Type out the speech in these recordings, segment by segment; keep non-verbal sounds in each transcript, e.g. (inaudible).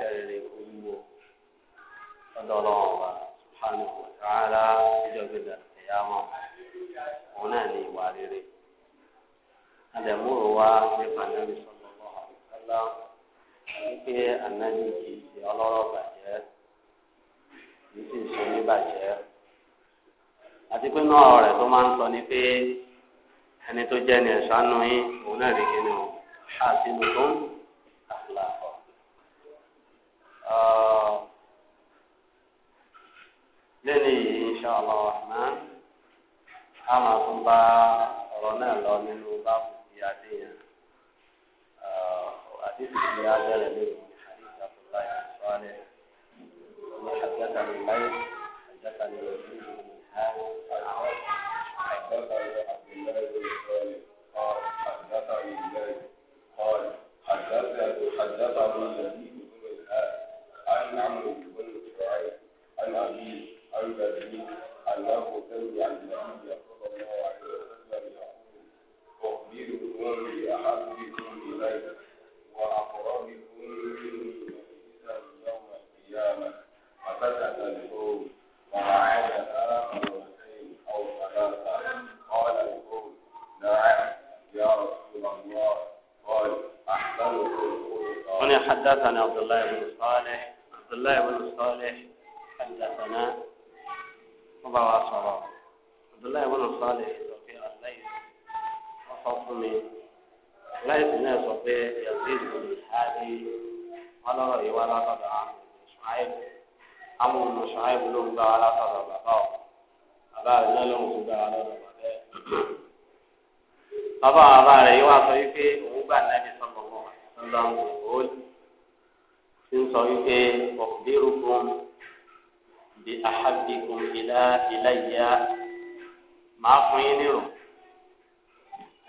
iṣẹ́ rere olúwo lọ́dọ̀ ọlọ́run ọba sùpánù ọ̀tàrà ìjọba ìlà ìyàmọ́ òun náà ní ìwà rere. àdàmúrò wa nípa nàbì sọ̀rọ̀ ọ̀hánṣálá wípé ànábì kì í ṣe ọlọ́rọ̀ bàjẹ́ kì í sì ṣe oníbàjẹ́ àti pé náà ọ̀rẹ́ tó máa ń sọ ni pé ẹni tó jẹ́ ni ẹ̀ṣọ́ àánú yín òun náà rí kíni o ṣáà sínú tó ń.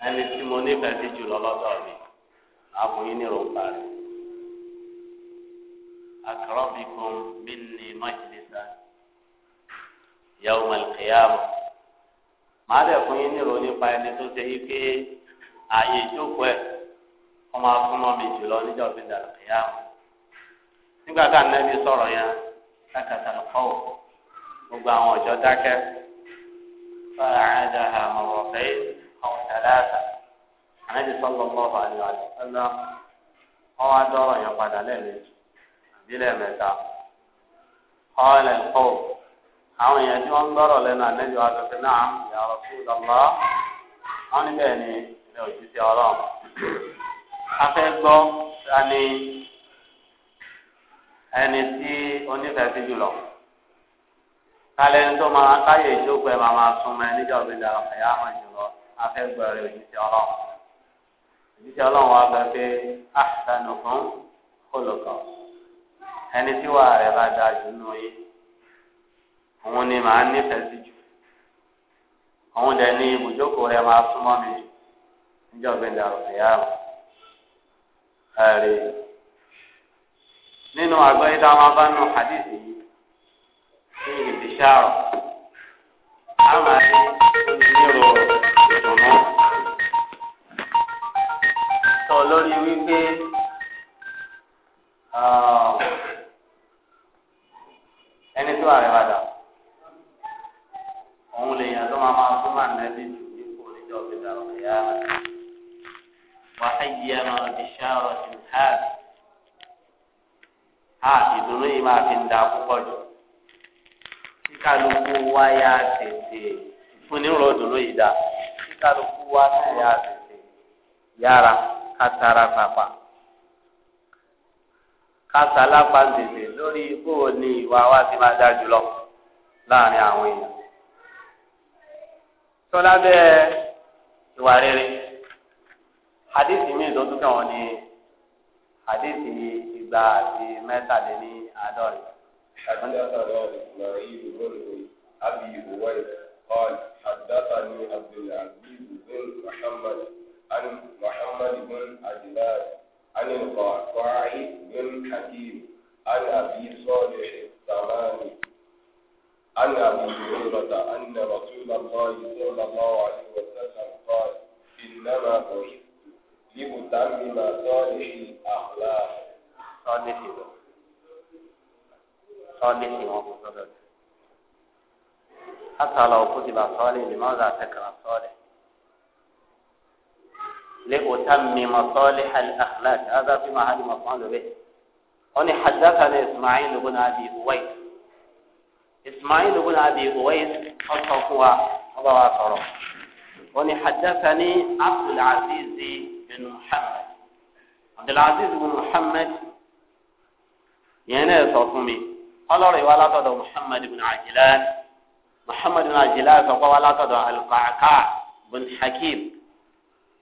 ẹni tí mo nífẹ̀ẹ́ sí jù lọ́lọ́dọ̀ mi àfòyín ní rògbà rẹ̀ akọrọ́bìkún bí ní májèlésà yàwó malkiyama màá dẹ̀ fún yín ní ròyìn nípa ẹni tó ṣe yí pé ààyè ìjókòó ẹ̀ wọ́n máa súnmọ́ mi jù lọ níjọ́ bí dàlùkìyama nígbà tá à ń nẹ́bí sọ̀rọ̀ yẹn lákàtà lọ́wọ́ gbogbo àwọn ọ̀jọ́ dákẹ́ fáadà àmọ̀rọ̀ fẹ́ẹ́. أو ثلاثة النبي صلى الله عليه وسلم na أدرى يقال لمج بلا متى قال القوم أو يجوا انظروا لنا النبي قال نعم يا رسول الله بني لو جيت ẹni tí sí jùlọ kálẹ̀ ń tó máa káyè ìjókòó ẹ̀ máa máa ẹ níjọ́ máa jùlọ afẹ́gbẹ̀rẹ̀ òjíṣẹ́ ọlọ́run òjíṣẹ́ ọlọ́run wa gbà pé àṣàánú kan kọlọ̀kọ̀ ẹni tí wàá rẹ̀ bá da jù nù yín òun ni màá nífẹ̀ẹ́ sí jù òun dẹ̀ ní ibùjókòó rẹ̀ máa súnmọ́ mi jù níjọ́ gbẹ̀dẹ̀ àròkèyà rẹ̀ ẹ̀rí nínú àgbọ̀ yìí tá a nù hadith yìí ní ìbísàrò a máa ní onírúurú. lórí wípé uh, ẹni tó wà rẹ̀ padà òun lè yàn tó máa máa tó máa nẹ́bí jù nípò níjọ́ ìgbéga ọ̀rọ̀ ìyá rẹ̀ wà á yí ẹran ọdí ṣáàrọ̀ sí ìdùnnú yìí máa fi ń da púpọ̀ jù kíkálukú wáyà tètè fún nírò ìdùnnú yìí dá kíkálukú wáyà tètè yára kátara pàpà kásálà pàǹtẹ̀tẹ̀ lórí bó ni, ní ìwà wa ti máa dá jùlọ láàrin àwọn èèyàn. tọ́lá bẹ́ẹ̀ ìwà rere hadithi mi tó tún kàn wọ́n ní hadithi ìgbà àti mẹ́tàléní àádọ́rin. حدثنا بن أبي هويس قال حدثني عبد العزيز بن محمد عن محمد بن عجلان عن القعقاع بن حكيم عن أبي صالح السماني عن أبي هريرة أن رسول الله صلى الله عليه وسلم قال إنما بعثت لأتمم صالح الأخلاق صالح صالح حتى لو كتب صالح لماذا تكره صالح لأتمم صالح الأخلاق هذا في محل مفعول به هنا حدثنا إسماعيل بن أبي أويس إسماعيل بن أبي أويس أصفوا الله أصره هنا حدثني عبد العزيز بن محمد عبد العزيز بن محمد يعني أصفوا قال رأي ولا محمد بن عجلان محمد بن عجلان فقال ولا القعقاع بن حكيم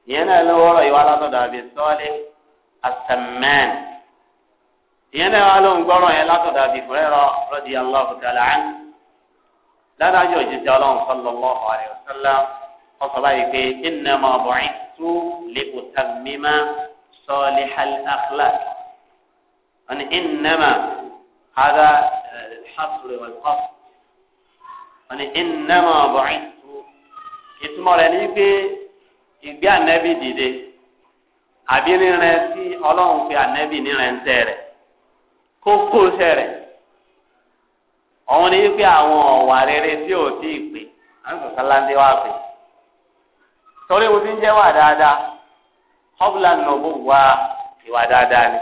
ìyẹn náà ló wọ́rọ̀ ìwà látọ̀dọ̀ àbí sọ́ọ́lé àtẹ̀mẹ́n ìyẹn náà wà ló ń gbọ́rọ̀ yẹn látọ̀dọ̀ àbí fúrẹ́rọ rọ́dí aláwọ̀ tẹ̀lé án ládàjọ́ òjijì ọlọ́run sallallahu alaihi wasallam wọ́n sọ báyìí pé innama bu'ithtu li utammima salihal akhlaq wọ́n innama hada al-hasr wal-qasr wọ́n innama bu'ithtu ìtumọ̀ rẹ̀ ní pé. ìgbé ànẹ́bì dìde àbí rírẹ sí ọlọ́run pé ànẹ́bì nírẹ tẹ́ rẹ̀ kó kó sẹ́ rẹ̀ ni wípé àwọn ọ̀wà rere tí ò tí ì pè àǹsọ̀kọ́ láńdé wá pè torí mo ti ń jẹ́ wà dáadáa ọ́bùlà nà bó wá ìwà dáadáa ni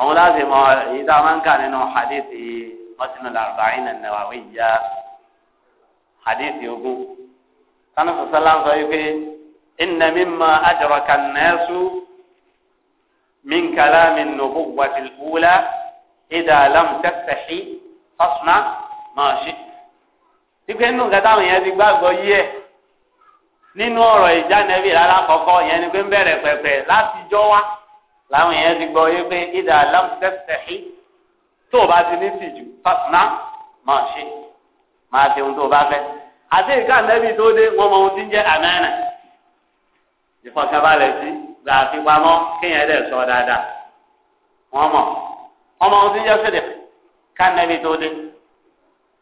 òun láti mọ èyí tá a máa ń kà nínú mọ́sínú sani sọsọlá ń sọ yìí pé inna mimma adraka an-nasu min kalami an-nubuwwati al-ula idha lam tastahi fasna ma shi'ta ìpè nínú nǹkan táwọn yẹn ti gbàgbọ́ yí ẹ̀ nínú ọ̀rọ̀ ìjánẹ́bí rárá kọ̀ọ̀kọ́ yẹn ni pé ń bẹ̀rẹ̀ pẹ̀pẹ̀ láti jọ́ wá làwọn yẹn ti gbọ́ yé pé ìdá alámùtẹ́sẹ̀hí tó o bá ti ní tìjú fásitì máa ṣe máa ṣe ohun tó o bá fẹ́ àti nǹkan nẹ́bí tó dé wọ́n mọ ohun tí ń jẹ́ àmánà ìfọ̀kànbalẹ̀ sí gbà àfipamọ́ kéèyàn dẹ̀ sọ dáadáa wọ́n mọ̀ wọ́n mọ ohun tí ń jẹ́ sídìkì ká nẹ́bí tó dé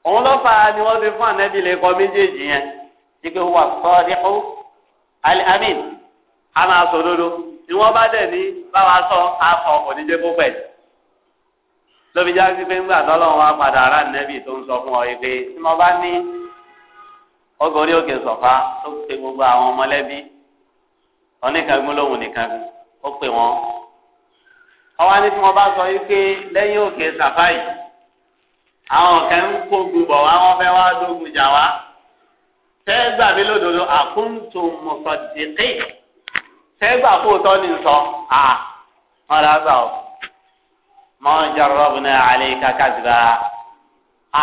òun ló fà ni wọ́n ti fún ànẹ́bí lè kọ méjèèjì yẹn ike wà sọ́ọ́dẹ́kù al a máa sọ òdodo ni wọ́n bá dẹ̀ ní báwa sọ afọ oníjẹ́ kó lóbi jáde pé ńgbà tọ́lọ́wọ́n á padà ara nẹ́bí tó ń sọ fún ọ ọgọrí òkè sọfà tó pe gbogbo àwọn mọ̀lẹ́bí oníkangun lòun nìkan ó pè wọn ọwọ́ ní tí wọ́n bá sọ yìí pé lẹ́yìn òkè sàfà yìí àwọn kan ń kógun bọ̀ wá wọ́n fẹ́ wá dógun jà wá tẹ́ gbà mí lódodo àkúntò mọ̀sọ̀dìkì tẹ́ gbà fóòtọ́ ní sọ à wọ́n rà gbà mọ́ jọ̀rọ̀ bùnà àlè kàkàdìbà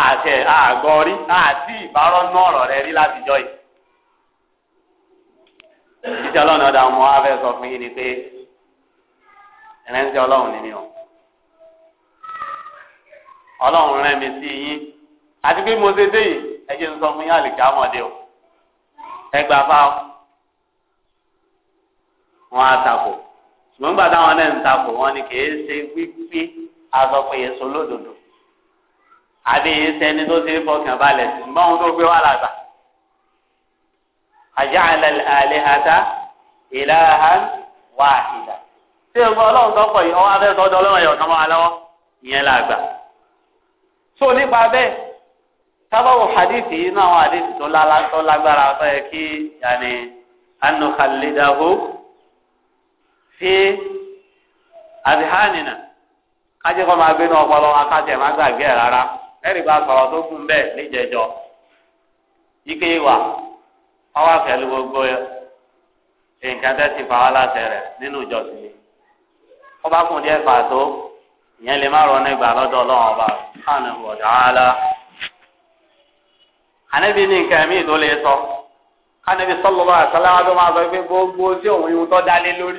àṣẹ àgọrí àti ìbárọ̀ náà ọ̀rọ̀ rẹ rí látijọ́ yìí. ìdíje ọlọ́run ọ̀dà wọn á fẹ́ sọ fún yín ni pé ẹ̀rẹ́ńsẹ́ ọlọ́run ni mí o ọlọ́run rẹ̀ mi sí yín àti pé mo ṣe dé yìí ẹ jẹ́ ń sọ fún yín àlìkà ọmọdé o ẹ gbà fá o wọn á takò ṣùgbọ́n gbàdá wọn náà ń takò wọn ni kì í ṣe wípé aṣọ pé èso lódodo. àbí sẹni tó ti fọkàn balẹ̀ sí ń tó gbé wà alihata wahida. tí o gbọ́ ọlọ́run tó pọ̀ yìí ọwọ́ abẹ́ tọ́jú ọlọ́run ẹ̀yọ̀ kan máa lọ́wọ́ ìyẹn nípa bẹ́ẹ̀ hadithi yìí náà àwọn hadithi tó lágbára tó yẹ kí yàní fi kájí kọ́ máa gbé ní ọpọlọ má gbàgbé rárá. ẹ̀rì bá sọ̀rọ̀ tó kún bẹ́ẹ̀ níjẹ̀jọ́ ike wà ọwọ́ àfẹ́lú gbogbo nǹkan tẹ́ ti fà wá láṣẹ rẹ̀ nínú ìjọsìn mi ó bá kún díẹ̀ fà tó ìyẹn lè má rọ nígbà lọ́dọ̀ ọlọ́run ọba sànù ọ̀dà ànábi ní nǹkan lè sọ ànábi máa sọ pé gbogbo òun lórí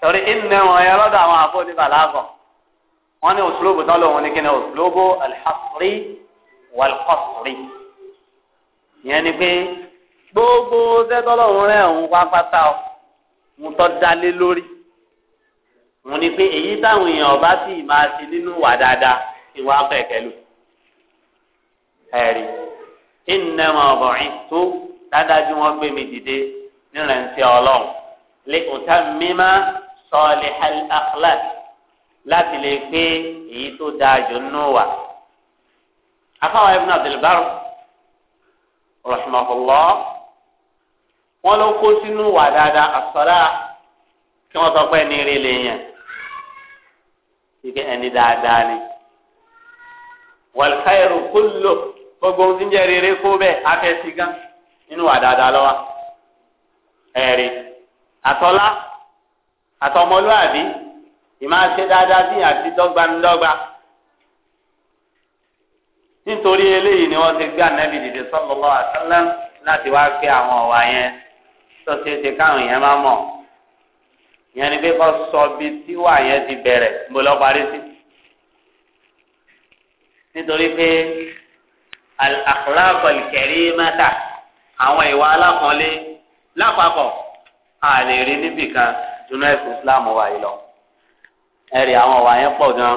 torí lọ́dọ̀ àwọn àfọ̀ wọ́n ní òṣùlóbù tán lòun ní kí ni òṣùlóbù alḥasri wàlqasri ìyẹn ni pé gbogbo sẹ́tọ́lọ́run rẹ̀ ń wá pátá o ń tọ́ dalé lórí wọ́n ní pé èyí táwọn èèyàn bá sì máa ṣe nínú wà dáadáa ìwà kẹ̀kẹ́ lò ẹ̀rí ìnàmọ̀ ọ̀bọ̀rin tó dáadáa bí wọ́n gbé mi dìde nírẹ̀ǹtì ọlọ́run lè òtá mímá sọ̀lẹ̀ àkàlàsì. láti lè pé èyí tó dáa jù nínú wa. afáwọn ibùdó abdulbar rahimahullah wọn ló kó sínú wà dáadáa àsọlá kí wọn sọ pé ní rí lèèyàn ìgbẹ́ ẹni dáadáa ni wal khairu lò, gbogbo ohun tí ń jẹ́ rere kó bẹ́ẹ̀ afẹ́sí gan nínú wà dáadáa ìmáa ṣe dáadáa sí àti dọ́gbanidọ́gba nítorí eléyìí ni wọ́n ti gbé ànábì dìde sallallahu alaihi wasallam láti wá pé àwọn ọ̀wà yẹn tó ṣe ṣe káwọn yẹn máa mọ̀ yẹn ni pé kọ́ sọ bí tíwà yẹn ti bẹ̀rẹ̀ mo lọ parí sí nítorí pé al-akhlaq al àwọn ìwà alákọ̀ọ́lé lápapọ̀ àlè rí níbìkan jùlọ ẹ̀sìn Islam wà yìí lọ ẹ̀rì àwọn ọ̀wà yẹn pọ̀ gan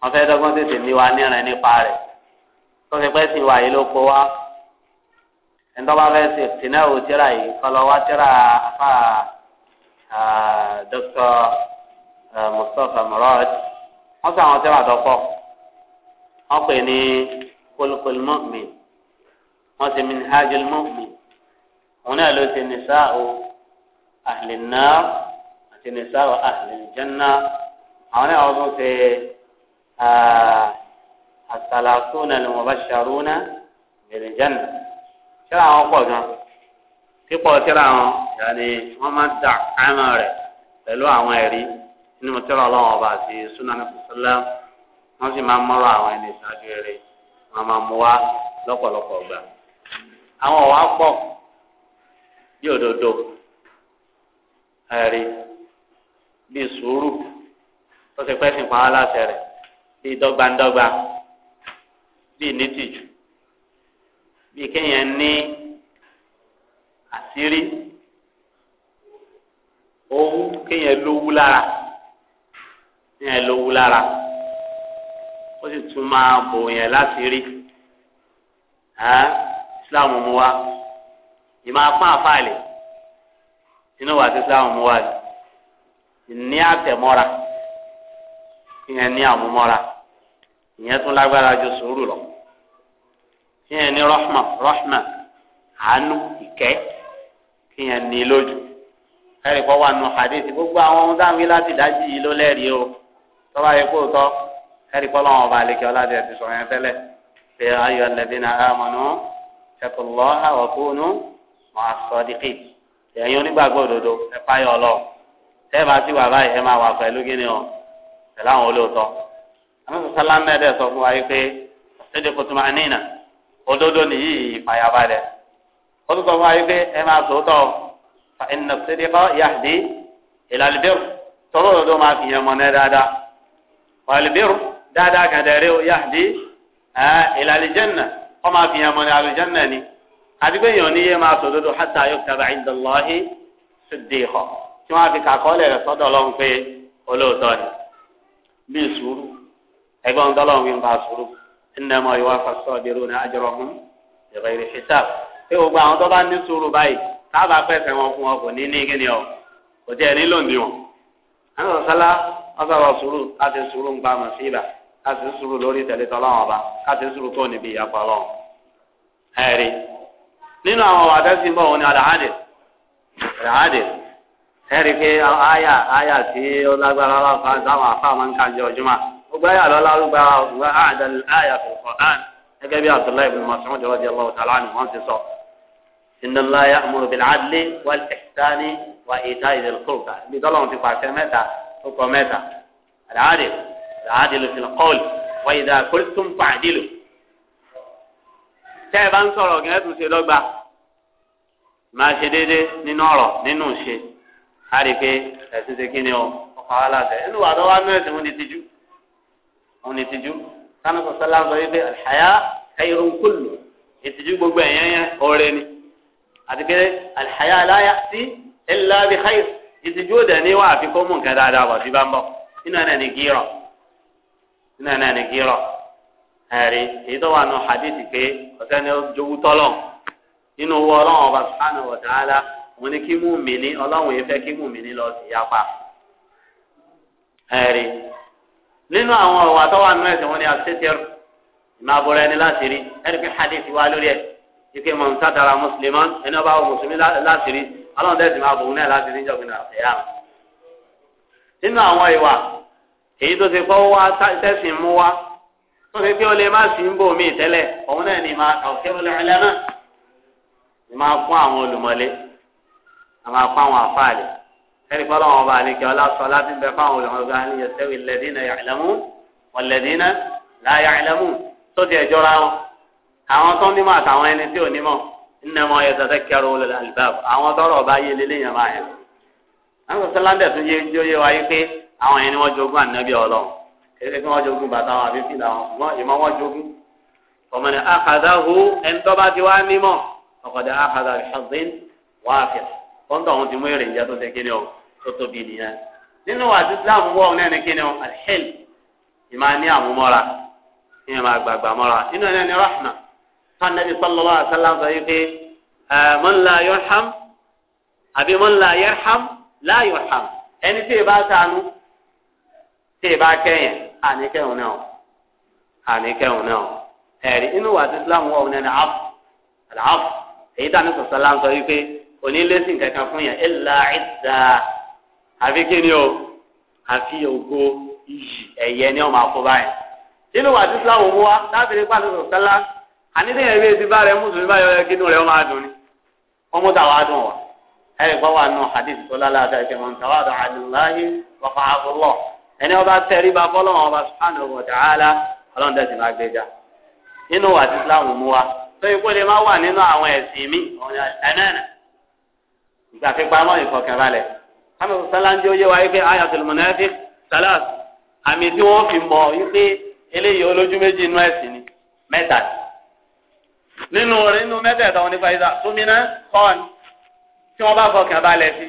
wọ́n fẹ́ dọ́gbọ́n tètè ní wa níran nípa rẹ̀ tó fi pẹ́ sí wa yìí ló kó wa ẹ̀ńtọ́ba fẹ́ sí tìǹẹ́wò tíra yìí kọ́lọ́ wá tíra afá dókítà Mustapha Murad wọ́n sọ àwọn tíra tó pọ̀ wọ́n pè ní Khuluqul Mu'min wọ́n sì Minhajul Mu'min òun náà ló ti nìṣá o ahli nnar tìǹsà wà àlìjánná àwọn náà wọ́n tún ṣe àtàlàkùnà ni wọ́n bá ṣàrúnà àlìjánná ṣẹlẹ̀ àwọn pọ̀ gan pípọ̀ tẹ́lẹ̀ àwọn yàrá wọ́n máa dà ámà rẹ̀ pẹ̀lú àwọn ẹ̀rí nínú tẹ́lẹ̀ ọlọ́wọ́n ọba àti sunan fúnṣẹ́lẹ̀ wọ́n sì máa ń mọ́rọ̀ àwọn ẹni ìṣáájú eré wọ́n máa mú wá lọ́pọ̀lọpọ̀ gbà àwọn ọ̀wá pọ̀ bí òdodo ẹ̀rí bíi sùúrù tó ṣe pẹ́ fi pa á láṣẹ rẹ̀ bíi dọ́gbandọ́gba bíi nítìjú bíi kéèyàn ní àṣírí owó kéèyàn lówó lára kéèyàn lówó lára ó sì tún máa bò yẹn láti rí Islam mú wa ìmọ̀ apá àfàlẹ̀ inú wa ti Islam mú wa ni ní àtẹ̀mọ́ra ìyẹn ní àmúmọ́ra ìyẹn tún lágbára ju sùúrù lọ ìyẹn ní rọ́ṣmà rọ́ṣmà àánú ìkẹ́ ìyẹn ní lójú ẹ̀rì kọ́ wà nù hadithi gbogbo àwọn ohun dáhùn láti dájú yìí ló lẹ́rìí o tọ́ba yẹ kó tọ́ ẹ̀rì kọ́ lọ́wọ́ ọba àlekẹ́ ọ̀làdì ẹ̀ ti sọ̀rọ̀ yẹn tẹ́lẹ̀ ṣe ayọ̀ alladhina amanu taqullaha wa kunu ma'as-sadiqin tẹ́ ẹ bá ti wà báyìí ẹ máa wà pẹ̀lú kí ni ọ pẹ̀lú àwọn olóòótọ́ àwọn sàlámù ẹ̀dẹ̀ sọ fún wa yìí pé ṣéde kò tó máa ní ìnà òdodo nìyí ìfàyàbalẹ̀ ó tún sọ fún wa yìí pé ẹ máa sòótọ́ fa ìnà ṣéde kọ́ yahdi ìlàlùbẹ́rù tọ́lọ́ òdodo máa fi yẹn mọ́ ní dáadáa wàlùbẹ́rù dáadáa kan dẹ̀rẹ́ o yahdi ìlàlùjẹ́nà kọ́ máa fi yẹn mọ́ àlùjẹ́nà ni tí wọ́n á fi kàkọ́lẹ̀ rẹ̀ sọ́dọ̀ ọlọ́run pé olóòótọ́ ni bíi sùúrù ẹgbẹ́ ohun tọ́lọ́run ń pa sùúrù innama yuwaffa as-sabiruna ajrahum bighayri hisab pé gbogbo àwọn tó bá ní sùúrù báyìí wọn fún wọn kò ní ní ọ kò nílò ní wọn. àwọn wọ́n sọ̀rọ̀ sùúrù láti sùúrù ń mọ̀ sí ibà láti sùúrù lórí tẹ̀lé ẹ̀rí pé àyà àyà tí ó lágbára wà fún àtàwọn àfàwọn ń kàjọ ọjọ́mà gbogbo àyà lọ lárúgbà wà àdà àyà fil Qur'an gẹ́gẹ́ bí Abdullahi ibn Mas'ud radiyallahu ta'ala anhu wọ́n ti sọ. Inna Allaha ya'muru bil 'adli wal ihsani wa ita'i dhil ibi tọ́lọ́run ti pàṣẹ mẹ́ta tó kọ mẹ́ta àdáàdì àdáàdìlù fil qawl wa idha qultum fa'dilu. tẹ́ ẹ bá ń sọ̀rọ̀ gẹ́gẹ́ a rí i pé ẹ̀sìn ṣe kíni o ọkọ̀ aláṣẹ ìlú àdó wa nú ẹ̀sìn òun ni tijú òun ni tijú sanu sọ̀tọ́ láǹzọ̀ yìí pé àlàyé ẹ̀yọ̀rún kùlù ìtìjú gbogbo ẹ̀yẹ́ yẹn ọ̀rẹ́ ni àti pé àlàyé aláyà sí ẹ̀lá bí xayir ìtìjú ò dẹ̀ ní wà àfi kó mú nǹkan dáadáa wà fi bá ń bọ̀ nínú gírọ̀ nínú ẹ̀ ní gírọ̀ ẹ̀rí èyí tó wà nù hadithi pé ọ̀sẹ̀ ni ó jowú tọ́lọ̀ nínú wọ́ ọlọ́run ọba sùhánù ọ̀tá mo ní kí mú mi ní ọlọ́run yìí fẹ́ kí mú mi ní lọ sí yapa ẹ̀rí nínú àwọn ọ̀wà tó wà nínú ẹ̀sìn wọn ni àṣetẹ́rù ìmáa bọ̀rọ̀ ẹni láti rí ẹni pé hadithi wá lórí ẹ̀ ike mọ̀ nǹkan dara mùsùlùmán ẹni ọba wọ mùsùlùmí láti rí ọlọ́run tẹ̀sí máa bọ̀ òun náà láti rí ìjọba ìnáwó ẹ̀yà nínú àwọn ìwà èyí tó ti kọ́ wá tẹ̀sìn mú wá tó ti pé o lè má sí ń bò mí tẹ́lẹ̀ òun náà ni máa kàwé kérò lẹ́rìn lẹ́nà máa fún àwọn olùmọ̀lé àmà fáwọn àfáàlì ẹni kọ́ lọ́wọ́ bá àlejò ọlásọ láti bẹ fáwọn olùmọ̀gbà ní yẹsẹ̀wì lẹ́dínà yàgìlẹ́mú ọ̀lẹ́dínà láyàgìlẹ́mú tó ti ẹ̀jọ́ ra wọn. àwọn tó nímọ̀ àtàwọn ẹni tí ò nímọ̀ nnẹ́mọ̀ yẹtẹ̀tẹ̀ kẹrù olùlẹ̀ àlùbáàbù àwọn tọrọ ọba yé lélẹ̀ yẹn máa yẹn. àwọn sọláńdẹ̀ tún yé jó yé wáyé pé àwọn ẹni wọ́n jogún ànábì ọlọ́run kéde kí wọ́n kọ́ńtà òun ti mú èrè ìjà tó ṣe kíni o tó tóbi nìyẹn nínú àti islam wọ́ọ̀ náà ní kíni o alhel ìmọ̀ ní àmúmọ́ra ní ìmọ̀ àgbààgbà mọ́ra nínú ẹ̀ ní rahma kan nabi sallallahu alaihi wasallam sọ yìí pé man la yarham àbí man la yarham la yarham ẹni tí ì bá sànú tí ì bá kẹ́yìn àníkẹ́hùn náà àníkẹ́hùn náà ẹ̀rí inú àti islam wọ́ọ̀ náà ní àf àlàáf èyí tàn ní sọ̀sọ̀ yìí pé. si kankan fún yàn ẹ̀là ẹ̀dá àfi kí ni o àfi ògo iyì ẹ̀yẹ ni wọ́n máa fún báyìí. nínú wàásù islam owó wa lábìrin pàṣẹ sọ̀tẹ́lá àníṣeyàn ilé ti bá rẹ mùsùlùmí bá ẹ kí ni dùn wà nù hadith tó lálẹ́ àti ẹ̀kẹ́ wọn tàwa ọba tẹ̀rí bá ọba ìṣàfipamọ́ ìfọkànbalẹ̀ kámẹ́fù sáláńdé ó yé wa wípé ayatul munafiq salas àmì tí wọ́n fi mọ̀ wípé eléyìí olójú méjì inú ẹ̀sìn ni mẹ́ta nínú rẹ̀ nínú mẹ́tẹ̀ẹ̀ta wọn nípa ìdá tómìnà kọ́ọ̀n tí wọ́n bá fọkànbalẹ̀ sí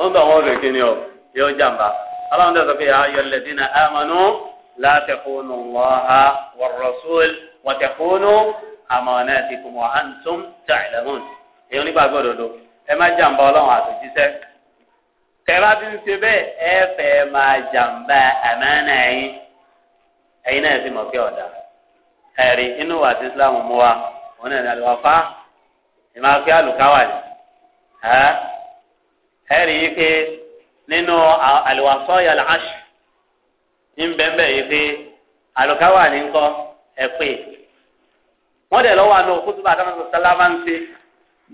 ó ń bọ̀ wọ́n fẹ́ kíni o yóò jàǹbá aláwọn dẹ̀ sọ pé ayọ̀ lẹ́dínà amanu la takunu Allaha war rasul ẹ má ọlọ́run àtòjíṣẹ́ kẹrẹ́bá ti ń ṣe bẹ́ẹ̀ ẹ fẹ́ máa jàǹbá àmánà ẹ̀yìn na náà sì mọ̀ pé ọ̀dà ẹ̀rí inú wa ti Islam mú wa òun náà ní àlùkáwà ni ẹ̀rí yìí pé nínú àlùwàsọ́ bẹ́ẹ̀ yìí pé àlùkáwà ni ń kọ́ ẹ̀ pé wọ́n dẹ̀ lọ́wọ́ àná òkútùbà ń ṣe.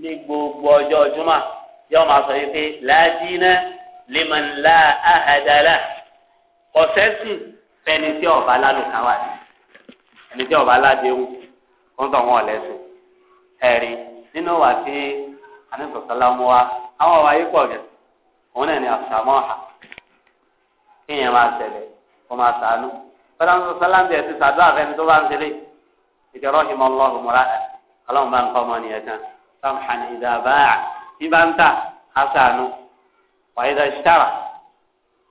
ní gbogbo ọjọ́ jùmọ̀ yóò máa sọ yìí pé làdínà lèmọ̀nlá àhàdàlà ọ̀sẹ́sìn fẹni tí ọba lálùkà wà ní ẹni tí ọba aládéhùn wọn tọ̀ wọn ọ̀lẹ́sìn ẹ̀rí nínú wà sí anísọ̀sálámúwa àwọn ọba yìí pọ̀ gẹ̀ òun náà ni àṣàmọ́ha kéèyàn máa ṣẹlẹ̀ kó máa ṣàánú fẹ́rẹ́ sọ́sálámù ẹ̀ ti ṣàdúrà fẹ́ni tó bá ń ṣẹlẹ̀ ìjọ́rọ́ ìmọ̀ ọlọ́run mọ́ra ọlọ́run bá ń kọ́ ọmọ nìyẹn kan samhan idha ba'a ní bá ń tà á sànù wa idha ishtara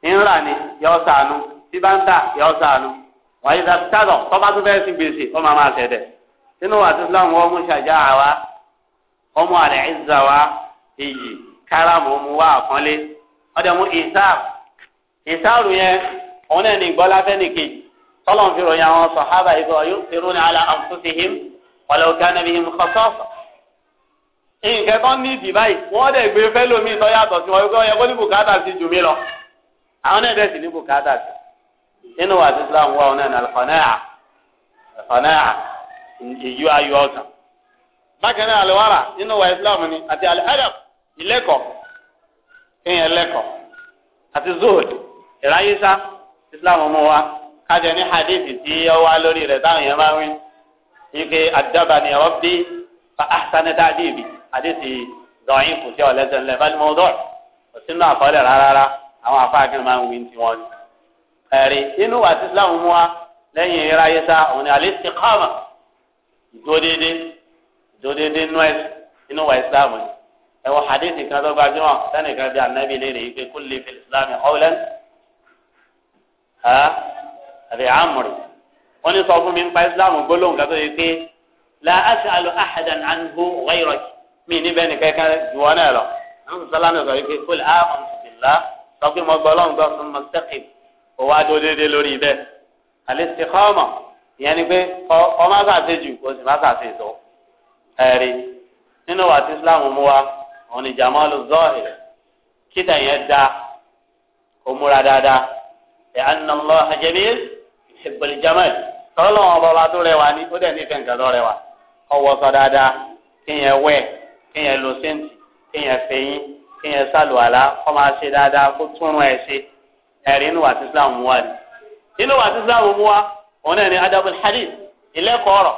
ńlá ni yọ sànù tí bá ń tà yọ sànù wa idha ishtara tọ́ba tó fẹ́ẹ́ sí gbèsè ó máa máa ṣẹ̀dẹ̀ nínú àti islam wọn mú ṣàjá àwa ọmọ àlẹ́ ìzà wa iyì káràmù mu wá àkọ́lé ọdẹ mú ìsáàf ìsáàrù yẹn òun náà ní ìgbọ́lá fẹ́nìkejì tọ́lọ̀ ń fi ròyìn àwọn sọ̀hábà ìgbọ̀ yóò fi rúni àlà kana bihim khasasa nǹkan tó ní ìdì báyìí wọ́n dẹ̀ gbé fẹ́lómìn tó yàtọ̀ sí wọn yẹ kó ní bùkátà sí jù mí lọ àwọn náà dẹ̀ sì ní bùkátà sí nínú wàásù Islam wà wọn náà ní alifọ̀nẹ́à alifọ̀nẹ́à ìyú ayọ̀ ọ̀sán bákan náà alùwárà nínú wàásù Islam ni àti alẹ́dàp ìlẹ́kọ̀ọ́ kéèyàn lẹ́kọ̀ọ́ àti zood ìráyésá Islam mú wa kájọ ní hadith tí ó wá lórí rẹ̀ táwọn yẹn máa ń wí ike àdábàní rabbi fa ahsana ta'dibi àdéhìí dọ̀yìn kò sí ọ̀lẹ́sẹ̀ ńlẹ̀ bá ní mo dọ̀ kò sínú àkọọ́lẹ̀ rárá àwọn afáàkì máa ń wí ti wọn ni. ẹ̀rí inú wa ti Islam mú wa lẹ́yìn iráyé sá òun ni àlẹ́ ti kọ́ọ̀mà ìdódédé ìdódédé nú ẹ̀sìn inú wa Islam ni. ẹ wọ hadith kan tó gbajúmọ̀ sẹ́nìkan bí anábì lè rè é pé kó lè fi Islam ọ̀lẹ́ àbí àmúrì wọ́n ní sọ fún mi nípa Islam gbólóhùn kan tó yẹ pé la as'alu ahadan anhu ghayraki mi níbẹ̀ nìkan kan ju wọn náà lọ àwọn sọlá náà sọ yìí pé kólé àwọn sọ̀tìlá sọ pé mo gbọ́ ọlọ́run gbọ́ fún mọ́tẹ́kì kó wá dó déédéé lórí bẹ́ẹ̀ al-istiqama ìyẹn ni pé kọ́ má sàṣe jù kó sì má sàṣe tó ẹ̀rí nínú wàtí islam mú wa òun ni jamalu zahir kíta yẹn da kó múra dáadáa ẹ̀ anna Allah jamil ìṣègbèlè jamal tọ́lọ́ wọn bọ́ bá tó rẹwà ní ó dẹ̀ nífẹ̀ẹ́ nǹkan tó rẹwà ọwọ́ sọ dáadáa kí yẹn wẹ̀ kéèyàn lo sẹ́ǹtì kéèyàn fẹ̀yìn kéèyàn sàlùwàlá kọ́ máa ṣe dáadáa kó túnrún ẹ̀ ṣe ẹ̀rí inú wàtí islam mú wa ni inú wàtí islam mú wa òun náà ni adabul hadith ìlẹ́kọ̀ọ́ ọ̀rọ̀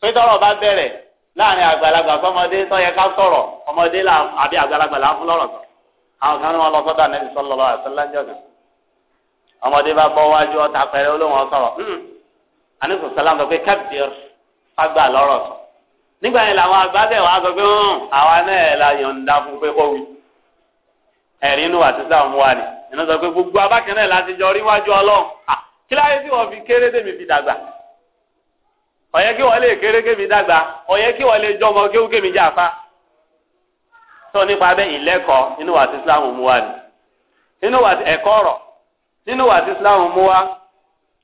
pé tọ́rọ̀ bá bẹ̀rẹ̀ láàrin àgbàlagbà fọmọdé tó yẹ ká sọ̀rọ̀ ọmọdé là àbí àgbàlagbà là ń fún lọ́rọ̀ sọ àwọn kan ní wọn lọ sọ́dọ̀ ànẹbí sọlọlọ àtẹlẹjọgàn ọmọdé bá bọ́ wájú ọta pẹrẹ olóhùn ọsọrọ àníṣe sọlá ń pé kábíyèr fagbà lọ́rọ̀ sọ nígbà yẹn làwọn àgbàdẹ wàá sọ pé hàn àwa náà la yọ̀ǹda fún pé kọ́ wí ẹ̀rí inú àtisá mú wa ni iná sọ pé gbogbo abákan náà láti jọ ríwájú ọlọ́run ah, kí láyé tí wọ́n fi kéré tèmi fi dàgbà ọ̀yẹ́ kí wọ́n lè kéré kémi dàgbà ọ̀yẹ́ kí wọ́n lè jọmọ kéwú kémi jàfa tó nípa bẹ́ẹ̀ ìlẹ́kọ̀ọ́ inú àtisá mú wa ni inú ẹ̀kọ́ ọ̀rọ̀ nínú wàtí islam mú wa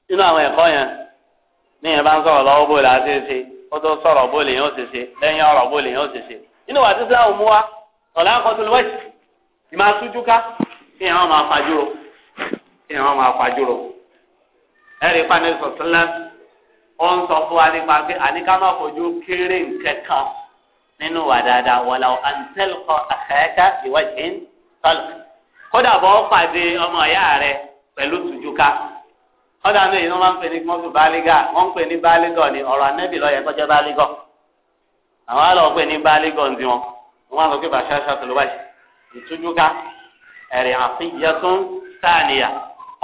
nínú àwọn ẹ̀kọ́ yẹn ní ó tó sọ̀rọ̀ bó lè yàn ó ṣe ṣe lẹ́yìn ọ̀rọ̀ bó lè yàn ó ṣe ṣe nínú wàá títílà òmu wa ọ̀là akọ́tún lọ́wọ́sì ti máa tújú ká kí ìhàn máa fàjúrò kí ìhàn máa fàjúrò ẹ̀rí panel sọ̀tìlẹ̀ ó ń sọ fún wa nípa pé àníká má fojú kéré nkẹ́kan nínú wà dáadáa wọ̀là àǹtẹ̀lùkọ àkẹ́kẹ́ ìwádìí kódà bọ́ pàdé ọmọ ìyá rẹ pẹ̀lú tújú ká ọ̀dà mi ìnáwó máa ń pè ní mọ́tò bálígà wọ́n ń pè ní bálígọ̀ ni ọ̀rọ̀ anẹ́bì lọ́yẹ̀ kọjá bálígọ̀ àwọn àlọ́ pè ní bálígọ̀ ń tiwọn wọ́n á sọ pé bàṣà ṣàtúlù wáyé ìtújúká ẹ̀rìn àfihàn tún sáàníyà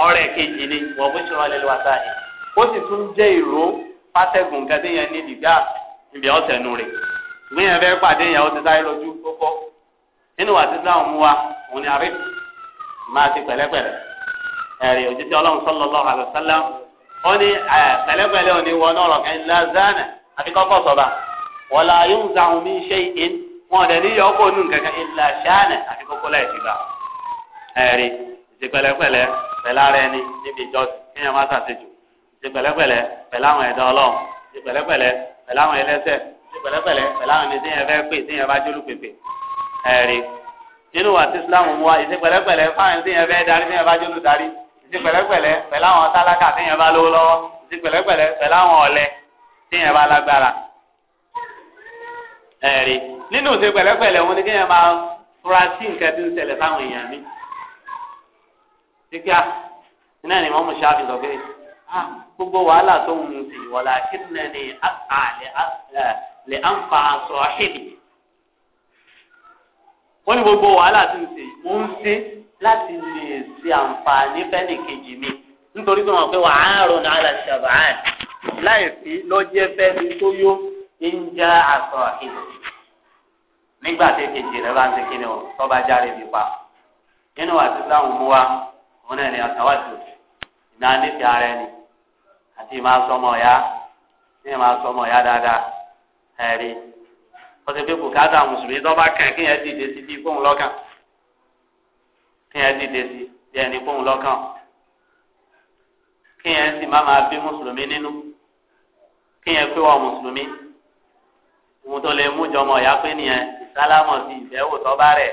ọ̀rẹ́ kejì ni wọ́n bó ṣe wọn lè lọ wá sáàyè ó sì tún jẹ́ ìró pátẹ́gùn kẹ́tẹ́ yẹn ní dìgbà ìbí ọ̀tẹ̀ nù ẹ̀rí òjijì ọlọ́run sallallahu alaihi wasallam ó ní pẹ̀lẹ́pẹ̀lẹ́ òní wọn náà rọ̀ kẹ́yìn lázánà àti kọ́kọ́ sọ̀ba wọ́n la yóò ń zàwọn mí ṣe in wọn ọ̀dẹ̀ ní yọ̀ọ́kọ́ onú nǹkankan ìlà ṣáànà àti kọ́kọ́ láì ti bá ẹ̀rí ìṣe pẹ̀lẹ́pẹ̀lẹ́ pẹ̀lá rẹ ni níbi ìjọsìn kéèyàn má ṣàṣejù ìṣe pẹ̀lẹ́pẹ̀lẹ́ pẹ̀lá àwọn ẹ̀dá ọlọ́run ìṣe pẹ̀lẹ́pẹ̀lẹ́ pẹ̀lá àwọn ẹlẹ́sẹ̀ ìṣe pẹ̀lẹ́pẹ̀lẹ́ pẹ̀lá àwọn ẹni téèyàn fẹ́ pè ti pẹ̀lẹ́pẹ̀lẹ́ pẹ̀lú àwọn tálákà téèyàn bá lówó lọ́wọ́ ti pẹ̀lẹ́pẹ̀lẹ́ pẹ̀lú àwọn ọ̀lẹ téèyàn bá lágbára. ẹ̀rí nínú ti pẹ̀lẹ́pẹ̀lẹ́ wọn ni kéèyàn máa fura sí nǹkan tí ń ṣẹlẹ̀ fáwọn èèyàn mi. kíkà náà ni mọ́mú ṣáà fi sọ pé ah, gbogbo wàhálà tó ń mu sí wọ́lá kí ni lè ànfà àṣọ àṣìlì. wọ́n ní gbogbo wàhálà tó ń ṣe mò ń ṣe láti lè ṣe àǹfààní fẹ́nì kejì mi nítorí pé wọn pé wà á rò ní aláṣàbà á láìsí lọ́jẹ́ fẹ́ni tó yó ń já aṣọ àkejì nígbà tí kejì rẹ bá ń ṣe kíni o tọ́ba járe bí pa nínú àti láwọn mú wa òun náà ni àtàwàtò ìná nífẹ̀ẹ́ ara ẹni àti ìmáa sọmọ ọ̀yá ní ìmáa sọmọ ọ̀yá dáadáa ẹ̀rí ọ̀sẹ̀ pé kò ká dà mùsùlùmí tọ́ba kàn kí yẹn dìde sí fóun lọ́kàn kéèyàn dìde sí bí ẹni kóhun lọ́kàn kéèyàn sì má máa bí mùsùlùmí nínú kéèyàn pé wọ́n mùsùlùmí ohun tó lè mú jọmọ ìyá pé nìyẹn ìsálámọ̀ sí ìfẹ́wò tọ́ba rẹ̀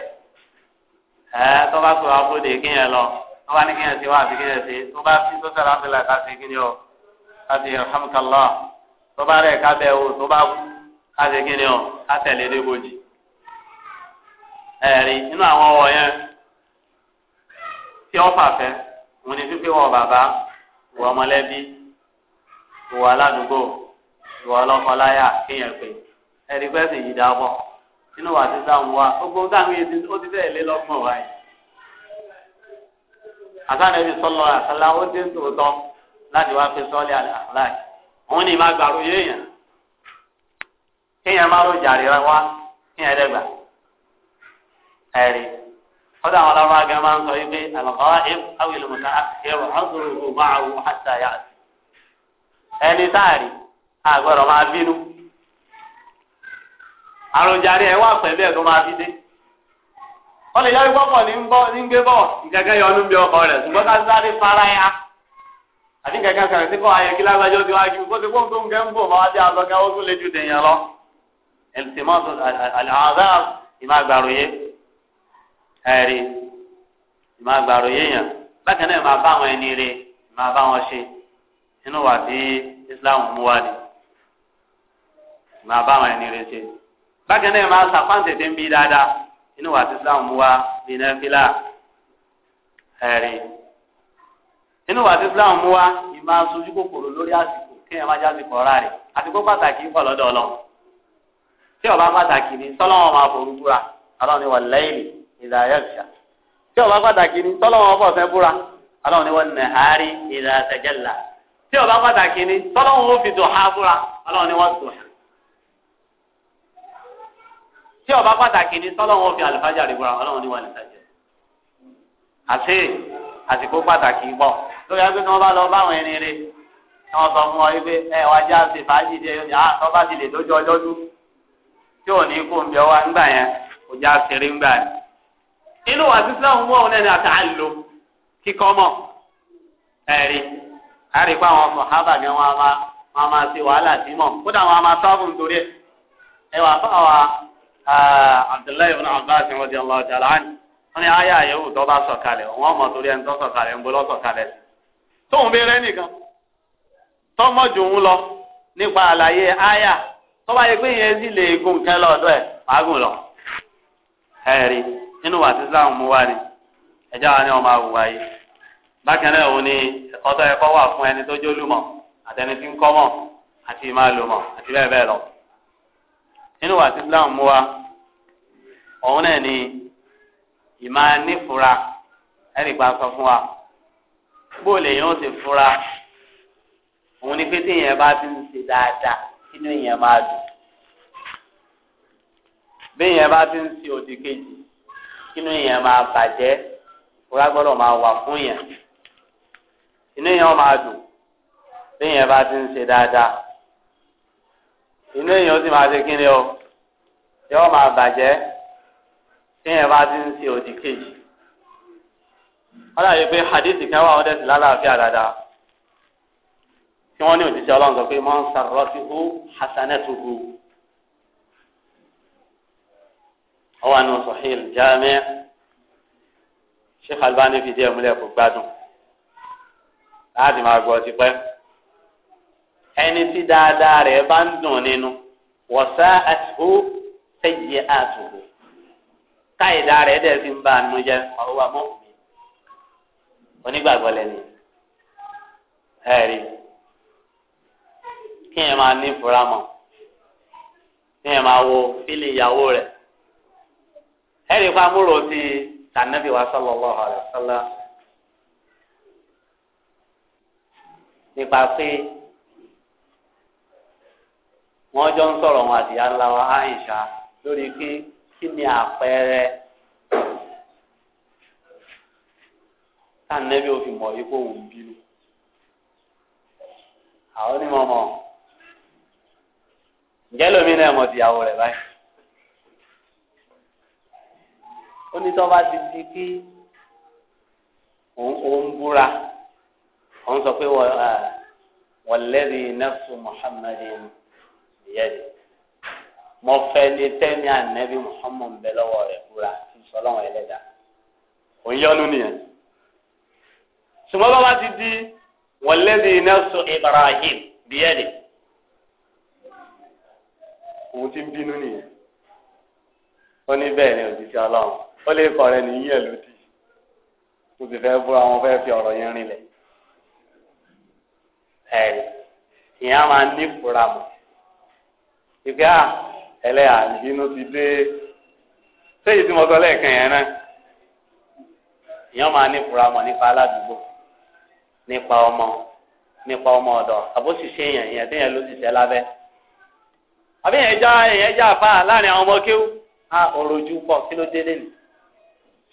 ẹ̀ tọ́ba tó wá bóde kéèyàn lọ tọ́ba ní kéèyàn sí wá àti kéèyàn sí tó bá fi tó sẹ́ra ńlẹ̀ ká sí kí o ká sí alhamdulilah tọ́ba rẹ̀ ká bẹ̀ o tó bá kú ká sí kí o ká tẹ̀lé débojì ẹ̀rí nínú àwọn ọ̀wọ̀ tí wọ́n fà fẹ́ wọn ni fífi wọ bàbá wọ ọmọlẹ́bí wọ aládùúgbò wọ ọlọ́kọláyà kéèyàn pé ẹ̀rí pẹ́sì yìí dábọ̀ wà sí sáwọn wa gbogbo sáwọn yìí ó ti fẹ́ẹ̀ lé lọ́gbọ̀n wa yìí. sọ́lọ́ ó dé tòótọ́ láti wá fi sọ́ọ́lì òun ni gbàrú yéèyàn kéèyàn má jàre kéèyàn dẹ́gbà ẹ̀rí. kọ́dà àwọn aláwọ̀ agẹ́ máa ń sọ yìí pé àlọ́kọ́ ẹ̀m awìlú mọ̀tà ẹ̀rọ ọ̀dùnrún máa wù hàtà yá ẹni táàrí àgọ́rọ̀ máa bínú. àròjàre ẹ̀ wà pẹ̀lú ẹ̀ tó máa fi dé. wọ́n lè yọrí na ní ń bọ́ ọkọ rẹ̀ ẹ̀rí ìmọ̀ àgbàrò yéèyàn bákan náà máa bá àwọn ẹni rè máa bá wọn ṣe inú wà tí Islam mú wá ni máa bá àwọn ẹni rè ṣe bákan náà máa sàpáǹtẹ̀tẹ̀ ń bí dáadáa inú wà tí Islam mú wá bí nẹ́fílà ẹ̀rí inú wà tí Islam mú wá ìmọ̀ aṣojú kòkòrò lórí àsìkò kéèyàn má jáde kọ̀ ọ̀rá rẹ̀ àsìkò pàtàkì pọ̀ lọ́dọ̀ ọlọ́run tí ọba pàtàkì ni sọlọ́wọ́n máa forúkúra alọ́ ni wà lẹ́yìn ìlà yẹ̀ṣà tí ọba pàtàkì ni tọ́lọ́wọ́n ọkọ̀ fẹ́ búra aláwọn oníwọ̀n nàhárí ìdá àtẹ̀jẹ̀là tí ọba pàtàkì ni tọ́lọ́wọ́n ó fi dùhà búra aláwọn oníwọ̀n dùhà tí pàtàkì ni tọ́lọ́wọ́n ó fi àlùfájà rí búra aláwọn oníwọ̀n àti àsìkò pàtàkì bá lọ báwọn ẹni wọ́n sọ fún ọ wípé ẹ ah, lè lójú ọjọ́ dún tí ò ní kó ń bẹ wá inú wa sísá mú ọ̀hún ẹni àtàlù kíkọ́ mọ̀ ẹ̀rí àrí pa àwọn sọ̀hábà ni wọ́n máa ṣe wàhálà sí mọ̀ kódà wọ́n máa sọ́ọ̀bù nítorí ẹ̀ wà fún àwa Abdullahi ibn Abbas radiyallahu ta'ala torí ẹni tó sọ̀kalẹ̀ ń bolọ́ lọ nípa àlàyé tó bá yẹ pé yẹn sì lè gùn nínú wà sí islam mú wá ni ẹjọ́ wa ni wọ́n máa wùwá yìí bákan náà òun ni ẹ̀kọ́ tó ẹ̀kọ́ wà fún ẹni tó jólúmọ̀ àtẹni tí ń kọ́ mọ̀ àti máa lò mọ̀ àti bẹ́ẹ̀ bẹ́ẹ̀ lọ nínú wà sí islam mú wá òun náà ni ìmá nífura ẹnì sọ fún wa bóòlù èèyàn ti fura òun ni pé èèyàn bá ti ń ṣe dáadáa inú èèyàn máa dùn bí èèyàn bá ti ń ṣe òdì kejì inú yẹn máa bàjẹ́ wúrà gbọ́dọ̀ máa wà fún yẹn inú yẹn máa dùn bí yẹn bá ti ń ṣe dáadáa inú yẹn ó sì máa ṣe kíni o yọ máa bàjẹ́ bí yẹn bá ti ń ṣe òdì kejì wọ́n dàbí pé hadithi kan wà wọ́n dẹ̀ lálàáfíà dáadáa tí wọ́n ní òjíṣẹ́ ọlọ́run sọ pé mọ́ ń sàrọ́ sí hu hasanatuhu. ọwọ́ àánú sọ̀hìn jáàmẹ́ Sheikh Albani fìdí ẹ̀ múlẹ̀ kó gbádùn láti máa gbọ́ tipẹ́ ẹni tí dáadáa rẹ̀ bá ń dùn nínú wọ̀sá àtìkú sẹ́yìí àtùkù káyìdá rẹ̀ dẹ̀ ti ń bá àánú jẹ́ ọ̀rọ̀wà mọ́kùnmí onígbàgbọ́ lẹ́nu ẹ̀rí kí yẹn máa ní ìfura kí yẹn máa wo fílì ìyàwó rẹ̀. ẹ̀rí pa múrò ti tànàbí wa sallallahu alaihi wasallam nípa pé wọ́n jọ ń sọ̀rọ̀ wọn wa lórí pé kí ni àpẹẹrẹ tànàbí òfin mọ̀ yìí kò bínú àwọn onímọ̀ mọ̀ ǹjẹ́ lómi náà mọ̀ ti ó ní tọ́ bá ti di kí òun búra òun sọ pé wọ́n ah, lẹ́rì nẹ́fù muhammadin yẹ́rì mo fẹ́ ní tẹ́mi ànẹ́bí muhammad bẹ́ lọ́wọ́ rẹ̀ búra kí sọlọ́wọ́n ẹlẹ́dàá òun yọnu nìyẹn ṣùgbọ́n bá ti di wọ́n lẹ́rì nẹ́fù ibrahim bíyẹ́rì òun ti bínú nìyẹn ó ní bẹ́ẹ̀ ni òjíṣẹ́ ọlọ́run ó lè kọ̀ rẹ nìyí ẹ̀ lòdì kò sì fẹ́ búra wọn fẹ́ fi ọ̀rọ̀ yẹn rinlẹ̀ ẹ̀ ìyẹn á máa ní ìfura mọ̀ ìgbà ẹlẹ́yà ìbínú ti dé sẹ́yìn tí mo sọ lẹ́ẹ̀kan yẹn náà ìyẹn máa ní ìfura mọ̀ nípa aládùúgbò nípa ọmọ nípa ọmọ ọ̀dọ̀ àbóṣìṣe yẹn yẹn tí yẹn ló ti sẹ́ lábẹ́ àbí yẹn já yẹn já fa láàrin àwọn ọmọ kéwú a òròjú pọ̀ kí ló dé lé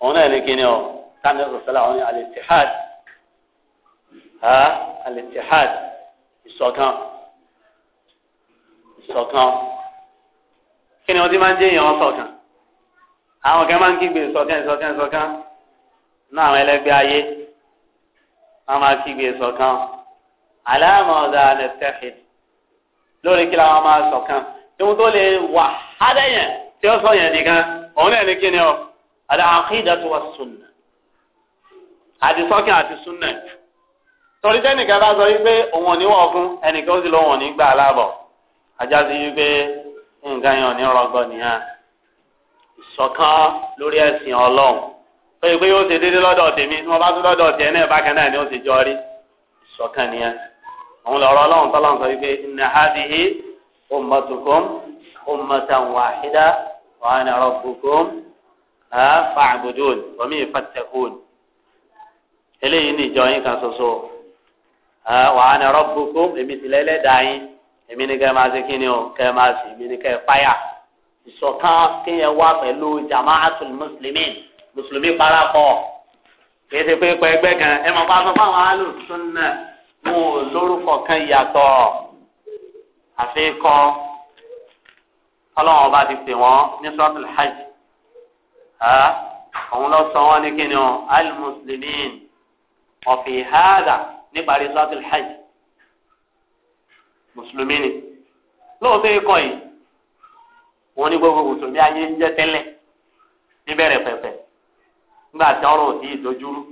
òun náà ní kíni ọ táwọn ẹ̀sọ̀ sẹ́lá àwọn al-ittihad ha al-ittihad ìṣọ̀kan ìṣọ̀kan kí ni wọ́n ti máa ń jẹ́ èèyàn ṣọ̀kan àwọn kan máa ń kígbe ìṣọ̀kan ìṣọ̀kan ìṣọ̀kan náà àwọn ẹlẹ́gbẹ́ ayé wọ́n máa kígbe ìṣọ̀kan aláàmọ̀ ọ̀dà al-ittihad lórí kí làwọn máa ṣọ̀kan tí wọ́n tó lè wà hádẹ́yẹn tí ó sọ yẹn nìkan òun náà ní kíni ọ al-aqidatu was-sunnah àdìsọ́kìn àti súnà torí tẹ́nìkan bá sọ wípé òun ò ní wọ̀ fún ẹnìkan ó sì lọ́wọ́ òun ní gbà láàbọ̀ ajá sí wípé nǹkan yẹn ò ní rọgbọ nìyẹn ìṣọ̀kan lórí ẹ̀sìn ọlọ́run tó yẹ pé yóò ṣe déédéé lọ́dọ̀ tèmi tí wọ́n bá tún lọ́dọ̀ tiẹ̀ náà bákan náà ni ó ṣe jọ rí ìṣọ̀kan nìyẹn òun lọ́rọ̀ ọlọ́run tọ́lá ń sọ wípé inna hadhihi ummatukum ummatan wahida wa ana rabbukum ẹ fa'budun omi ìfàtẹkùn eléyìí ní ìjọ yín kan ṣoṣo ẹ wa ana rabbukum èmi tìlẹ ẹlẹ́dàá yín èmi ní kẹ máa ṣe kí ni o kẹ máa ṣe èmi ní kẹ fáyà ìṣọ̀kan kéèyàn wá pẹ̀lú jama'atul muslimin mùsùlùmí parapọ̀ kì í ṣe pé pẹ ẹgbẹ́ kan ẹ máa bá sọ fáwọn alùsùnà wọn lórúkọ kan yàtọ̀ àfikọ Ọlọ́run ọba ti pè wọn ní suratul hajj. òun lọ sọ wọn ní kíni o alimuslimin ọ̀fìn hàdà nípa resort hajj mùsùlùmí ni lóòótọ́ ikọ̀ yìí wọn ní gbogbo mùsùlùmí ayé ń jẹ́ tẹ́lẹ̀ níbẹ̀rẹ̀ pẹ̀pẹ̀ tí ọrọ̀ òdì ìdójúrú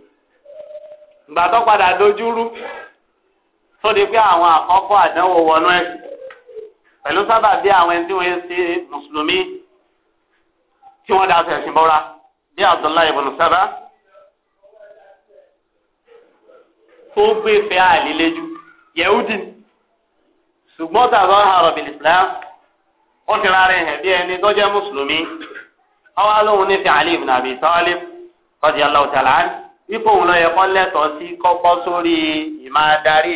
ìgbà tó padà tó di pé àwọn àdánwò wọnú sábà bí àwọn ẹni tí wọ́n ṣe mùsùlùmí. tí wọ́n da aṣọ ẹ̀sìn bí Abdullahi tó gbé fẹ́ àìlélẹ́jú yẹ̀húdì ṣùgbọ́n tàbá àròbì Islam ó ti rárẹ̀ hẹ̀ bí ẹni tó mùsùlùmí ọwọ́ lóhun ní fi Ali Talib radiyallahu wípé òun lọ yẹ kọ́ lẹ́tọ̀ọ́ sí kọ́kọ́ sórí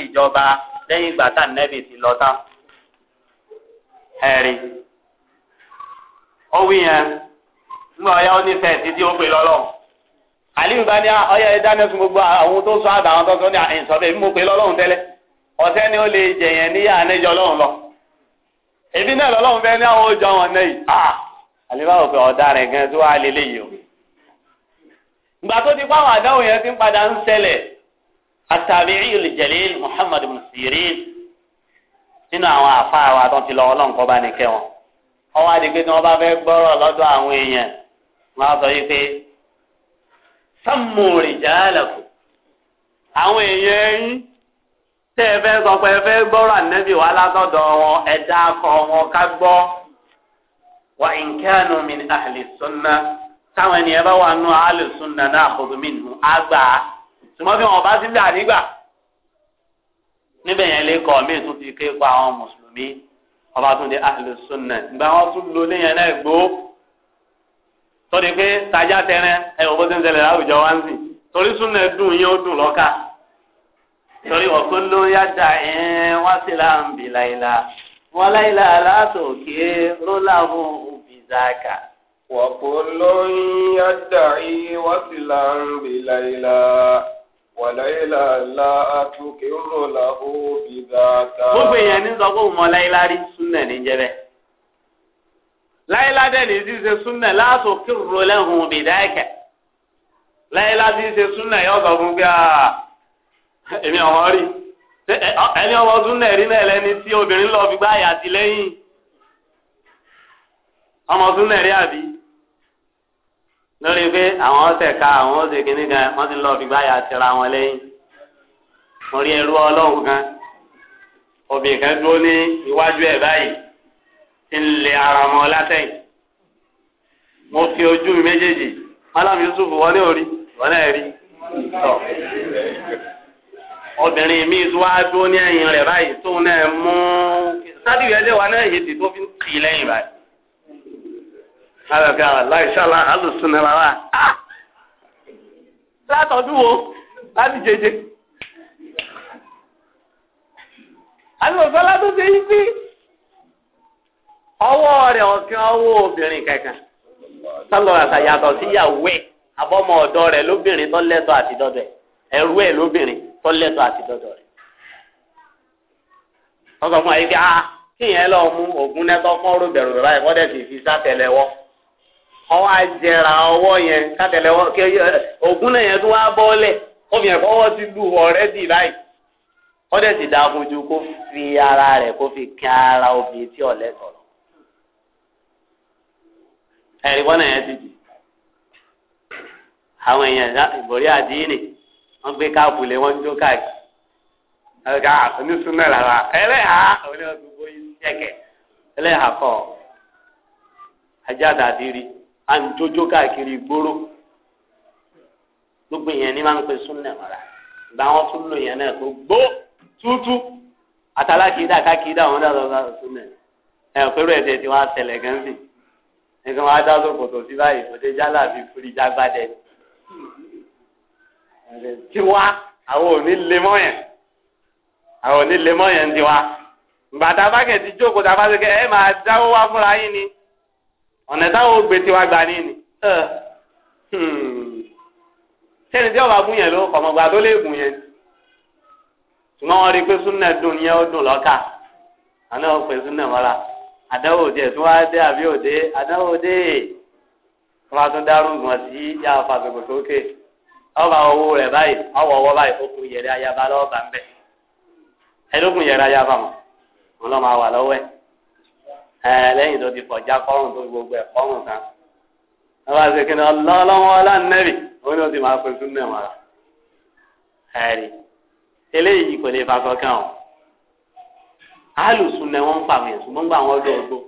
ìjọba lẹ́yìn ìgbà tá nẹ́bì ńgbà ọ̀yá ó nífẹ̀ẹ́ di ó pè lọ́lọ́run àlíyù bá ní ọ̀yá gbogbo àwọn tó sọ àtàwọn tó sọ ní àìsàn mú mo pè lọ́lọ́run tẹ́lẹ̀ ni ó lè jẹ̀yẹn níyà ànẹ́jọ lọ́run lọ Ebi náà ní àwọn wọn náà yìí gan o tó ti fáwọn àdáwò yẹn ti ń padà ń Muhammad nínú àwọn àfa àwọn bá ọwọ́ ما á sọ yìí pé sọ́mù rìjàlẹ̀kù àwọn èèyàn yín tẹ́ ẹ fẹ́ sọ pé ẹ fẹ́ gbọ́rọ̀ ànẹ́bí wa látọ̀dọ̀ wọn ẹ̀dá akọ wọn ká gbọ́ wa nkanu min ahli sunna táwọn ènìyàn bá wà nù ahli sunna náà kò mí nù àgbà tùmọ́ bí wọn bá sílẹ̀ àdígbà níbẹ̀ yẹn lẹ́kọ̀ọ́ mi tún ti ké pa àwọn mùsùlùmí ọba tún di ahli ìgbà wọn tún lò lẹ́yìn náà gbòó sọ́ni pé tajà tẹrẹ ẹ ò bó ti ń ṣẹlẹ̀ láwùjọ wá ń sìn torí súnà dùn yín ó dùn lọ́ka torí ọ̀kọ́ ló yá dà ẹ́ wá sí láǹbì láìla wọn láìla látòkè rólàmù òbíjàkà. ọ̀kọ́ ló yá dà ẹ́ wá sí láǹbì láìla. Wàláyélá la àtúnkè ń rò láhó bìbá ta. Gbogbo èèyàn ní sọ pé òun mọ láyélá rí súnà ní jẹ́bẹ̀ láyéládé ní ti ṣe súnà láàtò kí rọlẹ́hùn bìdáìkẹ̀ láyéládé ti ṣe súnà yóò sọ fún bí èmi ọmọ rí ẹni ọmọ súnà rí náà lẹni tí obìnrin lọ fi gbá àyà sí lẹ́yìn ọmọ súnà rí àbí lórí pé àwọn ọ̀sẹ̀ ká àwọn ọ̀sẹ̀ kìíní gan wọ́n ti lọ fi gbá àyà síra wọn lẹ́yìn mo rí ẹrú ọlọ́run kan obìnrin kan dúró ní iwájú ẹ̀ báyìí. ti ara mọ́ látẹ̀yìn mo fi ojú mi méjèèjì malam yusuf wọlé orí wọlé rí tọ obìnrin mi tó ní ẹ̀yìn rẹ̀ báyìí tóun náà mú sádìrì ẹlẹ́wà náà yèdè tó fi ń kì í lẹ́yìn báyìí ah, alàgbà aláìsàlá ah! látọ̀dún wo láti jẹjẹ tó ṣe yí sí. ọwọ́ rẹ̀ ọ̀kìn ọwọ́ obìnrin kankan sálọ̀rọ̀ àtàyàtọ̀ sí ìyàwó ẹ̀ abọ́mọ ọ̀dọ́ rẹ̀ lóbìnrin tó lẹ́tọ̀ àti dọ́dọ̀ ẹ̀ ẹ̀rú ẹ̀ lóbìnrin tó lẹ́tọ̀ àti dọ́dọ̀ rẹ̀. a ah, lọ mú ògùn nẹ́tọ́ fún ọ̀rọ̀ bẹ̀rù rẹ̀ sì fi sátẹ̀lẹ́wọ́ ọwọ́ àjẹrà ọwọ́ yẹn sátẹ̀lẹ́wọ́ náà yẹn tún wá ẹ̀rí wọ́n náà yẹn ti dì àwọn èèyàn ìbòrí àdínì wọ́n gbé káàpù lé jó káàkiri ẹ̀ka ah, onísúná làrá ẹlẹ́hà oníwàgbogbo ìṣẹ̀kẹ̀ ẹlẹ́hà kọ́ ajá dàdírí à ń jójó káàkiri gbóró gbogbo èèyàn ní máa ń pe súnà mọ́ra ìgbà wọn tún lò yẹn náà tó gbó tútú àtàlákìídà kákìídà wọn dà ẹ̀ gan-an nǹkan máa dá sóko tó sí báyìí òde jálà bíi fúri jágbádẹ tiwa àwọn ò ní lè mọ yẹn àwọn ò ní lè mọ yẹn ń tiwa gbàtà bákẹ́ ti jókòó tá a bá ti kẹ́ ẹ máa dáwọ́ wá fúnra yín ni ọ̀nà táwọn ògbé tiwa gbà ní ni hmm. sẹ́ni tí ọba gún yẹn ló kọ̀mọ̀gbà tó lè gùn yẹn ṣùgbọ́n wọ́n rí i pé súnà dùn yẹn ó dùn lọ́kà àná ó pè súnà mọ́ra àdáwò òde ẹ̀ tó wá dé àbí òde àdáwò òde tó wá tún dárú gan sí yá fàgbègbè sókè ọba owó rẹ̀ báyìí ọwọ́ ọwọ́ báyìí okùn yẹ̀rẹ̀ ayaba lọ́ọ̀bà ń bẹ̀ ẹ̀dókùn yẹ̀rẹ̀ ayaba mọ̀ wọn lọ́ máa wà lọ́wọ́ ẹ̀ ẹ̀ lẹ́yìn tó ti fọ̀já kọ́rùn tó gbogbo ẹ̀ kọ́rùn tán ọba ṣe kí ni ọlọ́wọ́ ọlánẹ́rì òun ni ó ti máa pẹ́ sún náà wọn. ẹ̀rí eléyìí kò lè fa kankan o alùsùn náà wọ́n ń pa àwọn èèyàn ṣùgbọ́n gbà wọ́n lóòótọ́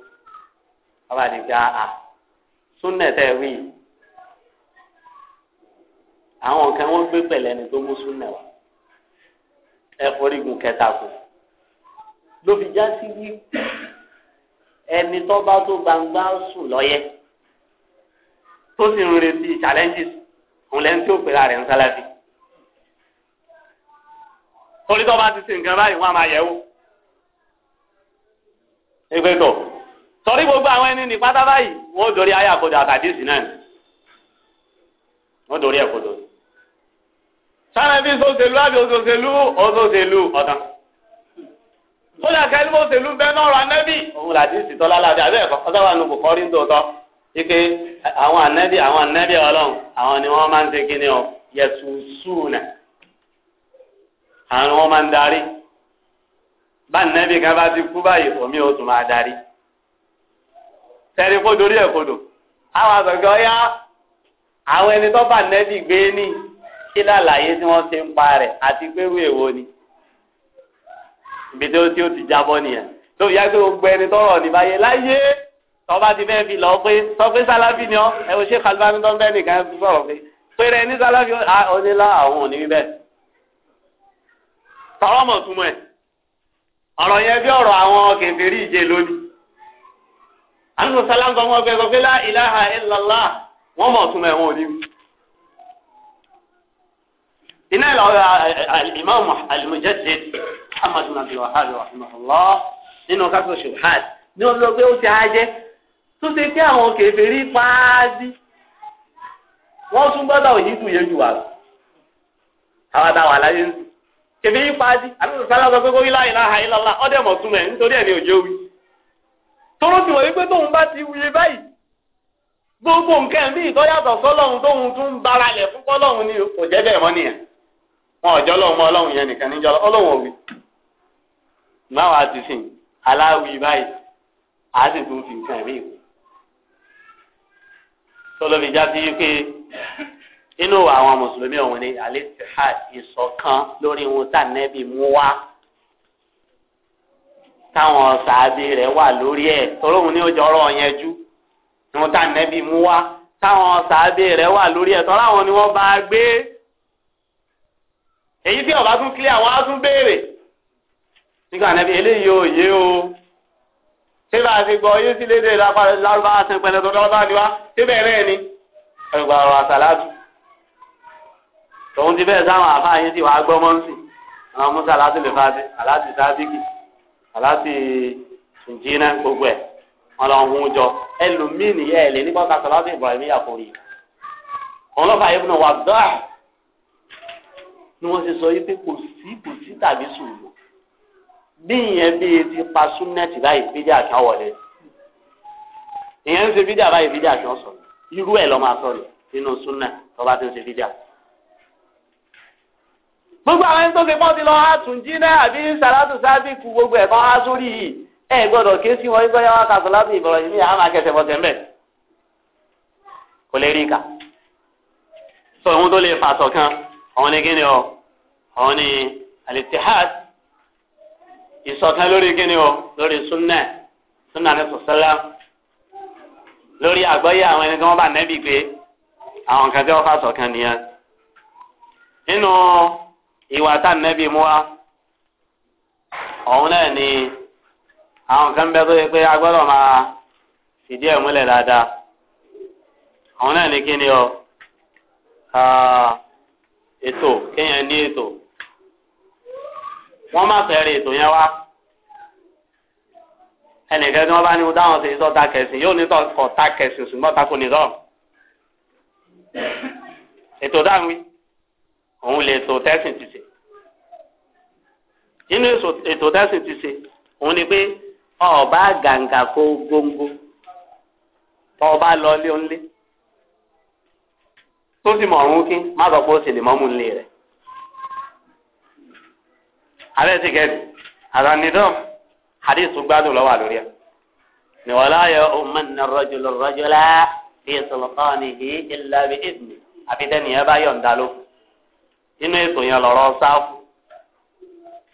bàbá ni pé àà súnẹ̀ tẹ̀ wí àwọn nǹkan wọ́n gbé pẹ̀lẹ́ ni tó mú súnẹ̀ wá ẹ forígun kẹta kù ló já sí wí ẹni tó bá tó gbangba sùn lọ́yẹ tó sì ń retí challenges òun lẹ́nu tí ó pèrè àrẹ̀ ń sálábì torí tó bá ti ṣe nǹkan báyìí wọ́n á máa yẹ̀ wò ẹgbẹ́ tọ̀ sọrí gbogbo àwọn ẹni ní pátá báyìí wọ́n dorí ayé àkọjọ àtàdésì náà ni wọ́n dorí ẹ̀kọ́jọ. sáré bí sọ́sẹ̀lú àbí òṣòṣèlú òṣòṣèlú ọ̀tàn. kódà kẹ́lú òṣèlú bẹ́ẹ̀ náà ra nẹ́bí. òun làdí ìsìtọ́lá lábẹ́ àbẹ́ ẹ̀kọ́ ọ̀sáwà nù kò kọ́ rí ńdòótọ́ ike àwọn ànẹ́bí àwọn ànẹ́bí ọlọ́run àwọn ni wọ́n máa ń ṣe kíni ọ yẹ̀sùn sùn náà àwọn wọn máa ń darí bá nẹ́bí kan bá ti kú báyìí omi ò tún máa darí tẹ́rí kó dorí ẹ̀ kodò àwọn àgbẹ̀gbẹ̀ ọ̀yá àwọn ẹni tó bá nẹ́bí gbé ní kí lálàyé tí wọ́n ṣe ń pa rẹ̀ àti pérú èwo ni ibi tí ó ti jábọ́ nìyẹn tó fi yá pé gbogbo ẹni tọrọ níbàyẹ láyé tọba ti fẹ́ fi lọ pé sọ pé sálábì ni ọ ẹ wò ṣe kálíbánú tó ń bẹ́ nìkan sọ̀rọ̀ pé péré ní sálábì ó ní lá àwọn òní bẹ́ẹ̀ tọrọ mọ̀ túmọ̀ ẹ̀. ọ̀rọ̀ yẹn bí ọ̀rọ̀ àwọn kẹfẹ́rí ìje lónìí. àwọn sọlá wọn gbẹ́gbẹ́ ilaha illallah wọ́n mọ̀ tún ẹ̀wọ̀n òní. iná ìlà nínú ṣèbí yín paadi àbíkú sálá sọ pé kó wí la ilaha illallah ọdẹ mọ̀ tún nítorí ẹ̀ ní òjò wí. ti wọ̀ wípé tóun bá ti wuye báyìí gbogbo nǹkan bí ìtọ́yàtọ̀ sọ́lọ́hún tóun tún ń bara lẹ̀ fún ni kò jẹ́ bẹ́ẹ̀ mọ́ nìyẹn wọn ọ̀jọ́ lọ́hún mọ́ ọlọ́hún yẹn nìkan níjọ́ ti sìn a inú àwọn mùsùlùmí ọ̀hún ni al-ittihad ìṣọ̀kan lórí ohun tá nẹ́bí mú wá táwọn sàábì rẹ̀ wà lórí ẹ̀ tọ́lọ́hún ni ó jọ ọ̀rọ̀ yẹn jú ohun tá nẹ́bí mú wá táwọn sàábì rẹ̀ wà lórí ẹ̀ tọ́láwọn ni wọ́n bá gbé èyí tí ọba tún kílẹ̀ àwọn á tún béèrè nígbà nẹ́bí eléyìí ò yé o ṣé ti gbọ́ yóò sì léde lárúbáwá sẹ́ńpẹ́lẹ́ tó lọ́rọ́ bá ti wá síbẹ̀ náà ni ẹgbàá ọ̀rọ̀ àṣàlá tòun ti bẹ́ẹ̀ sáwọn àfa yín sì wàá gbọ́ mọ́ǹsì àwọn musa aláti lè fàdé aláti sábìkì aláti tùjínà gbogbo ẹ̀ wọn lọ hun jọ ẹlòmíì nìyẹn ẹ̀ lè nípa kásán láti ibrahim yàgò rí òun lọ́fà yìí fún wa dọ́à ni wọ́n ti sọ yìí pé kò sí kò sí tàbí sùúrù bí ìyẹn bí ti pa súnẹ́ẹ̀tì báyìí fídíà kan wọlé ìyẹn ń ṣe fídíà báyìí fídíà kan sọ irú ẹ̀ lọ́ máa sọ rẹ̀ nínú súnẹ́ẹ̀ tó bá ti ń ṣe fídíà gbogbo àwọn ẹni tó ṣe pọ́n ti lọ àtún jí náà àbí sàlátù sábì kú gbogbo ẹ̀ kan á sórí yìí ẹ gbọ́dọ̀ ké sí wọn gbọ́dọ̀ wá kàṣọ láti ìbọ̀rọ̀ yìí ní àwọn akẹ́sẹ̀ bọ́sẹ̀ ń bẹ̀ kò lè rí i sọ ohun tó lè fà sọ̀kan ọ̀hún ni kíni o ọ̀hún ni al-ittihad ìṣọ̀kan lórí kíni o lórí súnnà súnnà ní sọ̀sẹ́lá lórí àgbọ́yé àwọn ẹni tí wọ́n bá nẹ́bí gbé àwọn kan tí wọ́n fà sọ̀kan nìyẹn nínú ìwà tá nẹ́bí mú wa ọ̀hún náà ni àwọn kan bẹ tó yẹ pé a máa fìdí ẹ̀ múlẹ̀ dáadáa ọ̀hún náà ni kí ni ọ ètò kéèyàn ní ètò wọ́n má fẹ́rẹ̀ ètò yẹn wá ẹnìkan tí wọ́n bá ní mo dáhùn sí ìsọ́ ta kẹ̀sìn yóò ní kọ̀ ta kẹ̀sìn ṣùgbọ́n ta kò ní sọ ètò dáhùn wí òun lè ètò tẹ́sìn ti ṣe nínú ètò tẹ́sìn ti ṣe òun ni pé ọba gàǹgà kó góńgó ọba lọ lé ńlé tó sì mọ̀ ọ̀run kí má sọ pé ó sì lè mọ́mú ńlé rẹ̀ alẹ́ ti kẹ́ẹ̀dì àtànídọ́ àdìsú gbádùn lọ́wọ́ àlórí ẹ̀ nìwọ̀lá yọ ọmọnà rọ́jòló rọ́jòlá fi sọ̀lọ́tọ́ nìyí ìlàbí ìdùnnú àfi tẹ́niyẹ bá yọ̀ǹda lókun. inú ètò yẹn lọrọ sáfù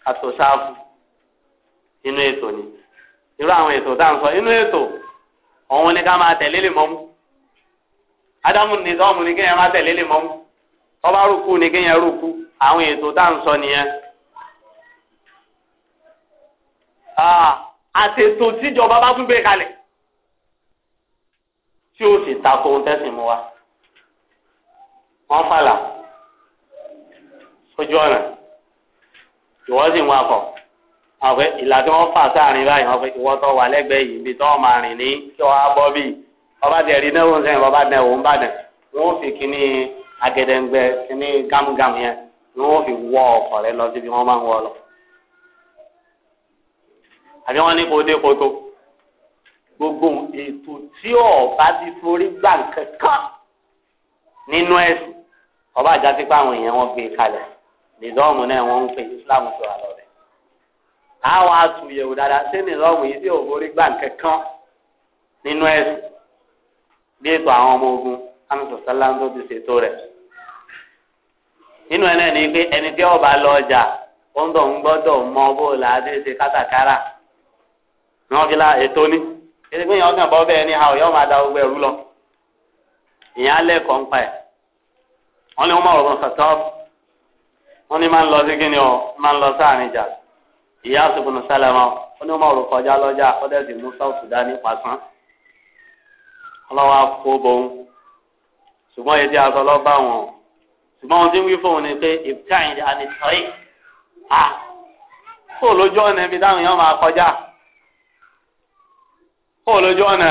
àtò sáfù inú ètò ni irú àwọn ètò tá à ń sọ inú ètò òun ni ká máa tẹ̀lé lè mọ́mú ádámù ní sọ́ọ̀mù ni kéèyàn máa tẹ̀lé lè mọ́mú tọ́ba rúkú ni kéèyàn rúkú àwọn ètò tá à ń sọ nìyẹn. Ah, àtètò tíjọba bá tún gbé kalẹ̀ tí ó sì mu wa wọ́n fàlà. ojú ọ̀nà ìwọ sì ń ìlà tí wọ́n fà sáàrin báyìí wọn fẹ́ ìwọ wà lẹ́gbẹ̀ẹ́ yìí ibi tó wọn máa ní kí wọ́n á bọ́ bíi ọba tẹ̀ rí náwó sẹ́yìn bọ́ba dẹ̀ wò ń bàdàn wọ́n fi kíní agẹdẹ̀ǹgbẹ kíní gámgám yẹn wọ́n fi wọ ọkọ̀ rẹ lọ síbi wọ́n máa ń wọ lọ. àbí wọ́n ní kó dé koto gbogbo ètò tí ọba ti forí gbà kankan nínú ẹ̀sìn ọba àjàsí nìdọ́ọ̀mù náà wọ́n ń pè islam e. A a àwọn atùyẹ̀wò dáadáa ṣé nìdọ́ọ̀mù yìí tí òbórí gbà kankan nínú ẹ̀sìn bí ètò àwọn ọmọ ogun amísọ̀sálá tó ti ṣètò rẹ̀ nínú ene ni pé ẹni tí ọba lọ ọjà ó ń gbọ́dọ̀ la bọ́ bẹ́ẹ̀ ni àwọn máa da gbogbo ẹ̀rú lọ ìyẹn alẹ́ ẹ̀ wọ́n ní wọ́n máa wọ́n ní máa ń lọ sí kíni o máa ń lọ sáàrin jà ìyá àsopọ̀nù sálẹ̀mọ́ ó ní wọ́n rò kọjá lọ́jà ọ̀dẹ́sì musa òsùdá ní pàṣán ọlọ́wọ́ kó bòun ṣùgbọ́n èdè àgọ́ lọ́ bá wọn ṣùgbọ́n ohun tí ń wí fóun ni pé ìbíkàyìn àti à kó lójú ọ̀nà ibi táwọn èèyàn máa kọjá kó lójú ọ̀nà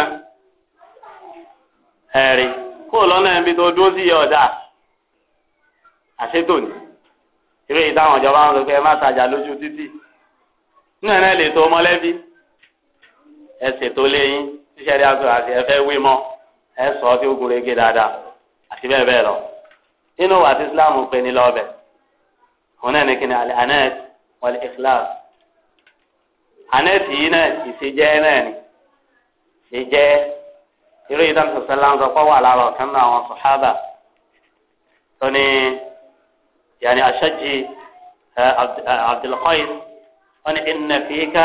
ẹ̀rí kó lọ́nà ibi tó dúró sí yẹ ọ̀dà àṣetò ni irú yìí táwọn ìjọba ń sọ pé ẹ má tajà lójú títì náà náà lè tó mọ̀lẹ́bí ẹ ṣètò léyìn tíṣẹ́ rí aṣọ àti ẹ fẹ́ wí mọ́ ẹ sọ ọ́ tí rege dáadáa àti bẹ́ẹ̀ bẹ́ẹ̀ lọ. nínú wàtí islam pe ní lọ́ọ̀bẹ̀ òun náà ní kí ni alẹ́ anet wọlé ikhlas anet yìí náà ìṣèjẹ́ náà ni ìṣèjẹ́ irú yìí láǹzọ̀ pọ̀ wà lára ọ̀kan náà àwọn sọ̀hábà tó ní. يعني أشج آه، آه، عبد القيس أن إن فيك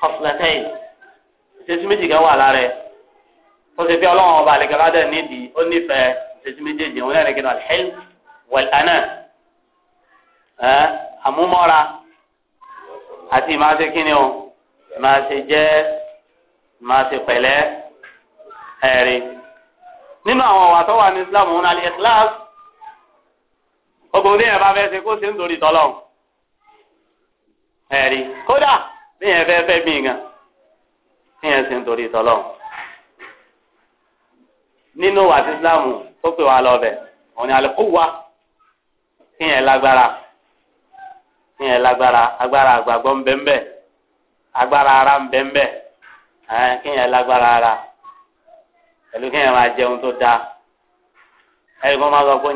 خصلتين تسمي جوا على رأي فسيب الله أبا لك هذا ندي أني ف تسمي جدي ولا لكن الحلم والأنا آه، ها أمو مرا أتي ما تكينيو ما سجى ما سقلة هاري نما هو واتو عن الإسلام هنا الإخلاص ọkùnrin tí yẹn bá fẹ́ ṣe kó ṣe ń torí tọ́lọ́run ẹ̀rí kódà ní yẹn fẹ́ fẹ́ mí gan tí yẹn ṣe ń torí nínú tó pè wá lọ́bẹ̀ òun ni àlùkò wá tí lágbára ara ń ń ara pẹ̀lú kí máa jẹun tó dáa máa sọ pé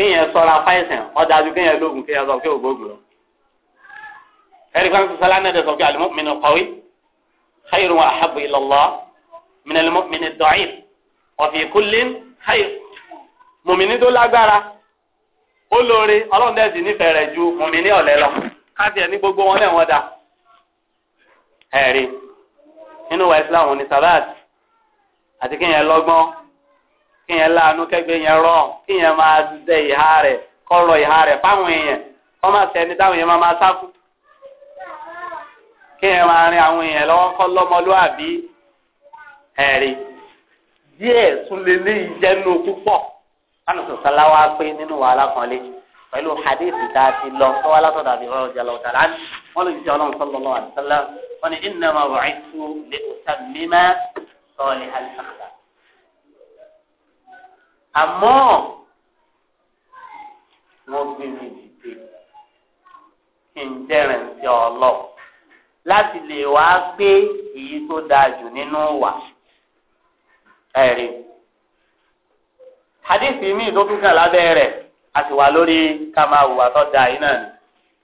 kéèyàn sọra fáìsàn ọ̀dà ju kéèyàn lóògùn kéèyàn sọ pé ògbóògùn lọ. ẹ̀rí kan sísọ lánàá dẹ̀ sọ pé al-mu'minu qawi khayrun wa ahabbu ila Allah min al-mu'mini ad-da'if wa fi kullin khayr. mùmíní tó lágbára ó lóore ọlọ́run dẹ̀ sì nífẹ̀ẹ́ rẹ̀ ju mùmíní ọ̀lẹ lọ káàtì ẹ̀ ní gbogbo wọn náà wọ́n dà. ẹ̀rí nínú wa islam ní sabat àti kéèyàn lọ́gbọ́n kínyẹn láàánú kẹgbẹ yẹn rọ kínyẹn máa dẹ ìhà rẹ kọrọ ìhà rẹ fáwọn èèyàn wọn máa sẹni táwọn èèyàn máa máa sáfù kínyẹn máa rin àwọn èèyàn lọ́wọ́ kọ lọ́mọlúwàbí ẹ̀rí díẹ̀ tún lè lé ìjẹnu púpọ̀ kánú sọsọ láwa pé nínú wàhálà kan lé pẹ̀lú hadith tá a ti lọ tọwọ látọ dàbí ọ̀rọ̀ jàlọ tàlá wọn lè jẹ Ọlọ́run sọlọ lọ àdìsọlá wọn ni ìnáwó àìsù lè òsà mímá sọọlì àlùfáà àmọ́ wọ́n gbé mi dìde kí n jẹ́rìn sí ọlọ́ láti lè wá gbé èyí tó dáa jù nínú wà ẹ̀rí. hadith mi tó tún kàn lábẹ́ rẹ̀ a ti wà lórí ká máa hùwà tó dáa yìí náà ni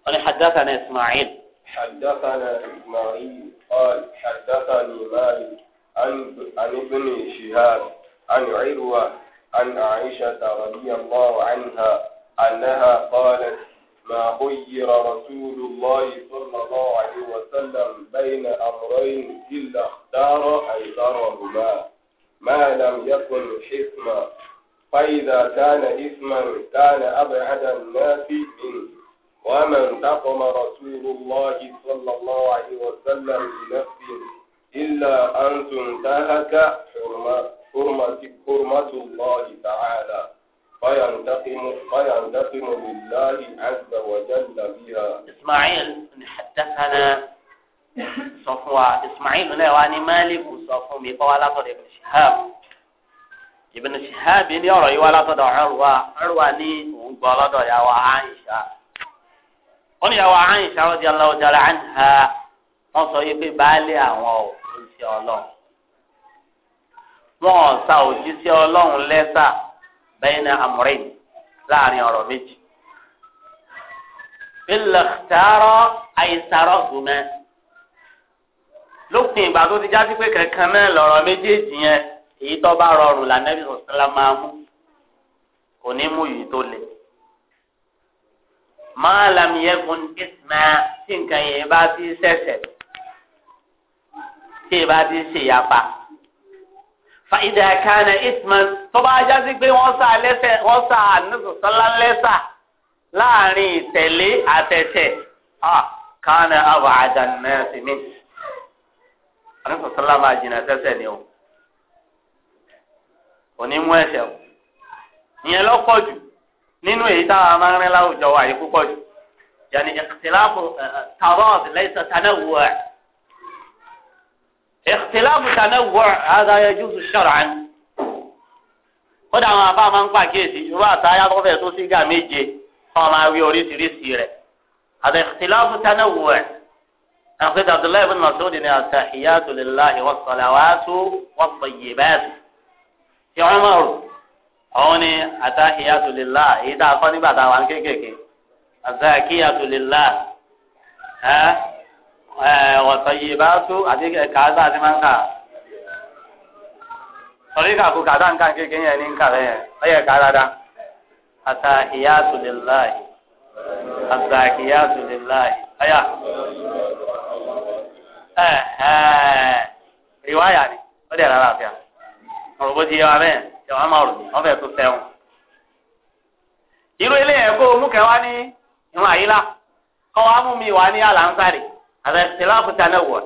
wọ́n ní haddathana Ismail. حدثنا إسماعيل قال حدثني مالك عن ابن شهاب عن عروة عن عائشة رضي الله عنها أنها قالت ما خير رسول الله صلى الله عليه وسلم بين أمرين إلا اختار أيسرهما ما لم يكن حكما فإذا كان إثما كان أبعد الناس منه ومن تقم رسول الله صلى الله عليه وسلم بنفسه إلا أن تنتهك حرمته حرمة الله تعالى فينتقم فينتقم لله عز وجل بها. إسماعيل حدثنا صفوة إسماعيل لا يعني مالك صفوة مقال على ابن شهاب ابن شهاب ni ọ̀rọ̀ yìí wá látọ̀dọ̀ ọrùwà ọrùwà ní òun gbọ́ lọ́dọ̀ yàwó àyìnṣà wọn ni yàwó àyìnṣà radiyallahu ta'ala anha wọn sọ yìí pé baálé àwọn ò ń ṣe Ọlọ́run wọn ò sa òjíṣẹ́ ọlọ́run lẹ́sà bayna amrayn láàrin ọ̀rọ̀ méjì. ìlẹ̀kítàrọ̀ àìsàrọ̀ gùnmẹ́ lópin ìgbà tó ti jásí pé kankan náà lọ̀rọ̀ méjèèjì yẹn èyí tó bá rọrùn lànàbí sọ̀tìlá máa mú kò ní mú yìí tó le. máa làmìyẹ́gun ìsìnà tí nǹkan yẹn bá ti ṣẹ̀ṣẹ̀ tí ì bá ti ṣèyapa. fàyídà kánà isman tó bá jásí pé wọ́n sá lẹ́sẹ̀ wọ́n sá ànásọ̀sọ́lá lẹ́sà láàrin ìtẹ̀lé àtẹ̀tẹ̀ kánà àbọ̀ àdánù mi ànásọ̀sọ́lá máa jìnnà sẹ́sẹ̀ ni o onímú ẹsẹ̀ o ìyẹn lọ́pọ̀ ju nínú èyí táwa máa ń rìn láwùjọ wa yìí púpọ̀ اختلاف تنوع هذا يجوز شرعا kódà àwọn àbá máa ń pàkíyèsí irú àtàyà tó fẹ́ tó sígà méje fún ọmọ awí oríṣiríṣi rẹ̀ àti اختلاف تنوع àfẹ́tà abdullahi bin masoud ni àtàhíyàtò lillahi wasalawatu wasayibaatu ti ọmọrù òun ni àtàhíyàtò lillahi èyí tá a kọ́ nígbà tá a wà ń kékèké àtàhíyàtò lillahi ọ̀sọ̀ yìí bá tó àti kàdá àti máa ń kà sọ̀rọ̀ yìí kàkó kàdá nǹkan kékeré yẹn ní nǹkan lẹ́yìn ọ̀yẹ̀ ká dáadáa ata ìyáàtò lè láàyè ata ìyáàtò lè láàyè ọ̀yà rìwáyà ni ó dẹ̀ rárá àfíà ọ̀rọ̀ bó ti yẹ wa bẹ́ẹ̀ yẹ wa máa rò ní ọ̀fẹ́ tó fẹ́ irú ilé ẹ̀kọ́ mú kẹwàá ní ìwọ̀n àyílá kọ́ wa mú mi wá ní àlàǹsàrì àti ìtìláàfù tí a náà wọ̀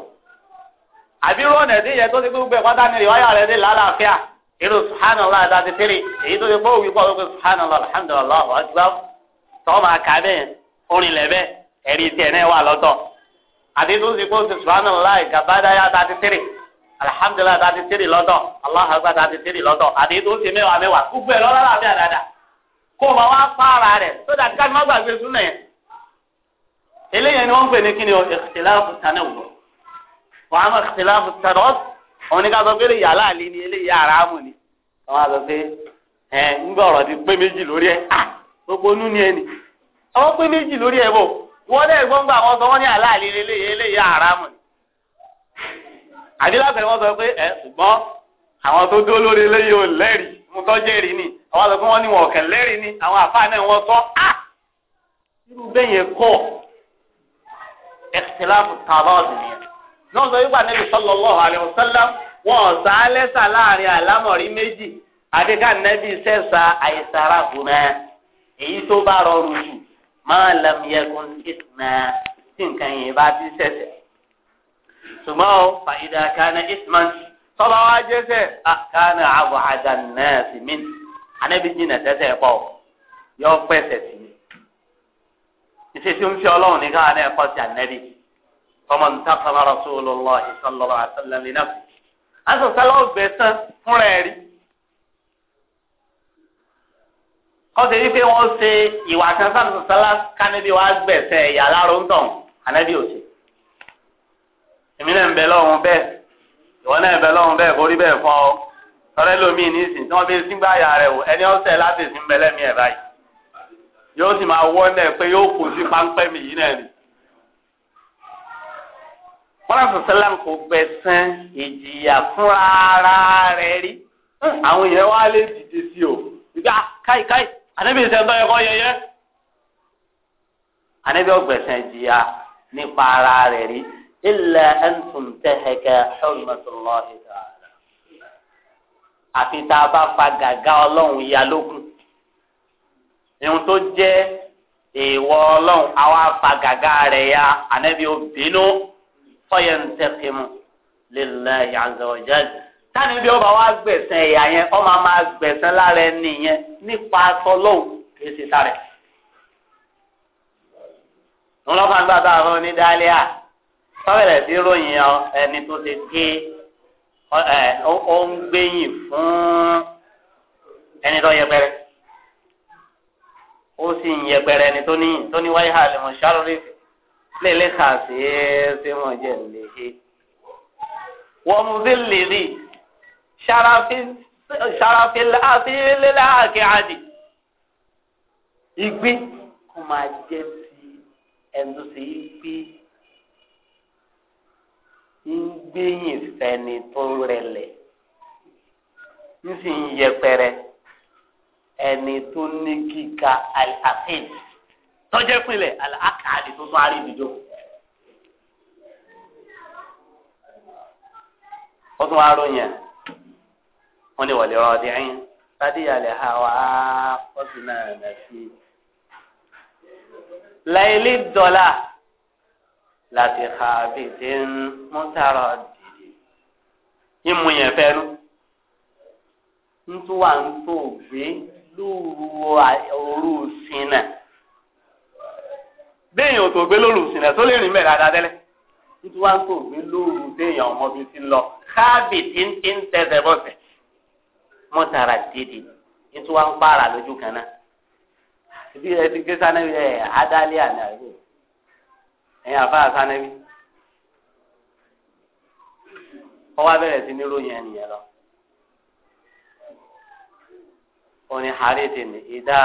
àbí rọ́ọ̀nà ẹ̀dín yẹn tó ti gbé gbẹ pátá ní ìwáyà rẹ̀ dé lálàáfíà irú subhanallah àti tẹ́lẹ̀ èyí tó ti gbọ́ òwì pọ̀ wípé subhanallah alhamdulillah akbar tọ́ máa orin lẹ́bẹ̀ ẹ̀rí tiẹ̀ náà wà lọ́tọ̀ àti tó ti gbọ́ subhanallah gàbádáyà àti tẹ́lẹ̀ alhamdulillah àti tẹ́lẹ̀ lọ́tọ̀ allah àti tẹ́lẹ̀ lọ́tọ̀ àti tó ti mẹ́wàá mẹ́wàá gbogbo ẹ̀ lọ́lá eléyìí ni wọ́n ń pè ní kíni ìṣẹ̀láàfù tanáwùrọ̀ wọ́n á òun ni ká sọ pé lè ni eléyìí e e àràmù ni pé ń gbọ́ ọ̀rọ̀ ti pé méjì lórí gbogbo nú ni àwọn pé méjì lórí bò wọ́n sọ wọ́n ní ni eléyìí ni sọ pé ṣùgbọ́n àwọn tó dó lórí eléyìí ò lẹ́rìí mo ni àwọn pé wọ́n ní wọn lẹ́rìí ni àwọn àfáà náà wọ́n sọ á irú kọ́ ẹ̀kìtìláàfù tààlọ́ọ̀dù nìyẹn. náà sọ wípé ànábì sallallahu alaihi wasallam wọn ọ̀sà alẹ́sà láàrin meji méjì àdéká ànábì a àìsàrà gùnà eyi tó bá rọrùn jù máa lam yakun ìtìnà tí nǹkan yẹn bá ti sẹ̀sẹ̀. ṣùgbọ́n fàyídà kánà ìtìmọ̀ tọ́ba wá jẹ́sẹ̀ kánà àbọ̀ àdànà ìṣe tí ó ń fi ọlọ́run ní káwọn náà kọ́ sí ànẹ́bí ọmọ nta kama rasulullah sallallahu alaihi wasallam ní náà aṣọ sálọ ọgbẹ tán fúnra ẹ rí kọ́sẹ̀ wípé wọ́n ṣe ìwà kan sáàtúnṣe kánẹ́bí wàá gbẹ̀sẹ̀ ẹ̀yà aláró ń tàn ànẹ́bí òṣè èmi náà ń bẹ lọ́run bẹ́ẹ̀ ìwọ náà ń bẹ lọ́run bẹ́ẹ̀ borí bẹ́ẹ̀ fọ́ ọ sọ̀rọ̀ ẹlòmíì ní ìsìn tí wọ́n fi síngbà yà rẹ̀ wò ẹni ọ̀sẹ̀ láti sìn bẹ́lẹ́mìí ẹ̀ báyìí yóò sì máa wọ́ náà pé yóò kù sí páńpẹ́ mi yìí náà ni. wọ́n náà sọ̀sẹ́ láǹ kò gbẹ̀sán ìjìyà fún ara rẹ̀ rí. àwọn èèyàn wá lè dìde sí o ìgbà káìkáì ànábì ìṣẹ́ńtọ́ ẹ̀kọ́ yẹyẹ. ànábì ọ̀gbẹ̀sán ìjìyà nípa ara rẹ̀ rí. ilẹ̀ ẹ̀ńtùm tẹ̀hẹ̀kẹ́ ṣọ́ọ̀mọ̀tò lọ́ọ̀dì àfi tá a bá fa gàgá ọlọ́run ya lókun ìhun tó jẹ́ ìwọ ọlọ́run àwa afagàgà rẹ̀ ya ànábi obìnú fọyẹ̀ntẹ́kìmù lillahi azza wa jalla táni bí ọba wa gbẹ̀sẹ̀ ẹ̀yà yẹn ọmọ máa gbẹ̀sẹ̀ lára ẹni yẹn nípa tọ́lọ́hùn kì í ṣe sáré. ńlọ́kàn gbà tá a fún ní dálíà sọ́bẹ̀rẹ̀ sí ròyìn ẹni tó ti gé ó ń gbẹ̀yìn fún ẹni tó yẹpẹrẹ ó sì ń yẹpẹrẹ ẹni tó ní tó ní wáyé hà lẹ́mọ̀ ṣàròrífì lélẹ́ kà sí ṣé wọ́n jẹ́ lèṣe. wọ́n mú sí lèrí ṣàràfin àfihàn àkè àdì igbe kò máa jẹ́ ti ẹni tó ṣe ń gbẹ̀yìn fẹ́ni tó rẹlẹ̀ ń sì ń yẹpẹrẹ ẹni tó ní kíka alhassan tọ́jẹ́ pinlẹ̀ alhakaadi tó tó arí ìdìjọ́. ó tún wáá ròyìn ẹ̀ wọ́n lè wọlé ọ̀rọ̀ ọ̀dẹ́yìn sádìyàlẹ̀ àwa ọ̀sìn náà nà sí i. láìlí dọ́là láti ha bìtì ń mú tààrọ̀ dìde. ìmú yẹn fẹ́ ń tún wà ń tó gbé lóru òru sinà béèyàn tó gbé lóru sinà tó lè rìn mẹ́rin dáadáa tẹ́lẹ̀ nítorí wá ń tó gbé lóru béèyàn ọmọ bíi ti ń lọ káàbì tí ń ti ń tẹsẹ̀ bọ̀sẹ̀ mọ́tara dídì nítorí wá ń pààrà lójú kan náà bí ẹ ti gé sanẹ́bí ẹ adálẹ́ àná ẹ̀yìn àfáà sanẹ́bí ọwọ́ abẹ́rẹ́ sí ní ròyìn ẹnìyẹn lọ. oní harithi ní ìdá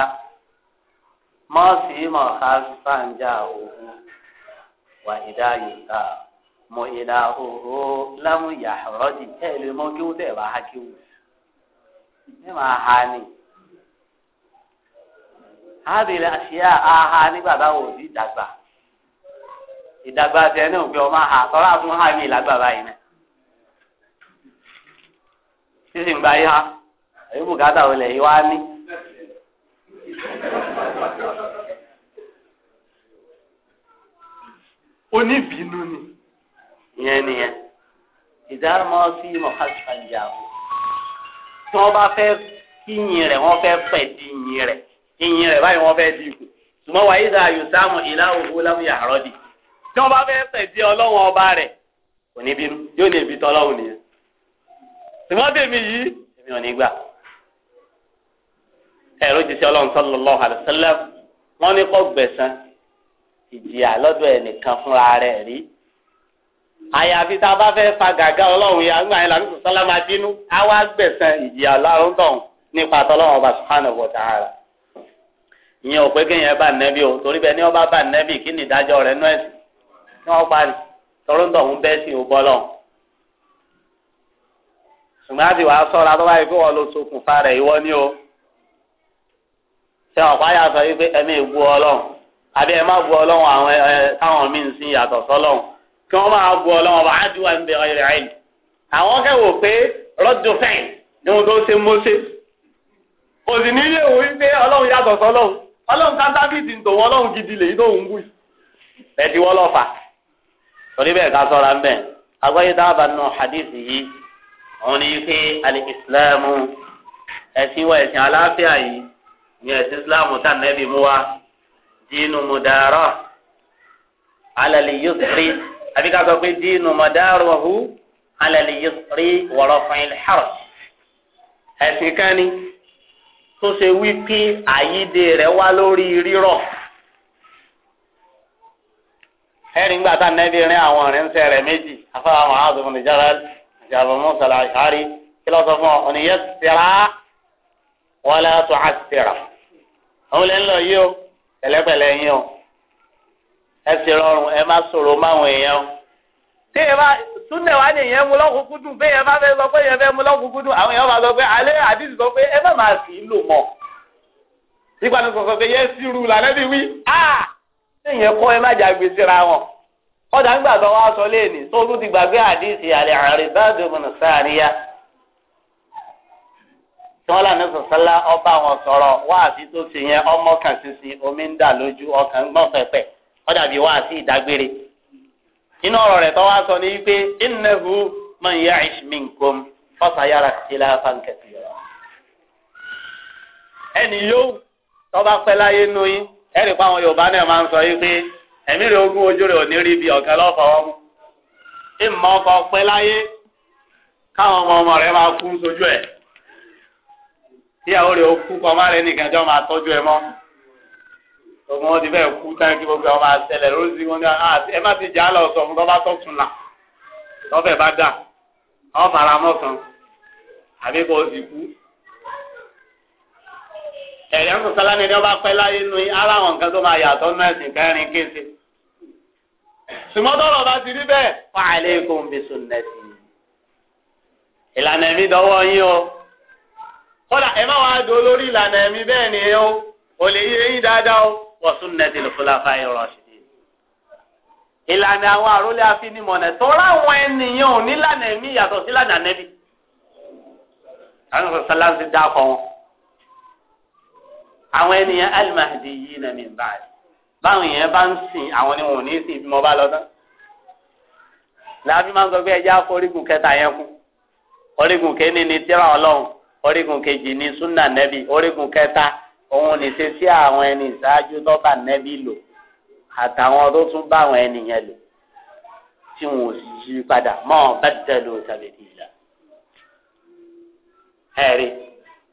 mọ́ọ̀sì mọ̀ káfíńjà òhun wà ìdá yìíká mọ ìdá òhó lámú yàrọ́dì ẹ eh, lè mọ kí wọ́n tẹ̀ bá ha kí wọ́n ẹ máa ha ni. hábìlì àṣìyá aha nígbà táwọn òbí dàgbà ìdàgbà tẹ̀ ní òpin ọmọ ha tọ́lá fún hàmì ìlàgbà báyìí náà sísìn gba yìí ha èyí bùkátà wọn lẹ́yìn wá ní. oníbínú ni. ìyẹn nìyẹn ìdámọ́ sí mọ̀kásífàjà o tí wọ́n bá fẹ́ kí yin rẹ̀ wọ́n fẹ́ pẹ̀ di yin rẹ̀ yin rẹ̀ báyìí wọ́n fẹ́ di ikú ṣùgbọ́n wàá yìí dáa yòsáàmù ìlà òwò lámúyà àárọ̀ di tí wọ́n bá fẹ́ pẹ̀ di ọlọ́run ọba rẹ̀ oníbínú yóò ní ibi tọ́lọ́run nìyẹn ṣùgbọ́n tèmi yìí èmi ò ní gbà. ẹ̀rọ jíṣẹ́ ọlọ́run sallallahu alaihi wasallam wọ́n ní kó gbẹ̀san ìjìyà lọ́dọ̀ ẹnìkan fúnra rẹ̀ rí. àyàfi tá a bá fẹ́ fa gàgá ọlọ́run ya ńgbà yẹn làmísọ̀ sálámà bínú á wá ìjìyà lọ́run nípa tọ́lọ́run ọba ìyẹn ò pé nẹ́bí o torí bẹ́ẹ̀ ni wọ́n bá bá nẹ́bí kí ni rẹ̀ ṣe ọ̀pá yà sọ wípé ẹ̀mí ègbú ọlọ́run àbí ẹ̀ má gbú ọlọ́run àwọn ẹ̀ táwọn míì ń sin yàtọ̀ sọ́lọ́run kí wọ́n máa gbú ọlọ́run ọba ádùúwà ń bẹ ọ̀rẹ́ rẹ̀ àwọn kẹwò pé rọ́dù fẹ́ǹ ni wọn tó ṣe mọ́ṣẹ́ òsì nílé ìwò wípé ọlọ́run yàtọ̀ sọ́lọ́run ọlọ́run kántàkìtì ń tòun ọlọ́run gidi lè tó ń wù ẹ̀dí wọ́n lọ́fà torí bẹ́ẹ̀ ká sọ́ra ń bẹ̀ agbáyé dábàá nù hadith yìí òun ni wípé alẹ́ ìsìlámù ẹ̀sìn wa ẹ̀sìn aláfíà yìí ní ẹ̀sìn islamu tá nẹ́bí mú wa dínú mudara alali yusri àbí ká sọ pé dínú mudarahu alali yusri wọ̀rọ̀ fún harj ẹ̀sìn kan ni tó ṣe wí pé àyíde rẹ̀ wá lórí rírọ̀ ẹ̀rí ńgbà tá nẹ́bí rin àwọn ọ̀rẹ́nsẹ̀ rẹ̀ méjì afáwọn àwọn àzọ̀mọ̀lẹ̀ jára ìjàbọ̀ mọ́sálà ìhárí kí lọ́sọ̀ fún ọ wọn lè tó àṣìṣe àwọn lè ń lọ yí o pẹ̀lẹ́pẹ̀lẹ́ yín o ẹ sì rọrùn ẹ má sọ̀rọ̀ máwọn èèyàn o. tí ẹ bá túnẹ̀ wá ní ìyẹn mú lọ́kùnkún dùn bẹ́ẹ̀ yẹn bá fẹ́ sọ pé yẹn fẹ́ mú lọ́kùnkún dùn àwọn èèyàn máa sọ pé alẹ́ àdìsí sọ pé ẹ má máa sì í lò mọ́. nígbà tó sọ̀sọ̀ pé yẹn sírù lànà bí wí á ẹ̀yẹn kọ́ ẹ má jà gbé síra wọn. ọ̀dà ń gbàgbọ́ wa sọ léèní tó tí wọ́n sọ̀sọ́lá ọba àwọn sọ̀rọ̀ wáàsí tó ṣe yẹn ọmọ kan ṣinṣin omi ń dà lójú ọkàn ń gbọ́n pẹ̀pẹ̀ ọjà bíi wáàsí ìdágbére. inú ọ̀rọ̀ rẹ̀ tó wá sọ ni wípé innahu man ya'ish minkum fasayara ikhtilafan kathira. ẹnì yóò tọ́ba pẹ́ láyé nú yín ẹ̀rì pa àwọn Yorùbá náà máa ń sọ wípé ẹ̀mí rẹ̀ ogún ojú rẹ̀ ò ní rí bí ọ̀kẹ́ lọ́fọ̀ọ́ tíyàwó rẹ̀ ó kú kọ́ máa rẹ̀ nìkan jọ́ máa tọ́jú ẹ mọ́ ọmọ wọn ti fẹ́ kú táyà kí gbogbo ọmọ àṣẹlẹ̀ lórí wọn ní ah, ẹ má ti jà á lọ sọ fún bọ́bá tó tún là lọ́fẹ̀ bá dà ọ́ fara mọ́ kan àbí kò sì kú. ẹ̀yẹ́ ń sọ́lá ni ẹni ọba pẹ́ láyé nu ara àwọn nǹkan tó máa yàtọ̀ náà sì kẹrin kése. sùmọ́tọ́rọ̀ bá ti rí bẹ́ẹ̀ fún àìlẹ́kùn bí sunnẹ́tì. ìlànà mi dọ́wọ́ yín o kódà ẹ má wàá do lórí ìlànà ẹ̀mí bẹ́ẹ̀ ni o ò lè yé yín dáadáa o wa sunnatil khulafa'ir rashidin. ìlànà àwọn àrólé afinimọ̀nà tọ́ra àwọn ènìyàn ò nílànà ẹ̀mí yàtọ̀ sílànà nẹ́bí. àwọn sọ sálánsì dákọ̀ wọn. àwọn ènìyàn al-mahdiyina min ba'd báwọn èèyàn bá ń sìn àwọn ni wọn ò ní sìn bí bá lọ tán. làbí máa ń sọ pé ẹjẹ́ àforígun kẹta yẹn kú orígun kéènì ni tíra ọlọ́run orígun kejì ní súnà nẹ́bí orígun kẹta òun ní ṣe sí àwọn ẹni ìṣáájú tó bá nẹ́bí lò àtàwọn tó tún bá àwọn ẹni yẹn lò tí wọn ò sì yí padà mọ́ ọ bá dẹ̀lò tàbí ìlà. ẹ̀rí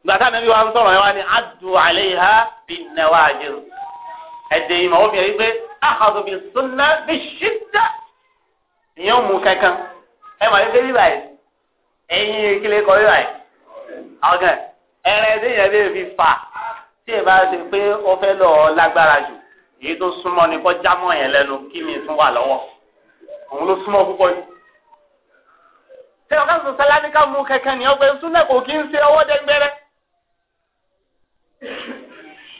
gbàtà nẹ́bí wa ń sọ̀rọ̀ yẹn wá ní adu alayha bin nawajir ẹ̀dẹ̀ ìmọ̀ obìnrin pé àkàtò bí súnà bí ṣídà ìyẹn ò mú kankan ẹ̀ máa ń gbé bíbáyìí ẹ̀yin kílé kọ́ bíbáyìí ọ̀gẹ̀ ẹ̀rẹ̀ déyẹ̀ lè fi fà tí ẹ bá ti pé ó fẹ́ lọ lágbára jù èyí tó súnmọ́ ni kọ́ jámọ́ yẹn lẹ́nu kí mi tún wà lọ́wọ́ òun ló súnmọ́ púpọ̀ jù. ṣé ọ̀gá sọ sálámí ká mú kẹ̀kẹ́ ni ọgbẹ́ súnlẹ̀ kò kí ń ṣe ọwọ́ dẹ́gbẹ́rẹ́.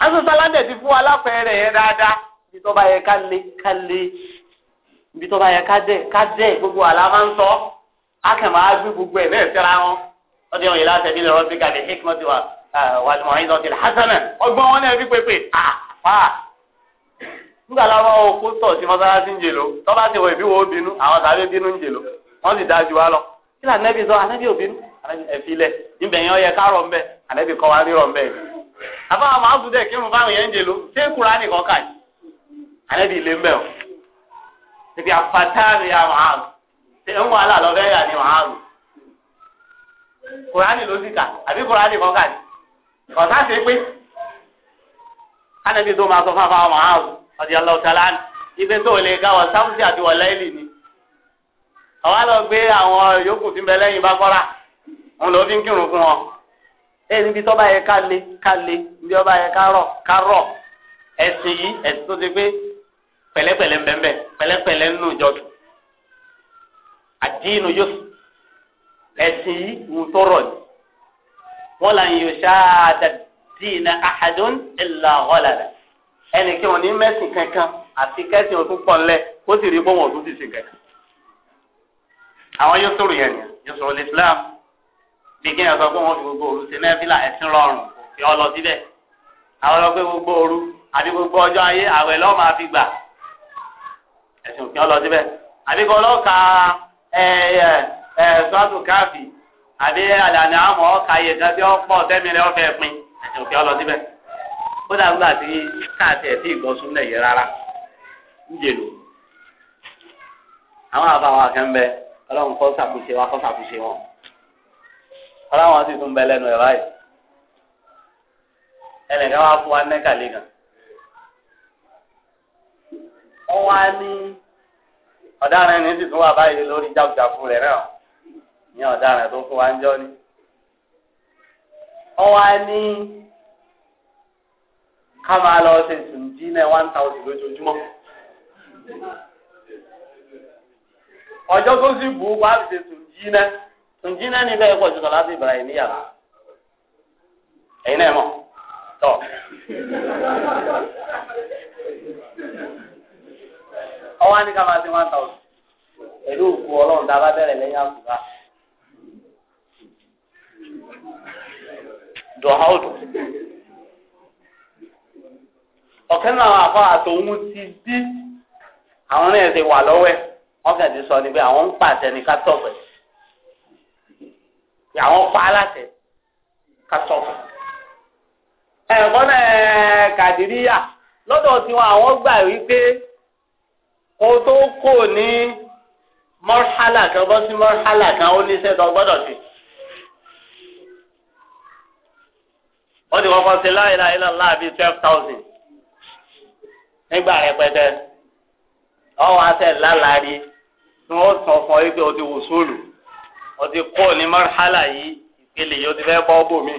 aṣọ sálámí ẹ̀ ti fún wa lápẹẹrẹ yẹn dáadáa ibi tó bá yẹ ká lé ká lé ibi tó bá yẹ ká dẹ̀ ká dẹ̀ gbogbo àlá máa ń sọ á kẹ̀ máa gbé gbogbo ẹ̀ náà síra wọn. ọdún yóò yẹ láti ẹbí lọ́rọ́ sí kàdé wa wà ní mọ̀ọ́yìn lọ́tì hasanà ọgbọ́n wọn náà fi pépè àpá. Ah, ah. nígbà láwọn òkú tọ̀ sí mọ́sálásí ń jèlò tọ́ba ti wọ ìbí wo bínú àwọn sáré bínú ń jèlò wọ́n sì dájú wa lọ. kí lànà sọ ànábì òbínú ẹ̀fílẹ̀ ibẹ̀ ọyẹ kárọ̀ ńbẹ kùránì ló sì kà àbí kùránì kan kà ní kọ̀ọ̀tà ṣe pé ánàbí tó máa sọ fún àfahàn mọ́hàmù ọ̀dí ọlọ́ọ̀tàlá ibi tó lè ga wọ̀ sáfùsì àti wọ̀ lẹ́yìn ni àwa lọ gbé àwọn yòókù tí ń bẹ lẹ́yìn bá kọ́ra òun ló fi ń kírun fún wọn ẹni bí tọ́ba yẹ ká le ká le bí ọba yẹ ká rọ̀ ká rọ̀ ẹ̀sìn yìí ẹ̀sìn tó ti pé pẹ̀lẹ́pẹ̀lẹ́ ń bẹ̀ńbẹ̀ pẹ̀lẹ́pẹ̀lẹ́ ń nù jọ́dún àdínú yóò ẹ̀sìn yìí wù tọrọ ni wọn là ń yọ ṣáàdà dìínà àhàdùn ìlà ọ̀làdà ẹnì kí wọn ní mẹ́sìn kankan àti kẹ́sìn ọ̀tún pọ̀ ńlẹ̀ kó sì rí bọ́ wọn ọ̀tún ti sìn kankan. àwọn yóò sọ̀rọ̀ yẹn nìyẹn yóò sọ̀rọ̀ Islam bí kí sọ pé wọn fi gbogbo òru ṣe nẹ́fìlà ẹ̀sìn rọrùn fi ọ lọ síbẹ̀ àwọn lọ pé gbogbo òru àbí gbogbo ọjọ́ ayé àwẹ̀ lọ́ọ́ máa fi gbà ẹ̀sìn òfin ọ lọ síbẹ̀ àbí kọ́ lọ́ọ́ ka ẹ sọ́ọ̀tù káfí àbí àlàní àmọ́ ọkà yẹ kan tí ó ọ̀fẹ́ pin ẹ̀sìn òkè ọlọ síbẹ̀. ó dàbí gbà káàtì ẹ̀ tí ìgbọ́sùn lẹ̀ yẹ rárá ń jèlò. àwọn ọlọ́run kọ́ sàkóso wa kọ́ sàkóso wọn. ọlọ́run sì tún bẹ lẹ́nu ẹ̀ báyìí. ẹnìkan wá fún wa kan. wá ní ọ̀daràn ẹni wà báyìí lórí rẹ̀ náà. ní ọ̀daràn tó fún wa ń ni. ọwọ́ á ní ká máa lọ ṣe sùnjí náà one thousand lójoojúmọ́. ọjọ́ tó sì bù ú wá ṣe sùnjí náà sùnjí náà níbẹ̀ jùlọ láti Ibrahim ẹ̀yin náà mọ̀ tọ́. ní ká máa ṣe one thousand pẹ̀lú òkú ọlọ́run dọ̀háùdù ọ̀kan náà atọ ti di àwọn náà ti wà lọ́wẹ́ wọ́n ti sọ ni pé àwọn ń pàṣẹ ní kátọ́pẹ̀ àwọn pa aláṣẹ náà kàdíríyà lọ́dọ̀ tiwọn àwọn gbà wípé o tó kò ní mọ́rhálà kan bọ́ sí mọ́rhálà kan ó ní wọ́n ti kọ́kọ́ ṣe láìla ilà ńlá bíi twelve thousand nígbà rẹpẹtẹ ọwọ́ asẹ̀ lálàárí tí wọ́n sọ fún ọ yìí pé o ti wò sóòlù o ti kó ní mọ́rálà yìí ìpele yìí o ti fẹ́ bọ́ bòmí.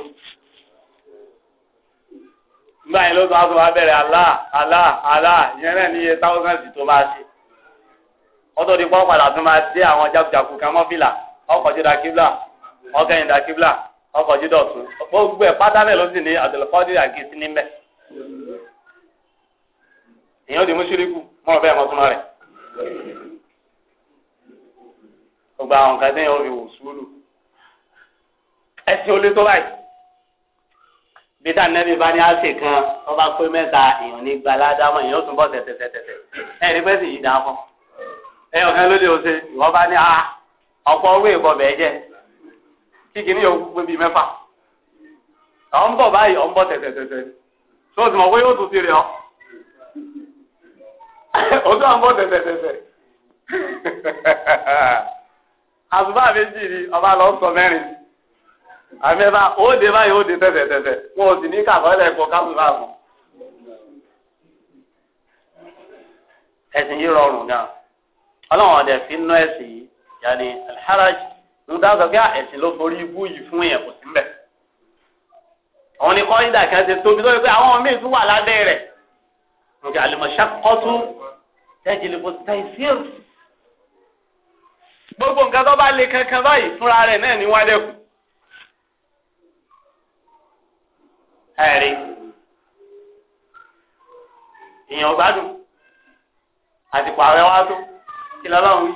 nígbà yẹn ló sọ wá sọ wá bẹ̀rẹ̀ àlá àlá àlá ìyẹn náà ní iye táwọ́sán tó máa ṣe. wọ́n tó di pọ́ padà tó máa dé àwọn jákujàku kan mọ́fìlà ọkọ̀ ti dà kíbla ọkẹ́yìn dà kíbla ọkọ̀ jí dọ̀tún gbogbo ẹ̀ pátánẹ̀ ló sì ní àdùlùkọ́dì àgìsí ní mẹ́. èèyàn di mùsùlùkù mọ̀ bẹ́ẹ̀ mọ́ túnmọ̀ rẹ̀. gbogbo àwọn nǹkan tẹ́yìn òfin wò sùúrù. ẹsìn olè tó báyìí. bíta nẹ́bí bá ní àṣẹ kan wọ́n bá pé mẹ́ta èèyàn ní gbalada mọ́ èèyàn tún bọ̀ tẹ̀tẹ̀tẹ̀tẹ̀ ẹ̀ ní pẹ́sì yìí dáa fún. ẹ̀yọ̀ kan ló lè ọ̀sẹ̀ ìwọ́n bá ní ah, ọ̀pọ̀ owó ìbọn bẹ́ẹ̀ jẹ́ kí kìíní yóò gbé bíi mẹ́fà àwọn ń bọ̀ báyìí ọ̀ ń bọ̀ tẹ̀tẹ̀tẹ̀tẹ̀ tó o ti mọ̀ pé yóò tún ti rẹ̀ ọ́ o tún à ń bọ̀ tẹ̀tẹ̀tẹ̀tẹ̀ (laughs) àtúbà méjì ni ọba lọ sọ mẹ́rin àmì ẹ̀fà ó dé báyìí ó dé tẹ̀tẹ̀tẹ̀tẹ̀ wọn ò sì ní kàkọ́lẹ̀ kọ kábùbà mọ́ ẹ̀sìn yìí rọrùn gan ọlọ́run ọ̀dẹ̀ fi ń ná ẹ̀sìn yìí ń dá sọ pé ah, ẹ̀sìn ló forí ibú yìí fún yẹn kò sí mbẹ̀. àwọn nìkan yìí dàkẹ́ ṣe tóbi lórí pé àwọn míì tún wà lábẹ́ rẹ̀ nǹkan àlùmọ̀ṣá kọ́tù tẹ́jìlì kò tẹ̀síọ̀. gbogbo nǹkan tó bá le kankan báyìí fúnra rẹ̀ náà ní wádẹ́kù. ẹ̀rí èèyàn gbádùn àtìpàrẹ̀ wá tó kí lọ́lọ́run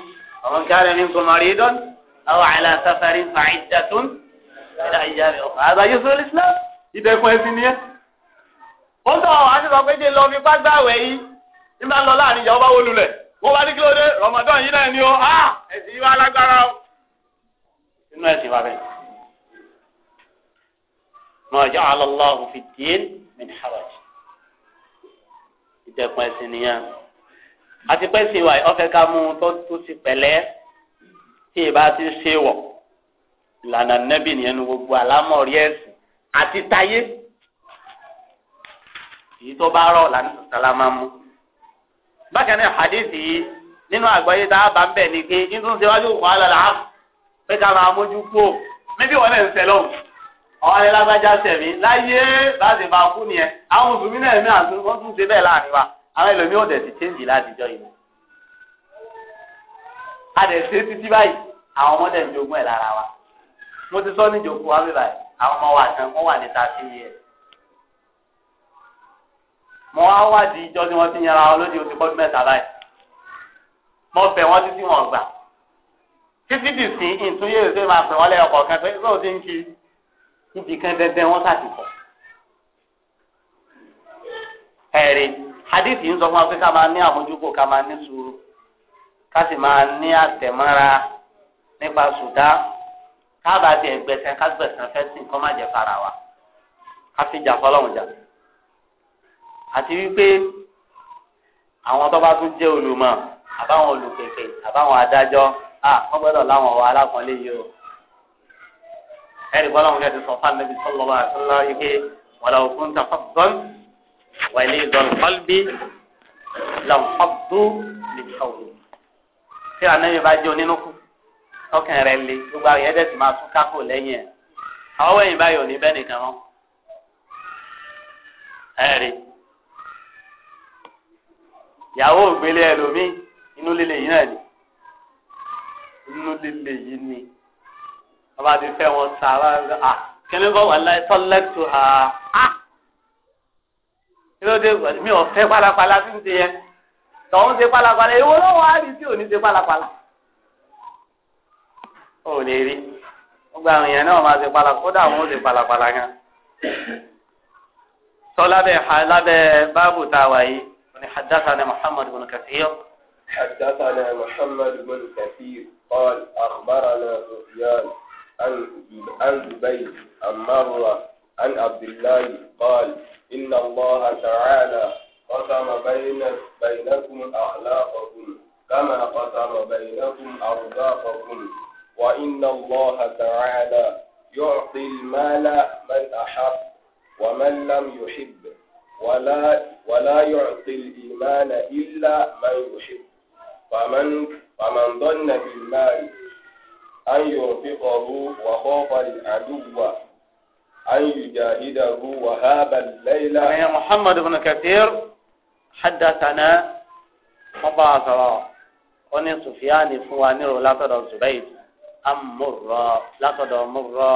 àwọn kí á rẹ̀ ní nǹkan mọ̀rí dọ́nù aw ala safarin fa iddatun ìdá ìyáàmì ọ̀fà àgbáyé sọ islam ìdẹ̀kùn ẹ̀sìn nìyẹn. ó sọ àti sọ pé jẹ́ lọ fi pàgbà wẹ̀ yìí ní bá lọ láàrin ìyá ọba wọlulẹ̀ wọ́n bá ní kí ló dé rọmọdán yìí náà ni ó ah! ẹ̀sìn yìí wá lágbára o. inú ẹ̀sìn wa bẹ́ẹ̀ ma ja'ala Allahu fi din min haraj ìdẹ̀kùn ẹ̀sìn nìyẹn àti pẹ́sìn wa ọ̀fẹ́ ká mú tó tó ti pẹ̀lẹ́ tí ì bá ti ṣe wọ̀ ìlànà nẹ́bì nìyẹn nu gbogbo àlámọ̀rí ẹ̀sìn àti táyé èyí tó bá rọ̀ lànà sàlá máa mú. bákan náà hadithi yìí nínú àgbáyé tá a bá ń bẹ̀ ni pé nítorí síwájú kọ́ àlàlà á pé ká máa mójú kú ò níbi wọn lè ń sẹ lọ́hùn ọ̀hún ni lágbájá sẹ̀mí láyé bá ti máa kú nìyẹn àwọn mùsùlùmí náà ẹ̀mí àti wọ́n tún ṣe bẹ́ẹ̀ láàrin wa àwọn ẹlòmíì ò dẹ̀ ti chéǹjì láti jọ yìí a dẹ̀ ṣe títí báyìí àwọn ọmọdé ń jogún ẹ̀ lára wa mo ti sọ ní ìjòkó wa bíbáyìí àwọn ọmọ wa kan wọ́n wà ní tàbí yẹ mo wá wọ́n ti yanra wọn lóde oṣù mẹ́ta báyìí mo bẹ̀ wọn gbà títí ìṣe máa pè wọ́n pé ti ń dẹ́dẹ́ wọ́n ń sọ fún wa ká sì máa ní àtẹ̀mọ́ra nípa sùdá káàbà tiẹ̀ gbẹ̀sẹ̀ ká gbẹ̀sẹ̀ fẹ́ sìn kọ́ má jẹ́ fara wa ká fi jà fọlọ́hún jà àti wípé àwọn tó bá tún jẹ́ olùmọ̀ àbáwọn olùkèké àbáwọn adájọ́ à wọ́n gbọ́dọ̀ láwọn ọ̀wọ́ alákọ̀ọ́lé yìí o ẹ̀rí fọlọ́hún kẹ́ ti sọ fún anabi sọlọ́wọ́ àtúnlá yìí pé wàlá òkun ta fọ́tọ́n wàlẹ́ ìdọ̀lùkọ́lbí làǹfọ́tò lè sọ̀rọ̀ tí ànábì bá jẹ́ onínúkú ọkàn rẹ̀ le gbogbo àwọn ẹ̀dẹ̀ sì máa tún kákò lẹ́yìn ẹ̀ àwọn wẹ̀yìn báyìí ò ní bẹ́ẹ̀ nìkan mọ́ ẹ̀rí ìyàwó ògbélé ẹlòmíì inú líle yìí náà ni inú líle yìí ni wọ́n bá ti fẹ́ wọn sàrà à ah, kíni kọ́ wàlá tọ́lẹ́tù hà á kí ló dé mi ò fẹ́ pálapàla tí ń ti yẹn tọ̀hún ṣe pálapàla èwo lọ́wọ́ á rí tí ò ní ṣe pálapàla. ó lè rí gbogbo àwọn èèyàn náà máa ṣe pálapàla kódà àwọn ṣe pálapàla gan. طلبه حلبه باب تاوي حدثنا محمد بن كثير حدثنا محمد بن كثير قال أخبرنا سفيان عن عن زبيد عن مرة عن عبد الله قال إن الله تعالى قسم بين بينكم أخلاقكم كما قسم بينكم أرزاقكم وإن الله تعالى يعطي المال من أحب ومن لم يحب ولا ولا يعطي الإيمان إلا من يحب فمن فمن ظن بالمال أن ينفقه وخاف العدو أن يجاهده وهاب الليل محمد بن كثير hadathana wọ́n bá wa sọ̀rọ̀ wọ́n ní sùfìyàní fún wa nírò látọ̀dọ̀ zubayr amúrọ̀ látọ̀dọ̀ múrọ̀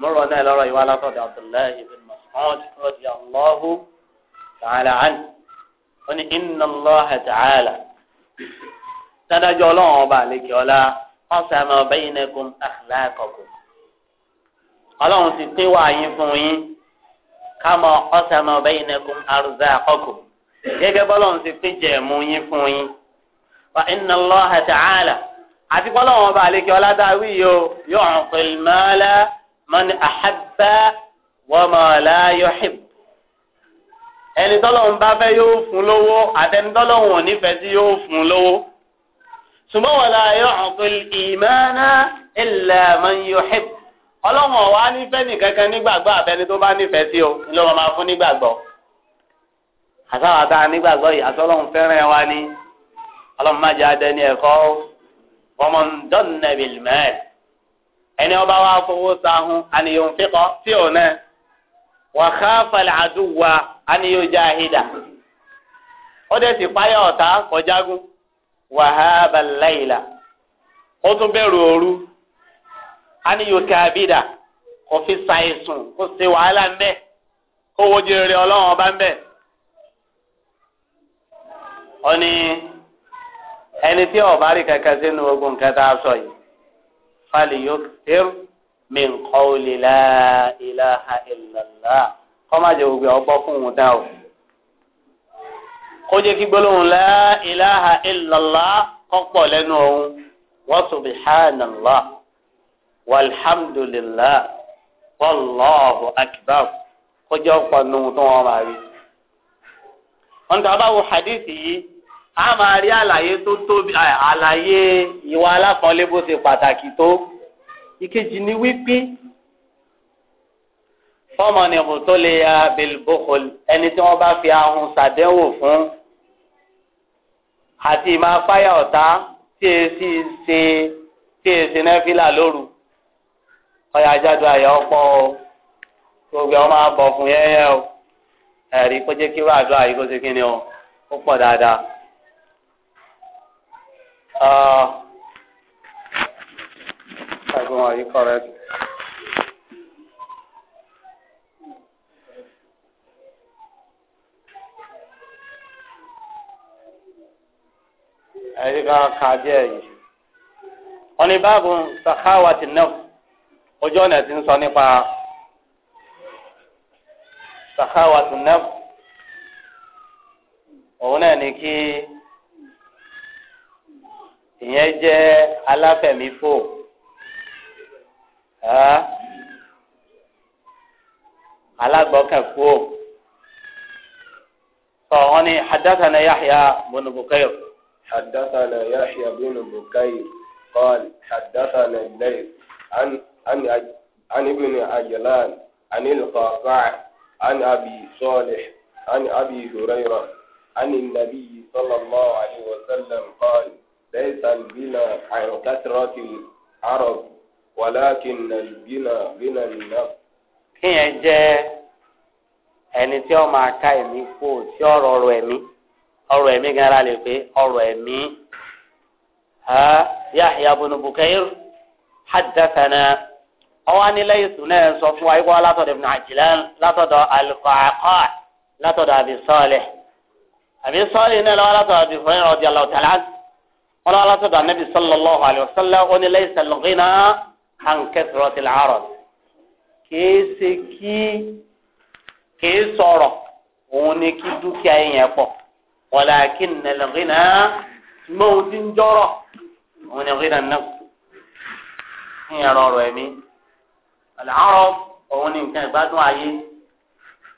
múrọ̀ náà lọ́rọ̀ yìí wá látọ̀dọ̀ abdullahi ibn mas'ud radiyallahu ta'ala anhu wọ́n ní inna allaha ta'ala dádájọ́ ọlọ́run ọba àlekè ọlá wọ́n sọ àmọ́ baynakum akhlaqakum ọlọ́run ti pín wá yín fún yín kama qasama baynakum arzaqakum gẹ́gẹ́ bọ́lọ́run ti pín jẹ̀mú yín fún yín wa inna Allaha ta'ala àti bọ́lọ́run ọba àlekè ọládàáwí yóò yu'til mala man ahabba wa ma la yuhib ẹni tọ́lọ́run bá fẹ́ yóò fún lówó àtẹni tọ́lọ́run ò nífẹ̀ẹ́ sí yóò fún lówó ṣùgbọ́n wa la yu'til imana illa man yuhib ọlọ́run ọ̀wá nífẹ̀ẹ́ nìkankan nígbàgbọ́ àfẹni tó bá nífẹ̀ẹ́ sí o ló máa fún nígbàgbọ́ àsáwà tá a nígbàgbọ́ yìí àsọlọ́hún fẹ́ràn wa ní ọlọ́run má jẹ́ adẹni ẹ̀kọ́ ọmọ ndọ́nẹ̀bìl mẹ́ẹ̀l ẹni ọba wa fowó sáhùn àníyàn fíkọ́ tí ò náà wà káfàlẹ̀ àdúwà àníyàn jáhìdà ó dẹ̀ sì páyà ọ̀tá kọjágún wàhábà láìlà ó tún bẹ̀rù òru àníyàn kábìdà kò fi ṣàìsùn kò sí wàhálà ń bẹ kó wojú rere ọlọ́run ọba ń bẹ́ẹ̀ ó ní ẹni tí ọba rí kankan sínú ogun nǹkan tá a sọ yìí fali yuktir min qawli la ilaha illallah kọ́májẹ gbogbo ọgbọ́ fún òun dá o kó jẹ́ kí gbólóhùn la ilaha illallah kọ́pọ̀ lẹ́nu òun wa subhanallah walhamdulillah wallahu akbar ọ̀pọ̀ nínú tó wọ́n máa rí. wọ́n ta bá wo hadith yìí a máa rí àlàyé tó tóbi àlàyé ìwà alápọ̀nlé bó ṣe pàtàkì tó ìkejì ni wípé fọmọ nìkú tó lè ya bilbokol ẹni tí wọn bá fi ahun ṣàdéhùn fún àti ìmọ̀ afáyà ọ̀tá tí e sì ṣe tí e ṣe nẹ́fìlà lóru ọ̀yà jáde àyà ọ̀pọ̀ o gbogbo ọmọ abọ̀ fún yẹ́yẹ́ o ẹ̀rí kó jẹ́ kí wàá dùn àyíkó ṣe kí ni o ó pọ̀ dáadáa. Uh, are you correct? ẹ̀rí kan kan díẹ̀ yìí. wọ́n ní báàbù ojú ọ̀nà tí ń sọ nípa òun náà kí. ìyẹn jẹ́ aláfẹ̀mífò alágbọ́kẹ̀kú sọ wọn ni hadathana yahya bin bukayr. hadathana yahya bin bukayr qala hadathana al-layth an an an ibn ajlan an al-qaqa' an abi salih an abi hurairah an an-nabi sallallahu alayhi wa sallam qala. ليس البنى عن كثرة العرب ولكن البنى بنى النفس kíyẹn jẹ ẹni tí ó máa ka ẹ̀mí kú tí ọ̀rọ̀ ọ̀rọ̀ ẹ̀mí ọ̀rọ̀ ẹ̀mí gan ara lè pé ọ̀rọ̀ ẹ̀mí Yahya ibn Bukair haddathana ọwọ anilẹ yìí náà sọ fún wa ikú látọ̀dọ̀ ibn Ajlan látọ̀dọ̀ al-Qa'qa' látọ̀dọ̀ Abi Salih Abi Salih náà lọ́wọ́ látọ̀dọ̀ wọn lọ́wọ́ látọ̀dọ̀ anabi sallallahu alayhi wa sallam ó ní laysa al-ghina an kathrati al-arad kìí ṣe kí kìí sọ̀rọ̀ òun ni kí dúkìá yẹn pọ̀ walakin al-ghina mọ́wó ti ń jọ́rọ̀ òun ni ghina náà ń yàrá ọ̀rọ̀ ẹ̀mí al-arad òun ni nǹkan ìgbádùn ayé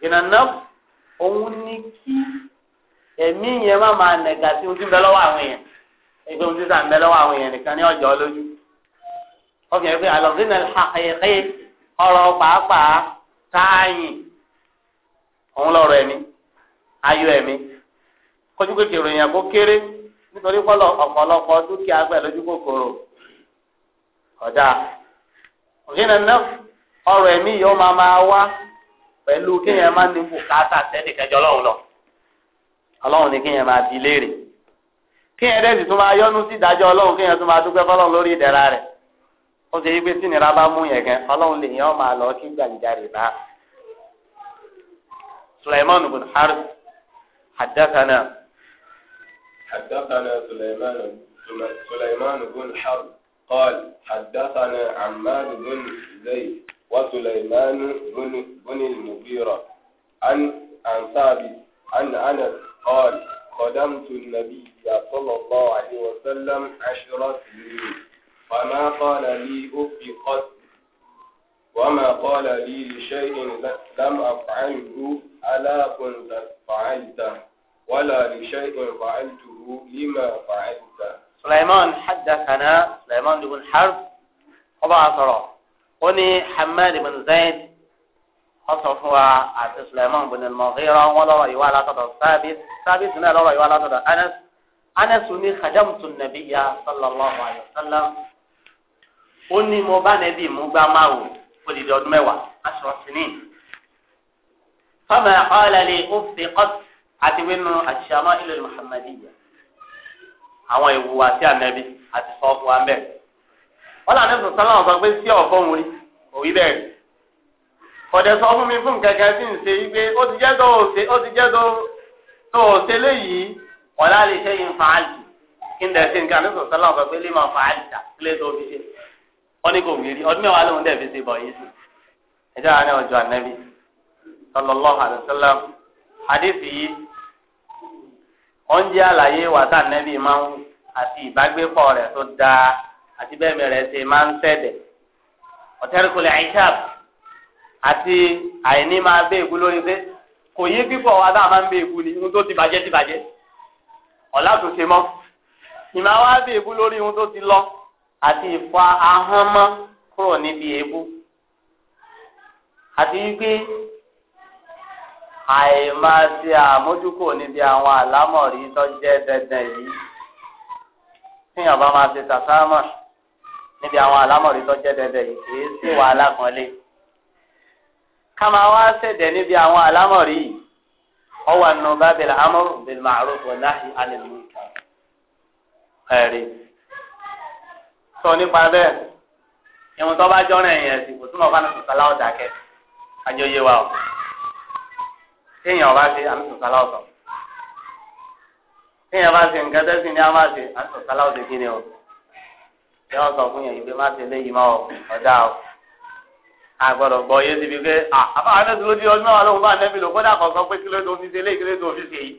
ghina náà òun ni kí ẹ̀mí yẹn má máa nẹ̀gà sí ohun tí ń bẹ ẹgbẹ́ ohun títà ń bẹ lọ́wọ́ àwọn èèyàn nìkan ní ọjọ́ lójú wọ́n fi hàn pé àlọ́sìn àkẹ́kẹ́ ọ̀rọ̀ pàápàá táàyìn òun lọ́rọ̀ ẹ̀mí ayọ̀ ẹ̀mí kọjú pé kèrò èèyàn kó kéré nítorí pọ́lọ̀ ọ̀pọ̀lọpọ̀ dúkìá gbẹ̀ lójú kòkòrò ọ̀dà òṣìṣẹ́ náà ọ̀rọ̀ ẹ̀mí yìí ó máa máa wá pẹ̀lú kéèyàn máa ní bùkátà sẹ́nìkẹjọ ọlọ́run lọ ọlọ́run ni kéèyàn máa di léèrè kí ẹ dẹ́sì tún máa yọ́nú sí ìdájọ́ ọlọ́run kí ẹ tún máa dúpẹ́ fọlọ́run lórí ìdẹ̀ra rẹ̀ ó ṣe wípé tí nira bá mú yẹn gan ọlọ́run lè yàn máa lọ kí gbàǹjarè bá. سليمان بن حرب حدثنا حدثنا سليمان سليمان بن حرب قال حدثنا عماد بن زيد وسليمان بن بن المغيرة عن عن ثابت عن انس قال قدمت النبي صلى الله عليه وسلم عشرة سنين وما قال لي أف قط وما قال لي لشيء لم أفعله ألا كنت فعلته ولا لشيء فعلته لما فعلته سليمان حدثنا سليمان بن حرب أبو عصره وني حماد بن زيد ọsọ fún wa àti Sulaiman bin al-Mughira wọn lọ́rọ̀ ìwà alátọdọ sábìs sábìs náà lọ́rọ̀ ìwà alátọdọ Anas Anas ní khadamtu an-nabiyya sallallahu alayhi wa sallam ó ní mo bá nẹbi mú gbá máa wò olùdí ọdún mẹ́wàá aṣọ sinin fama qala li uffi qat àti wínú ash-shama'il al-muhammadiyya àwọn ìwù àti ànẹbi àti sọfù àmbẹ wọn làwọn ẹsùn sọlá wọn sọ pé sí ọgbọ́n wọlé òwí bẹ́ẹ̀ kọ̀dẹ̀ sọ fún mi fún kankan tí ń ṣe wípé ó ti jẹ́ tó o ṣe ó ti jẹ́ tó o ṣe léyìí ọ̀la lè ṣe yín fa àjù kí n dẹ̀ ṣe nǹkan ní sọ̀tọ́ láwọn fẹ́ pé lè máa fa àjù tà kílé tó fi ṣe wọ́n ní kò wíri ọdún mẹ́wàá lòun dẹ̀ fi ṣe bọ̀ yìí sí ẹjọ́ àwọn ọjọ́ ànábì sallallahu alaihi wasallam yìí oúnjẹ àlàyé wàtá ànábì máa ń àti ìbágbépọ̀ rẹ̀ tó dáa àti bẹ́ẹ̀ mẹ́rẹ̀ ṣe máa ń tẹ̀dẹ̀ àti àìní máa bẹ́ èkú lórí pé kò yí pípọ̀ wa dáa máa ń bẹ́ èkú ni ohun tó ti bàjẹ́ ti bàjẹ́ ọ̀la tó ṣe mọ́ ìmọ̀ wa bẹ́ èkú lórí ohun tó ti lọ àti ìfọ̀ ahọ́n mọ́ kúrò níbi èébú àti wípé àìmáa ṣe àmójúkò níbi àwọn àlámọ̀rí tó jẹ́ dandan yìí fíyàn bá máa ṣe tàṣámọ̀ níbi àwọn àlámọ̀rí tó jẹ́ dandan yìí kì í sí wàhálà kan lé kama wá ṣẹ̀dẹ̀ níbi àwọn àlámọ̀rí yìí ọwọ́ àna bábẹ̀ amr bil ma'ruf wa nahy anil munkar ẹ̀rí sọ nípa bẹ́ẹ̀ ìwọ̀n tó bá jọ́rọ̀ ẹ̀yìn ẹ̀sìn kò túnmọ̀ fún àtúntò aláwọ̀ dákẹ́ àjọyé wa o téèyàn ọba ṣe àtúntò aláwọ̀ sọ téèyàn bá ṣe nǹkan tẹ́sìn ní a ṣe àtúntò aláwọ̀ ṣe kí ni o yọ sọ fún yẹn ìgbé má ṣe léyìí mọ́ ọ ọ̀dà o. agbọ́dọ̀ gbọ́ yé síbi pé àbá anẹsùn ló di ọdún náà lóhùn bá anẹbi ló kódà kọsán pé kí ló dé omi kí ló dé omi ṣe yìí.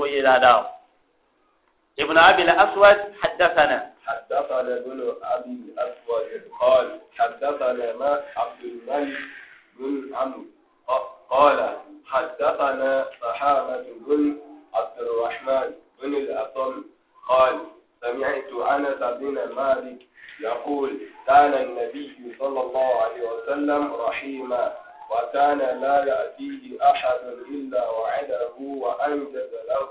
kò yé dáadáa o. ibùdó abilà aswad hadasana. hadasana ibùdó abilà aswad kọ́ọ̀lù hadasana ma abdulmali bin amu kọ́ọ̀lù hadasana sahamatu bin abdulrahman bin al-asam kọ́ọ̀lù sami'tu anas bin malik. يقول كان النبي صلى الله عليه وسلم رحيما وكان لا يأتيه أحد إلا وعده وأنجز له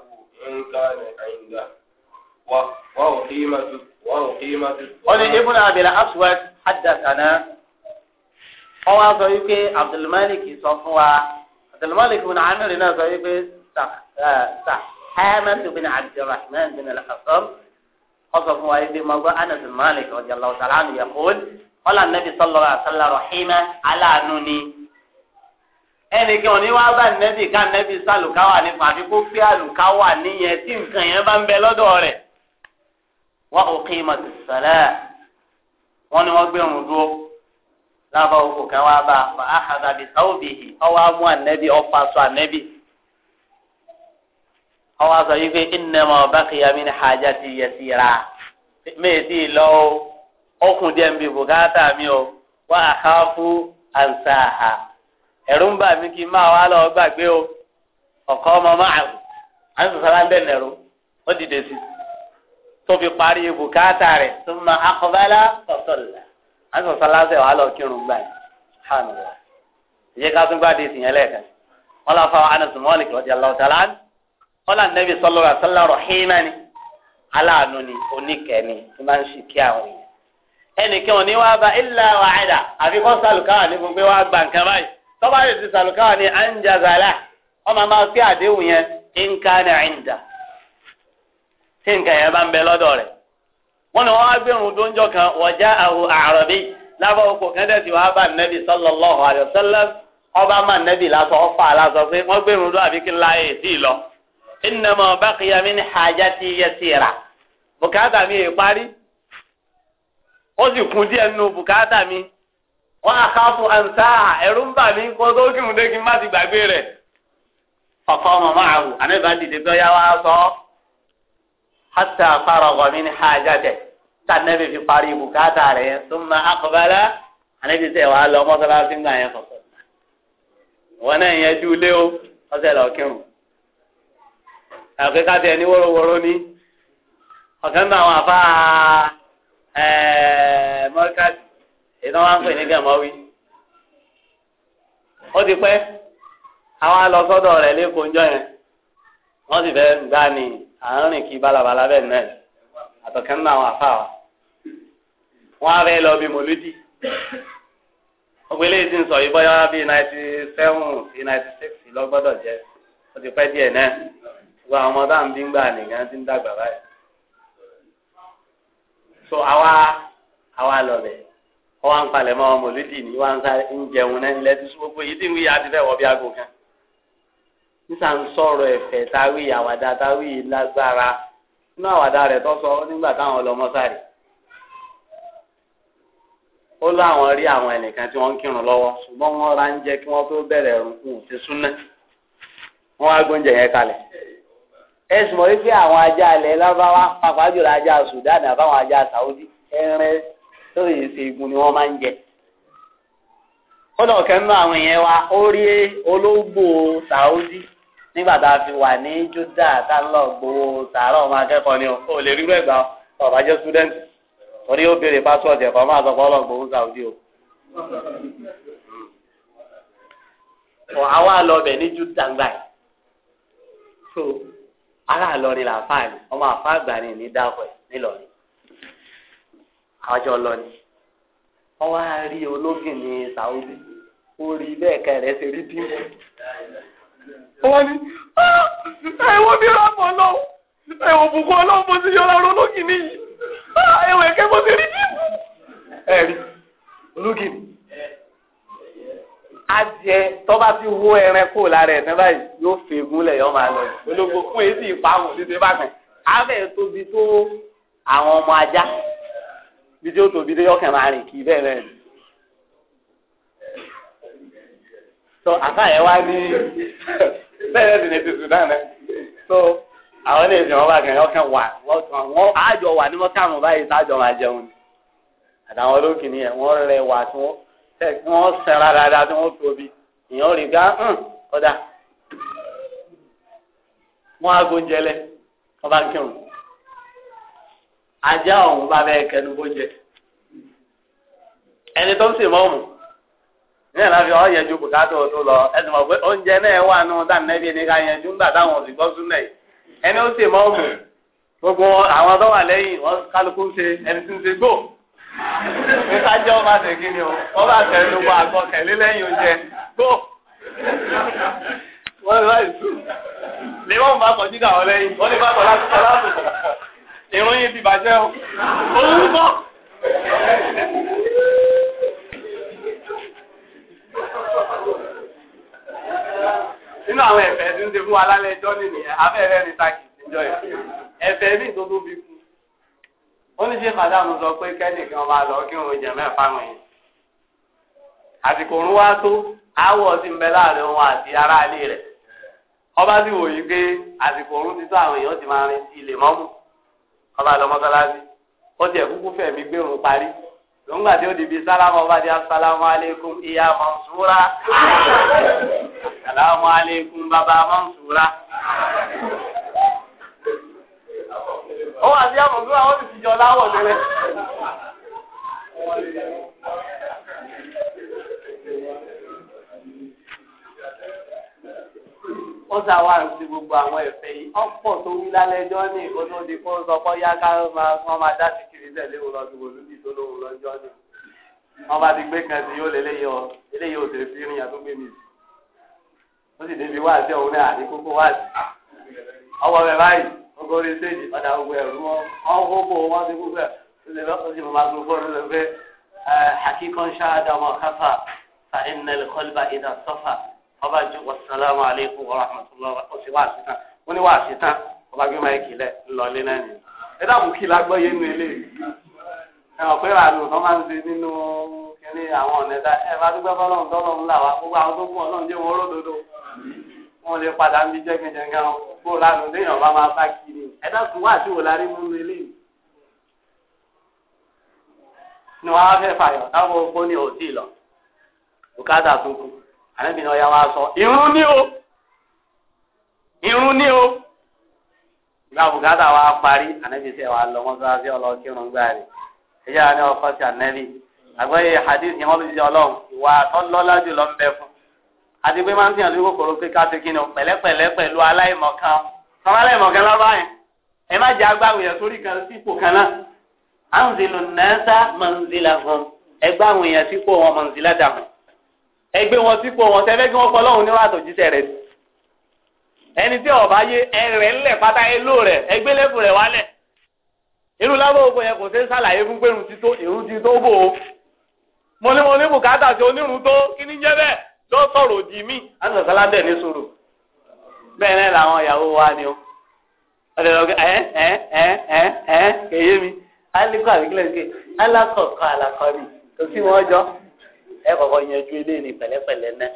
إن كان عنده وقيمة وقيمة قال ابن أبي الأسود حدثنا هو صحيح عبد الملك صفوة عبد الملك بن عامر هنا صح آه، حامد بن عبد الرحمن بن الحصن ọsọ fún wa ibi mọgbọ Anas Malik radiyallahu ta'ala anhu yaqul qala nabi sallallahu alaihi wasallam rahima aláàánú ni. ẹnì kan ní wàá bá nẹbi ká nẹbi sálùkáwà ní fàbí kó pé àlùkáwà níyẹn tí nǹkan yẹn bá ń bẹ lọ́dọ̀ rẹ̀. wa uqimatis salat wọn ni wọn gbé òun dúró lábàá òkú kan bá a fa akhadha bi thawbihi ọwọ́ amú ànẹ́bí ọ̀fà sọ ànẹ́bí. ọwọ́ sọ yìí pé ìnẹ̀mọ̀ bákìyàmí ni hajj ti yẹ sí o ọkùn díẹ̀ bi mi o wà á ká fún àǹsáàhà ẹ̀rù ń bà mí o ọ̀kọ́ ọmọ máa à ń sọ̀rọ̀ ń fi parí bùkátà rẹ̀ tó máa akọ̀bálá hàn kọ́lá nẹ́bí sọlọ́rọ̀ àtọ́lá rọ̀hìnmá ni aláàánú ni oníkẹ́ni tí máa ń E kí àwọn yẹn. ẹnìkan ò ní bá ilà wàhálà àfi kọ́ sàlùkáwà ní gbogbo wa gbà nǹkan báyìí tọ́ba yóò ti sàlùkáwà ní anjazala ọmọ máa fi àdéhùn yẹn nǹkan ẹ̀ǹdà tí nǹkan yẹn bá ń bẹ lọ́dọ̀ rẹ̀. wọ́n ní wọ́n wá gbẹ̀rún dóńjọ́ kan wọ̀já àhù àrọ̀bí lábọ̀ oko kẹ́ndẹ̀ tí wàá bá nẹ́bí sọ́lọ́lọ́ọ̀ àdìọ́sẹ́lẹ̀ lọ. innama baqiya min hajati yasira ya mi è mi ya sì kún díẹ̀ nínú bukata mi wọn àkàfù ansa ẹ̀rù ń bà mí kó tó ma ti gbàgbé rẹ̀ ọkọ ọmọ máa wù ànábìá dìde tó yá wa sọ hàtà faragha min hajati fi aqbala ẹ̀kọ́ káàdì ẹni wọ́rọ́wọ́rọ́ ní ọ̀kan náà àwọn afá mọ́ríkàtì ìtàn máa ń pè ní gàmọ́wí. ó ti pẹ́ àwọn alọ́sọ́dọ̀ rẹ̀ lẹ́kọ̀ọ́ njọ́ yẹn wọ́n sì fẹ́ gbá ní àárín kí balabala bẹ́ẹ̀ náà àtọ̀kan náà àwọn afá wa. wọ́n á fẹ́ lọ bí mòlúdì. ọgbẹ́lẹ́ ìsìn sọ yìí bọ́yá bíi ninety seven sí ninety six lọ́gbọ́dọ̀ jẹ́ ó ti pẹ́ díẹ̀ náà. gbogbo àwọn ọmọ tá à ń bí ń gbà nìkan ti ń dàgbà báyìí so àwa àwa lọlẹ ọwọ ń palẹ̀ mọ́ mọlúdì ní wọ́n sá ń jẹun náà ilẹ̀ tí gbogbo yìí tí ń wíyà ti fẹ́ wọ bí aago kan nísà ń sọ̀rọ̀ ẹ̀fẹ̀ táwí àwàdà táwí lágbára nínú àwàdà rẹ̀ tó sọ nígbà táwọn ọlọmọ sáré ó láwọn rí àwọn ẹnìkan tí wọ́n ń kírun lọ́wọ́ ṣùgbọ́n wọ́n ra ń jẹ kí wọ́n tó bẹ̀rẹ̀ ẹrùn kù sí súnà wọ́n wá gbóúnjẹ yẹn kalẹ̀. ẹsùn mọ̀ wípé àwọn ajá alẹ̀ lábáwá pàápàá jùlọ ajá Sudan àbáwọn ajá Saudi ẹrẹ tó yìí igun ni wọ́n máa ń jẹ. kódà ọ̀kẹ́ nínú àwọn èèyàn wa ó rí Saudi nígbà tá a fi wà ní Juda tá ń lọ gbowó sàárọ̀ ọmọ akẹ́kọ̀ọ́ ni o lè rí rẹ̀ gbà ọ̀bá jẹ́ student orí ó béèrè passport ẹ̀kọ́ sọ Saudi o. àwa lọ bẹ̀ ní Juda yìí. ará lọrin làáfàá ni ọmọ àfáà gbà ni ní dáàbò ẹ nílọrin àjọ lọrin wọn wá rí ológin ní Saudi ó rí bẹ́ẹ̀ kẹrẹ ṣe rí bí wọn ni ẹwọ bí rámọ lọ ẹwọ bùkún Ọlọ́run bó ti yọra ológin nìyí ah, ẹwọ ẹkẹ bó ti rí bí ẹrí ológin ni adìẹ tọ́ba ti wó ẹran kó lára ẹ̀ náà báyìí yóò fègún lẹ̀ yọ́ máa lọ olóko fún èsì ìpamọ́ títí bá kan abẹ́ tóbi tó àwọn ọmọ ajá bí tí ó tóbi tó yọkàn máa rìn kì í bẹ́ẹ̀ bẹ́ẹ̀. tó àfàyẹ wá ní (laughs) bẹ́ẹ̀ ní ti Sudan rẹ̀ tó àwọn ilé ìsìn wọn bá kan yọkàn wà wọ́n àjọ wà ní mọ́tàmù báyìí tájọ máa jẹun àtàwọn olókìní yẹn wọ́n rẹwà tí wọ́n tẹ̀sí wọn sẹ́ra dáadáa tí wọ́n tóbi èèyàn rí gá ah, hàn hmm, ọ̀dà wọn aago jẹlẹ wọn bá kírun ajá ọ̀hún bá bẹ́ẹ̀ kẹnu bó jẹ ẹni tó ń sè mọ́ọ̀mù ní ẹ̀la fi ọ̀ yẹjú bùkátà tó lọ ẹni mọ̀ pé oúnjẹ náà wà nù dánilẹ́bí ní ká yẹjú ńgbà táwọn òsì gbọ́ súnlẹ̀ yìí ẹni ó sè mọ́ọ̀mù gbogbo àwọn tó wà lẹ́yìn wọn kálukú ṣe ẹni tí ń ṣe gbòó. níta jẹ́ ọba àti ni o ọba àtẹ̀rẹ́ ló wà àgbọ̀ kẹ̀lé oúnjẹ gbó. wọ́n lè láì sùn. lè bá kọjú lè bá láti láti ìròyìn ti o. òun nínú àwọn tí ń ṣe fún wa lálẹ́ ẹjọ́ nìyẹn ó ní ṣe màdàmù sọ pé kẹ́nìkan máa lọ kí òun jẹ mẹ́fà wọn yẹn àsìkò òun wá tó àwọ̀ sí ń bẹ láàrin òun àti ará ilé rẹ̀ ọba sì wòye pé àsìkò òun ti tó àwọn èèyàn ti máa rin sí ilé mọ́mú ọba lọ mọ́sálásí ó tiẹ̀ kúkú fẹ̀mí gbé parí lóńgbà tí ó di bíi sálámù ọba di asálámù aleykum ìyá mọ̀nsúra sálámù (laughs) aleykum bàbá mọ̀nsúra. ó wà sí àmọ̀ fún àwọn òsì jọ láwọ̀ tẹ́lẹ̀. ó sà awa sí gbogbo àwọn ẹ̀fẹ́ yìí ọ̀pọ̀ tó wí lálẹ́ ẹjọ́ ní ìkótódi kó ń sọ ọ yá ká wọ́n máa dá sí kiri tẹ̀lé òun lọ́dún òun níbi tó lóun lọ́jọ́ ní. wọ́n bá ti gbé kan sí yóò ọ eléyìí ò tẹ̀lé fi rìn mi. ó sì débi ọkọ̀ orí stéèjì padà wẹ̀ ẹ̀rú ọ̀hún bò wọ́n ti kú bẹ́ẹ̀ ṣe lọ́kọ̀ sí màmá gbogbo ọ̀rọ̀ rẹ̀ pé hakikan ṣáàdà mọ̀ káfà fa iná kọ́lbà ìdá sọ́fà ọba ju wasalaamu aleykum wa rahmatulah ó sì wáàsí tán ó ní wáàsí tán ọba gbé máa kílẹ̀ ńlọlé náà ni ẹ dàbò kí lágbọ́ nu ilé ẹ àlù tó máa ń ṣe nínú kíní àwọn ọ̀nẹ́ta ẹ bá dúpẹ́ fọlọ́run tọ́lọ́run là gbogbo àwọn tó kún ọlọ́run jẹ́ wọn ródòdó. wọn lè padà ń bí jẹ́gẹ́jẹ́gẹ́ wọn kó lánàá léèyàn bá máa bá kiri ẹ̀dá tún wá àti wòlárí mú mi lé ni wọn á fẹ́ fàyọ̀ táwọn ní òtí lọ bùkátà tuntun àníbìnrin wa sọ irun ní o irun ní o ìgbà bùkátà wa parí lọ wọn sọ àti ọkọ ti hadith yẹn lè ìwà jùlọ ń bẹ àti pé máa ń tìyàn lóko kòrò pé ká ti kí ni o pẹ̀lẹ́pẹ̀lẹ́ pẹ̀lú aláìmọ̀kan sọ́mọ́ aláìmọ̀kan lọ́ba yẹn ẹ má jẹ́ agbáwò yẹn sórí kan sípò kan náà anzilu nasa manzila hàn ẹgbẹ́ àwọn èèyàn sípò wọn manzila dà hàn ẹgbẹ́ wọn sípò wọn sẹ́fẹ́ kí wọ́n kọ́ lọ́hùn níwájú àtòjíṣẹ́ rẹ̀ ẹni tí ọba yé ẹrẹ̀ ńlẹ̀ pátá eló rẹ̀ ẹgbẹ́lẹ́bù rẹ̀ wálẹ̀ irú lábọ̀ ògbó yẹn kò ṣe ń ṣàlàyé fún pé irun ti tó irun ti tó bò ó mo ní mo ní bùkátà sí onírun tó kí ni jẹ́ bẹ́ẹ̀ lọ sọ̀rọ̀ òdì mí àtàtàlá dẹ̀ ní sòrò bẹ́ẹ̀ náà làwọn ìyàwó wa ni ó ọ̀dẹ̀ lọ́gẹ́ ẹ̀ ẹ̀ ẹ̀ ẹ̀ ẹ̀ kẹ̀yé mi alikọ àbíkílẹ̀ ṣe alakọ̀kọ alakọ ni kò sí wọn jọ ẹ kọ̀kọ́ yanjú ilé ní pẹ̀lẹ́pẹ̀lẹ́ náà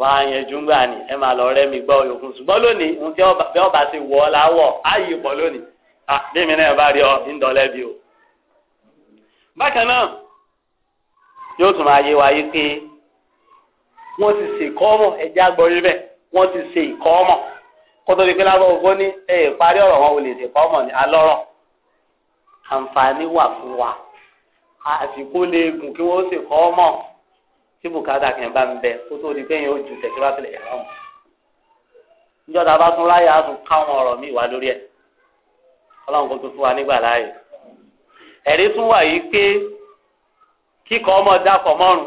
wọ́n á yanjú ńgbà ni ẹ máa lọ rẹ́ mi gbọ́ yòókùn ṣùgbọ́n lónìí ohun tí bẹ́ẹ̀ ọba ti wọ̀ ọ́ láwọ̀ á yí pọ̀ lónìí bí mi náà bá rí ọ ńdọ̀lẹ́bi o. bákan náà yóò tún máa yé wa yí pé wọ́n ti ṣe ìkọ́mọ̀ ẹ̀jẹ̀ agbọ̀rí bẹ́ẹ̀ wọ́n ti ṣe ìkọ́mọ̀ kótó di pé lábọ̀ ògbó ní ẹ̀ parí ọ̀rọ̀ wọn ò lè ṣe ìkọ́mọ̀ ní alọ́rọ̀ àǹfààní wà fún wa àsìkò lè gùn kí wọ́n ṣe ìkọ́mọ̀ tí bùkátà kìí bá ń bẹ kótó di pé yẹn ó ju tẹ̀síwájú ẹ̀rọ níjọba bá tún láyà á tún káwọn ọ̀rọ̀ míì wá lórí ẹ̀ ọlọ́run kò tún fún wa nígbà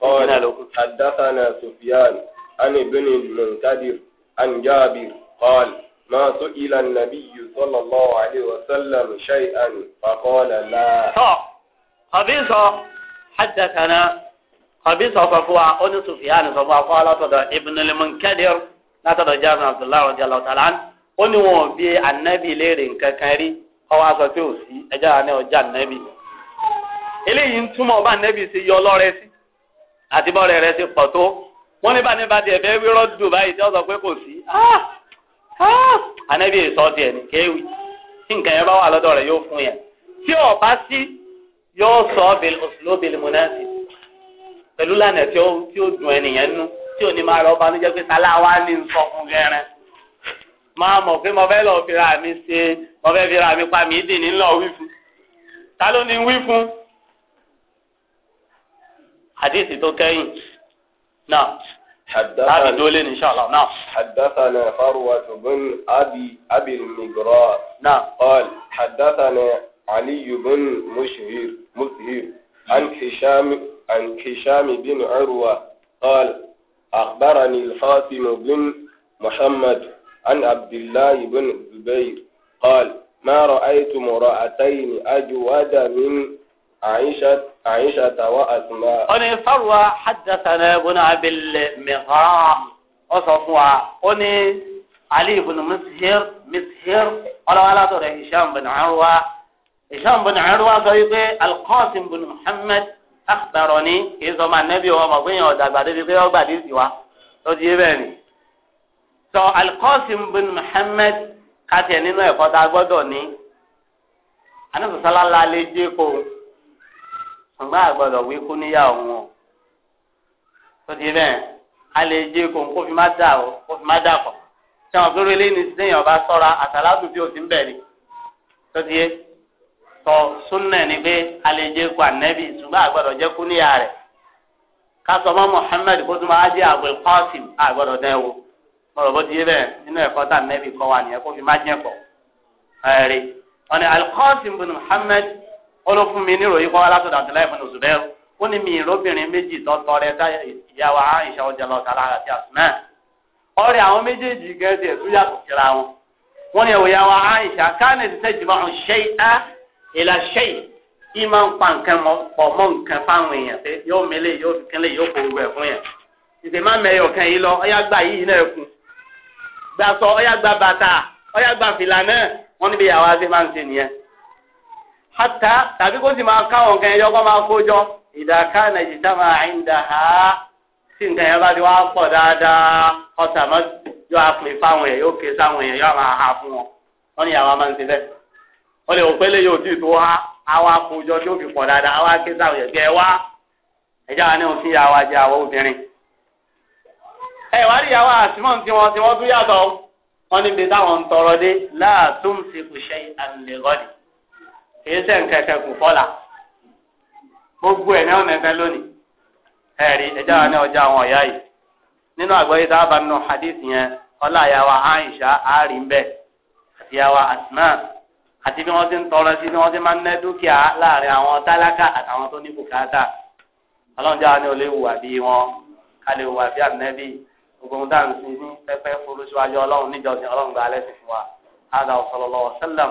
قال حدثنا سفيان عن ابن المنكدر عن جابر قال ما سئل النبي صلى الله عليه وسلم شيئا فقال لا قبيصة حدثنا قبيصة صفوة أن سفيان صفوة قال تدى ابن المنكدر لا تدى جابر عبد الله رضي الله تعالى عنه ó ní النبي ليرين anabi أو nǹkan kan rí ọwọ́ aṣọ tí ò النبي ẹjọ́ àná àti bọ́ọ̀rẹ́ rẹ ti pọ̀ tó wọ́n ní báni bá tiẹ̀ fẹ́ wírọ́ dùn báyìí tí wọ́n sọ pé kò sí. Ah! Ah! ànábì èso tiẹ̀ ní kéwì tí nǹkan yẹn bá wà lọ́dọ̀ rẹ̀ yóò fún yẹn tí ò bá sí yóò sọ bil uslubin munasib pẹ̀lú lánàá tí ó dùn ẹnìyẹn nú tí ò ní máa rọ ọba níjẹ́ pé sálá wa ní nsọ fún gẹ́rẹ́ máa mọ̀ pé mo fẹ́ lọ fira mi ṣe mo fẹ́ fira mi pa mi dì ní ńlọ wí fún ta ló ní wí fún. حديث توكاين نعم حدثنا دولين إن شاء الله نعم حدثنا فروة بن أبي أبي المجراء نعم قال حدثنا علي بن مشهير مشهير عن هشام عن هشام بن عروة قال أخبرني الفاطم بن محمد عن عبد الله بن زبير قال ما رأيت مرأتين أجود من عائشة وأسماء أني فروا حدثنا ابن أبي المغرام أصفوا أني علي بن مسهر مسهر قال ولا ترى هشام بن عروة هشام بن عروة قال القاسم بن محمد أخبرني إذا ما النبي هو مبين ودابد بقي وبعد سوا تجيبني so القاسم بن محمد kati ẹ nínú ẹ̀kọ́ أنا a الله ní ṣùgbọ́n àgbọ̀dọ̀ wí kú níyàwó wọn tó di bẹ́ẹ̀ a lè jẹ́ kó kó fi má dà ó kó fi má dà pọ̀ tí àwọn péré lé ní sẹ́yìn ọba sọ́ra àtàlátù tí o ti ń bẹ̀ ni tó di yé tọ́ súnnà ni pé a lè jẹ́ kó ànẹ́bì ṣùgbọ́n àgbọ̀dọ̀ jẹ́ kú níyà rẹ̀ kásọ̀ mọ́ Muhammad kó tó máa jẹ́ Abul Qasim àgbọ̀dọ̀ dẹ́ wo mọ̀rọ̀ bó ó ló fún mi níròyìn kọ́ alásọ̀dọ̀ àtìláyé fún oṣù bẹ́ẹ̀ ó ní mi ìrọ́bìnrin méjì tọ́tọ́ rẹ táyà ìyàwó àìṣà ọjà lọ́ta ya àti àwọn méjèèjì gẹ́gẹ́ tó yàtọ̀ síra wọn ẹ̀wọ̀ káàní ti ṣe á ìlà ṣe máa ń pa nǹkan pọ̀ mọ́ nǹkan fáwọn èèyàn pé yóò yóò yóò kó fún yẹn ìdè má mẹ́yọ̀ kan yìí lọ ọ̀yá gbà yìí náà kù gbà sọ ọ̀yá gba bàtà ọ̀yá gbà fìlà náà níbi ìyàwó máa ń ṣe nìyẹn hata tàbí kó sì máa káwọn nǹkan ẹyọ kó máa kójọ ìdàká nàìjíríà máa ń dà á sí nǹkan yẹn bá ti wá pọ̀ dáadáa ọ̀sà máa yọ àpè fáwọn èèyàn yóò ké sáwọn èèyàn yóò máa ha fún wọn wọn ni àwa máa ń ṣe bẹ́ẹ̀ wọn lè wò pé léyìí òtí tó ha àwa kójọ tí ó fi pọ̀ dáadáa àwa ké sáwọn èèyàn bí wá ẹjọ́ wa ní òfin yà wá jẹ àwọn obìnrin. ẹ wá rí ìyàwó àtìmọ́ tí wọ́n tí wọ́n tún yàtọ̀ wọn níbi táwọn ń tọrọ dé láàtúnṣe kò ṣe àlè èyí sẹ́ ń kẹ̀kẹ́ kù fọ́là gbogbo ẹ̀ náà mẹ́fẹ́ lónìí ẹ̀rí ẹja wa ní ọjà àwọn ọ̀yá yìí nínú àgbọ̀yé tá a bá nù hadith yẹn ọlá àyàwó Aisha àárín ń bẹ àtìyàwó Asma àti bí wọ́n ti ń tọrọ sí bí wọ́n ti máa ń ná dúkìá láàrin àwọn tálákà àtàwọn tó ní bùkátà ọlọ́run jáwa ní olè wùwà bí wọn ká lè wùwà bí ànẹ́bí ogun dáhùn sí ní pẹ́pẹ́ fúru síwájú ọlọ́run níjọ́sìn ọlọ́run gba alẹ́ sí fún wa. هذا وصلى الله وسلم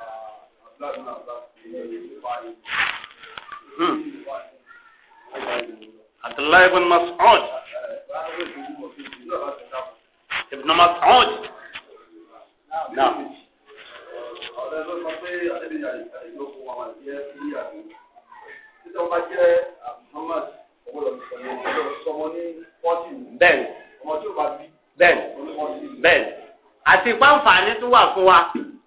Hmm. Abdullahi ibn Mas'ud ibn Mas'ud náà. Ọ̀rẹ́ ló sọ pé àdébìyà ìjókòó àwọn àti ẹ̀ sí wà fún wa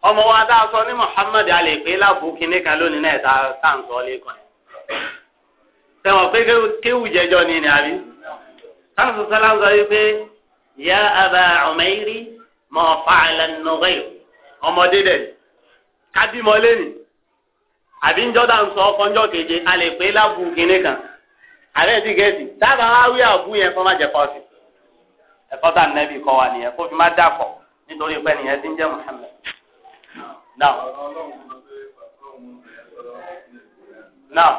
ọmọ wa dá sọ ní Muhammad alẹ pé láàbù kínní kan lónìí náà ta tá n sọ lẹkọọ tẹwọn pé kéwù jẹjọ ni ni àbí sálùsù sálàm sọ wípé ya aba Umairi mọ fàlẹ nùgbẹ ọmọdé dẹ kábímọ lẹni àbí njọ dá n sọ ọkọ njọ keje alẹ pé láàbù kínní kan àbẹ ti gẹẹsì dábàá wá àbú yẹn fọmọ jẹ pọsi ẹ̀kọ́ tá nẹbi kọ wa nìyẹn kó fi má dà pọ nítorí pé nìyẹn ti ń jẹ Muhammad. náà náà.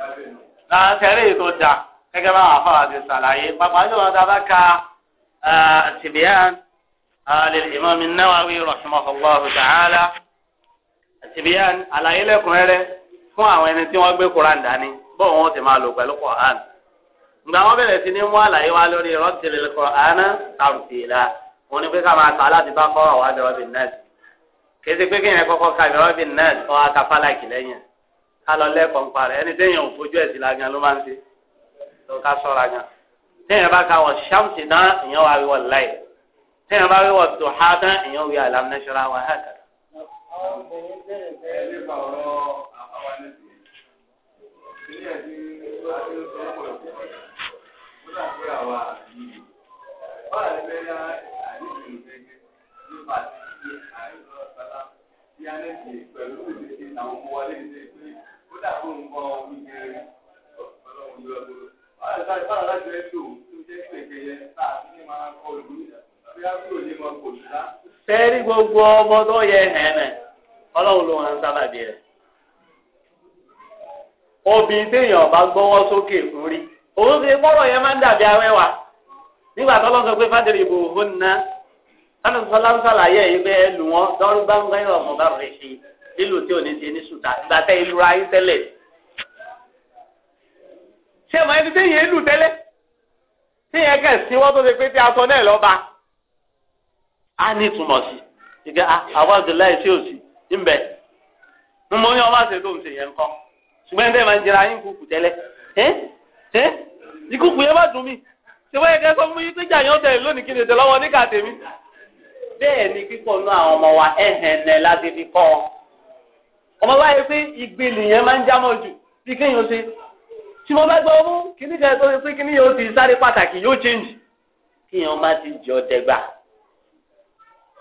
náà tẹ̀lé ètò dà gẹ́gẹ́ bá wà fáwọn àti sàlàyé pàpà ní wọn dábàá ka tìbíyàn lil-Imam an-Nawawi rahimahullahu ta'ala tìbíyàn àlàyé lẹ́kùnrẹ́rẹ́. fún àwọn ẹni tí wọ́n gbé koran dání bó wọn ti máa lò pẹ̀lú koran ìgbà wọn bẹ̀rẹ̀ sí ní mú àlàyé wa lórí rọ́tìlì koran tàbùtìlà wọn ni pé ká máa ta láti bá kọ́ra wá bẹ̀rọ̀ bí nẹ́ẹ̀sì kéde pé kéèyàn kọ́kọ́ ka bẹ̀rọ̀ bí nẹ́ẹ̀sì kọ́ aka fálákì lẹ́yìn ká lọ lẹ́kọ̀ọ́ ń parẹ́ ẹni téèyàn ò fojú ẹ̀sìn la gan ló máa ń ṣe tó ká sọ́ra gan téèyàn bá ka wọ̀ ṣáàmùtì náà èèyàn wá wíwọ̀ láì téèyàn bá wíwọ̀ tó há tán èèyàn wí àlàmúnẹ́ṣọ́ra sẹ́ẹ̀rí gbogbo ọmọ tó yẹ hẹ́nẹ̀ ọlọ́run ló wọn sábàbí rẹ̀. obìnrin téèyàn ọba gbọ́wọ́ sókè ń rí òun ṣe mọ́rọ̀ yẹn máa ń dàbí awẹ́wà nígbà tó lọ́n sọ pé fádìrì ìbò òun ná sani sọlá ń sàlàyé yìí pé ẹ lù wọn dọ́rú gbáǹgbá yìí ọmọ bá rẹ̀ ṣe lílù tí ò ní ṣe ní sùtà ìgbà tẹ ìlú ra yín tẹ́lẹ̀ ṣé màá ẹni téèyàn ìlú tẹ́lẹ̀ téèyàn kẹ̀ sí wọ́n tó ṣe pé tí aṣọ náà lọ́ba á ní ìtumọ̀ sí ìgbà àwọn àdúrà ẹ̀ sí òsì ń bẹ̀ mo mọ ní ọmọ ṣùgbọ́n ẹ̀dẹ́ máa ń jẹrà yín kúkú tẹ́lẹ̀ ẹ́ ẹ́ ìkúkú yẹn bá dùn mí ṣùgbọ́n ẹ̀kẹ́ sọ fún yín péjà yẹn ó tẹ̀lé lónìí kí ni ètò lọ́wọ́ ní kàtẹ́ mi. bẹ́ẹ̀ ni pípọ̀ nú àwọn ọmọ wa ẹ̀hẹ̀nẹ̀ láti fi kọ́ ọ. ọmọ báyìí pé ìgbìlì yẹn máa ń jámọ̀ jù bí kéèyàn ṣe tí mo bá gbọ́ mú kíní kan tó ṣe pé kíní yóò ti sáré pàtàkì yóò change kíyàn má ti jọ dẹgbà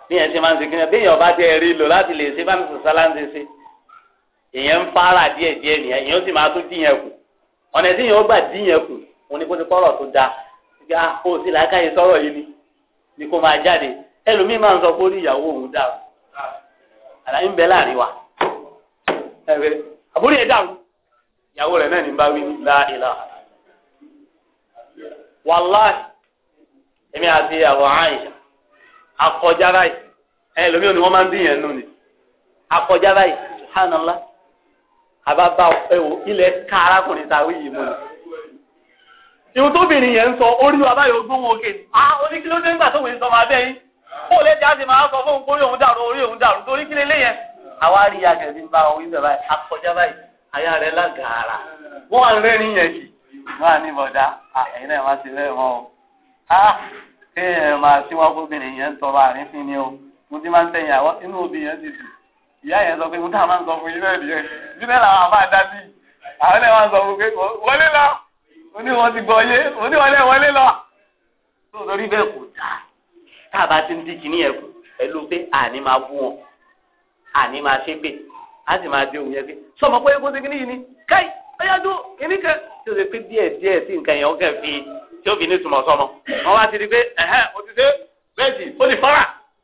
bí yẹn ṣe máa ń ṣe kíni bí yẹn ọba ti rí lò láti lè ṣe bá mi sọ sálá ń ṣe ṣe ìyẹn ń fara díẹ̀ díẹ̀ nìyẹn ìyẹn ó sì máa tún díyẹn kù ọ̀nà tí ó gbà kù ti kọ́rọ̀ tó da ṣùgbọ́n sí sọ̀rọ̀ yìí ni ni máa jáde ẹlòmíín máa ń sọ pé ó ní ìyàwó òun dàrú àlàyé ń bẹ láàrin wa ẹ̀rẹ́ àbúrò yẹn dàrú ìyàwó rẹ̀ náà ní bá wí ní wàláì èmi àti àwọn ni wọ́n máa ń nù àbábá ẹwò ilẹ̀ ká arákùnrin ta wí yìí mú ni. ìwọ tóbìnrin yẹn ń sọ orí wa báyọ̀ gbóhùn òkè ni. a ah, oní kí ló dé nígbà tóun ń sọ máa bẹ́ yín. kó lè jáde máa sọ fóun kórè òun dàrú orí òun dàrú torí kí lélẹ́ yẹn. àwa rí ya kẹ̀sí ń bá wọn wí bẹ̀ báyìí akọjá báyìí aya rẹ̀ lágàárà. wọ́n wà lórí ẹni yẹn kì. wọ́n á ní bọ̀dá ẹ̀yin náà máa ah, ti lẹ́ wọn o. a kéèyàn máa máa ti dùn ìyá yẹn sọ pé mo dáa máa ń sọ fún yín náà nìyẹn bí náà làwọn àbá dá sí àwọn náà máa ń sọ fún pé wọlé lọ oníwọ̀n ti gbọ́ yé oníwọlé wọlé lọ. nítorí bẹ́ẹ̀ kò dáa tá a bá ti ń dín kínní yẹn kù pẹ̀lú pé àní máa bú wọn àní máa ṣépè á sì máa dé òun yẹn pé sọmọ pé egun ti kínní yìí ni káì ọyájú kínní kan tí o ṣe pé díẹ̀ díẹ̀ sí nǹkan yẹn ó kẹ́ fi tí ó fi ní ìtumọ̀ sọmọ wọn wá ti di pé ẹ̀hẹ́ o ti ṣe bẹ́ẹ̀ sì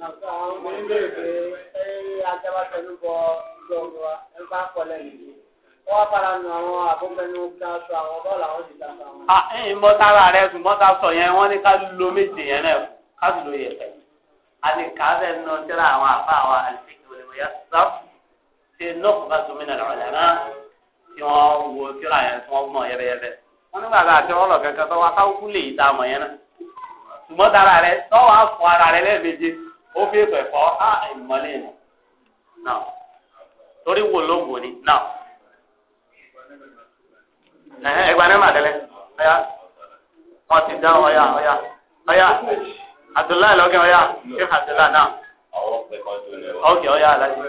àwọn ah, ọmọ ilé ìwé ẹ̀rí ajábátẹnu bọ ìjọ òmùwa ẹ̀ bá kọ́lẹ̀ nìyí wọ́n wá fara nu àwọn àbúgbẹ́nu aṣọ àwọn bọ́ọ̀lù àwọn ti a ẹyin bọ́ sára rẹ sùn bọ́ sára sọ yẹn wọ́n ní ká lo méje yẹn náà ká sì lo yẹpẹ àti kàáfẹ́ nù tẹ́lẹ̀ àwọn àfa àwọn àlùfíìkì olùwẹ̀yà sá ṣe nọ́ọ̀kù bá sọmi nà lọ́wọ́ lẹ́nà tí wọ́n wo kíra yẹn tí wọ́n mọ̀ yẹ́bẹ́yẹ́bẹ́ wọ́n nígbà tá a ti rọ́ọ̀lọ̀ kankan wá káwọ́ lè yí tá a mọ̀ yẹn náà ṣùgbọ́n sára rẹ tọ́wọ́ ó fi èpè fọ́ á nù torí wo ló wò ní náà ẹgbẹ́ ní màdẹ́lẹ́ ọ̀yá wọ́n dá ọ̀yá ọ̀yá ṣé aláṣẹ.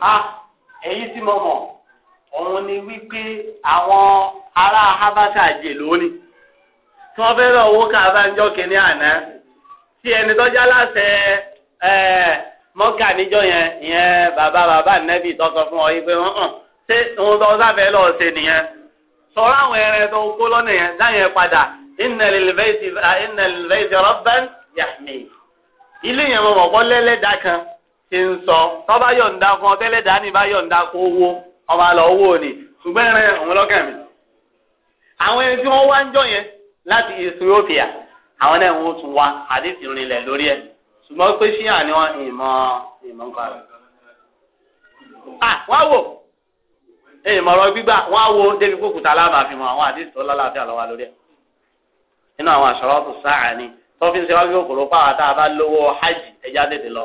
a èyí tí mo mọ̀ òun ni wípé àwọn ará habasa jè lónìí tí wọ́n fẹ́ẹ́ lọ owó kàbáńjọ́ kìíní àná tí ẹni tọ́jà láṣẹ ẹ mọ́kà níjọ́ yẹn ìyẹn bàbá bàbá nẹ́bì tọkọ fún ọ yìí pé hàn ṣé òun tó sáfẹ́ lọ ṣe nìyẹn sọ̀rọ̀ àwọn ẹran tó kó lọ́nà yẹn dáyẹn padà ilé yẹn mo kan. ti ń sọ tọ́ba yọ̀ǹda kan tẹ́lẹ̀ dání bá yọ̀ǹda kan owó ọba lọ owó ni ṣùgbọ́n ẹ̀rẹ́ òun lọ́kàn mi. àwọn ẹni tí wọ́n wá ń jọ yẹn láti Ethiopia àwọn náà wọ́n tún wá àdìsí rinlẹ̀ lórí ẹ̀ ṣùgbọ́n pé ṣíyà ni wọ́n ìmọ̀ ìmọ̀ ń parọ́. à wá wò ìmọ̀ ọ̀rọ̀ gbígbà wá wo débi kókùtà aláàbà fi mọ àwọn àdìsí tó lálàáfíà lọ́wọ́ lórí ẹ̀ nínú àwọn àṣọrọ́tù sáà ni tọ́fíìsì wá gbé òkòrò pàwọ́ tá a bá lówó hajj ẹ̀já tètè lọ.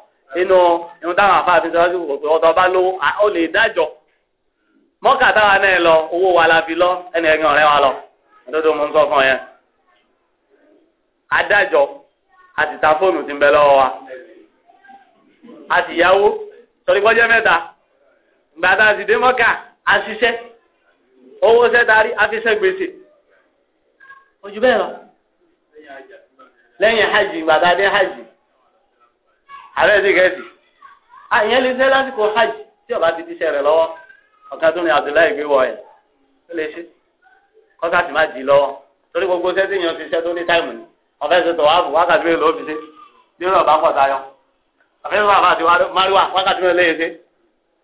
inú inú táwọn àfáàfin sọ́wọ́sí kò pé ọ̀tọ̀ bá lówó ó lè dájọ́ mọ́kà táwa náà lọ owó wa la fi lọ ẹnì ẹ̀gbìn ọ̀rẹ́ wa lọ òdodo mo ń sọ fún yẹn adájọ́ a ti ta fóònù tí ń bẹ lọ́wọ́ wa a ti yáwó sọ̀rí kọjá mẹ́ta gbàtà sì dé mọ́kà a ṣiṣẹ́ owó sẹ́tari a fi ṣẹ́ gbèsè ojú bẹ́ẹ̀ lọ lẹ́yìn hajj gbàtà dé hajj ààrẹ ti gẹ̀ẹ́sì àyẹn lè ṣe lásìkò hajj tí ọba ti díṣẹ́ rẹ̀ lọ́wọ́ ọ̀gá tó ní Abdullahi gbé wọ ẹ̀ ó lè ṣe kọ́sà sì má jì lọ́wọ́ torí gbogbo sẹ́sì yan ti ṣẹ́ tó ní táìmù ni ọ̀fẹ́ ṣe tọ̀ wáàbù wákàtí mélòó ló fi ṣe bí ó bá pọ̀ tayọ ọ̀fẹ́ ṣe wàhálà àti mariwa wákàtí mélòó lè ṣe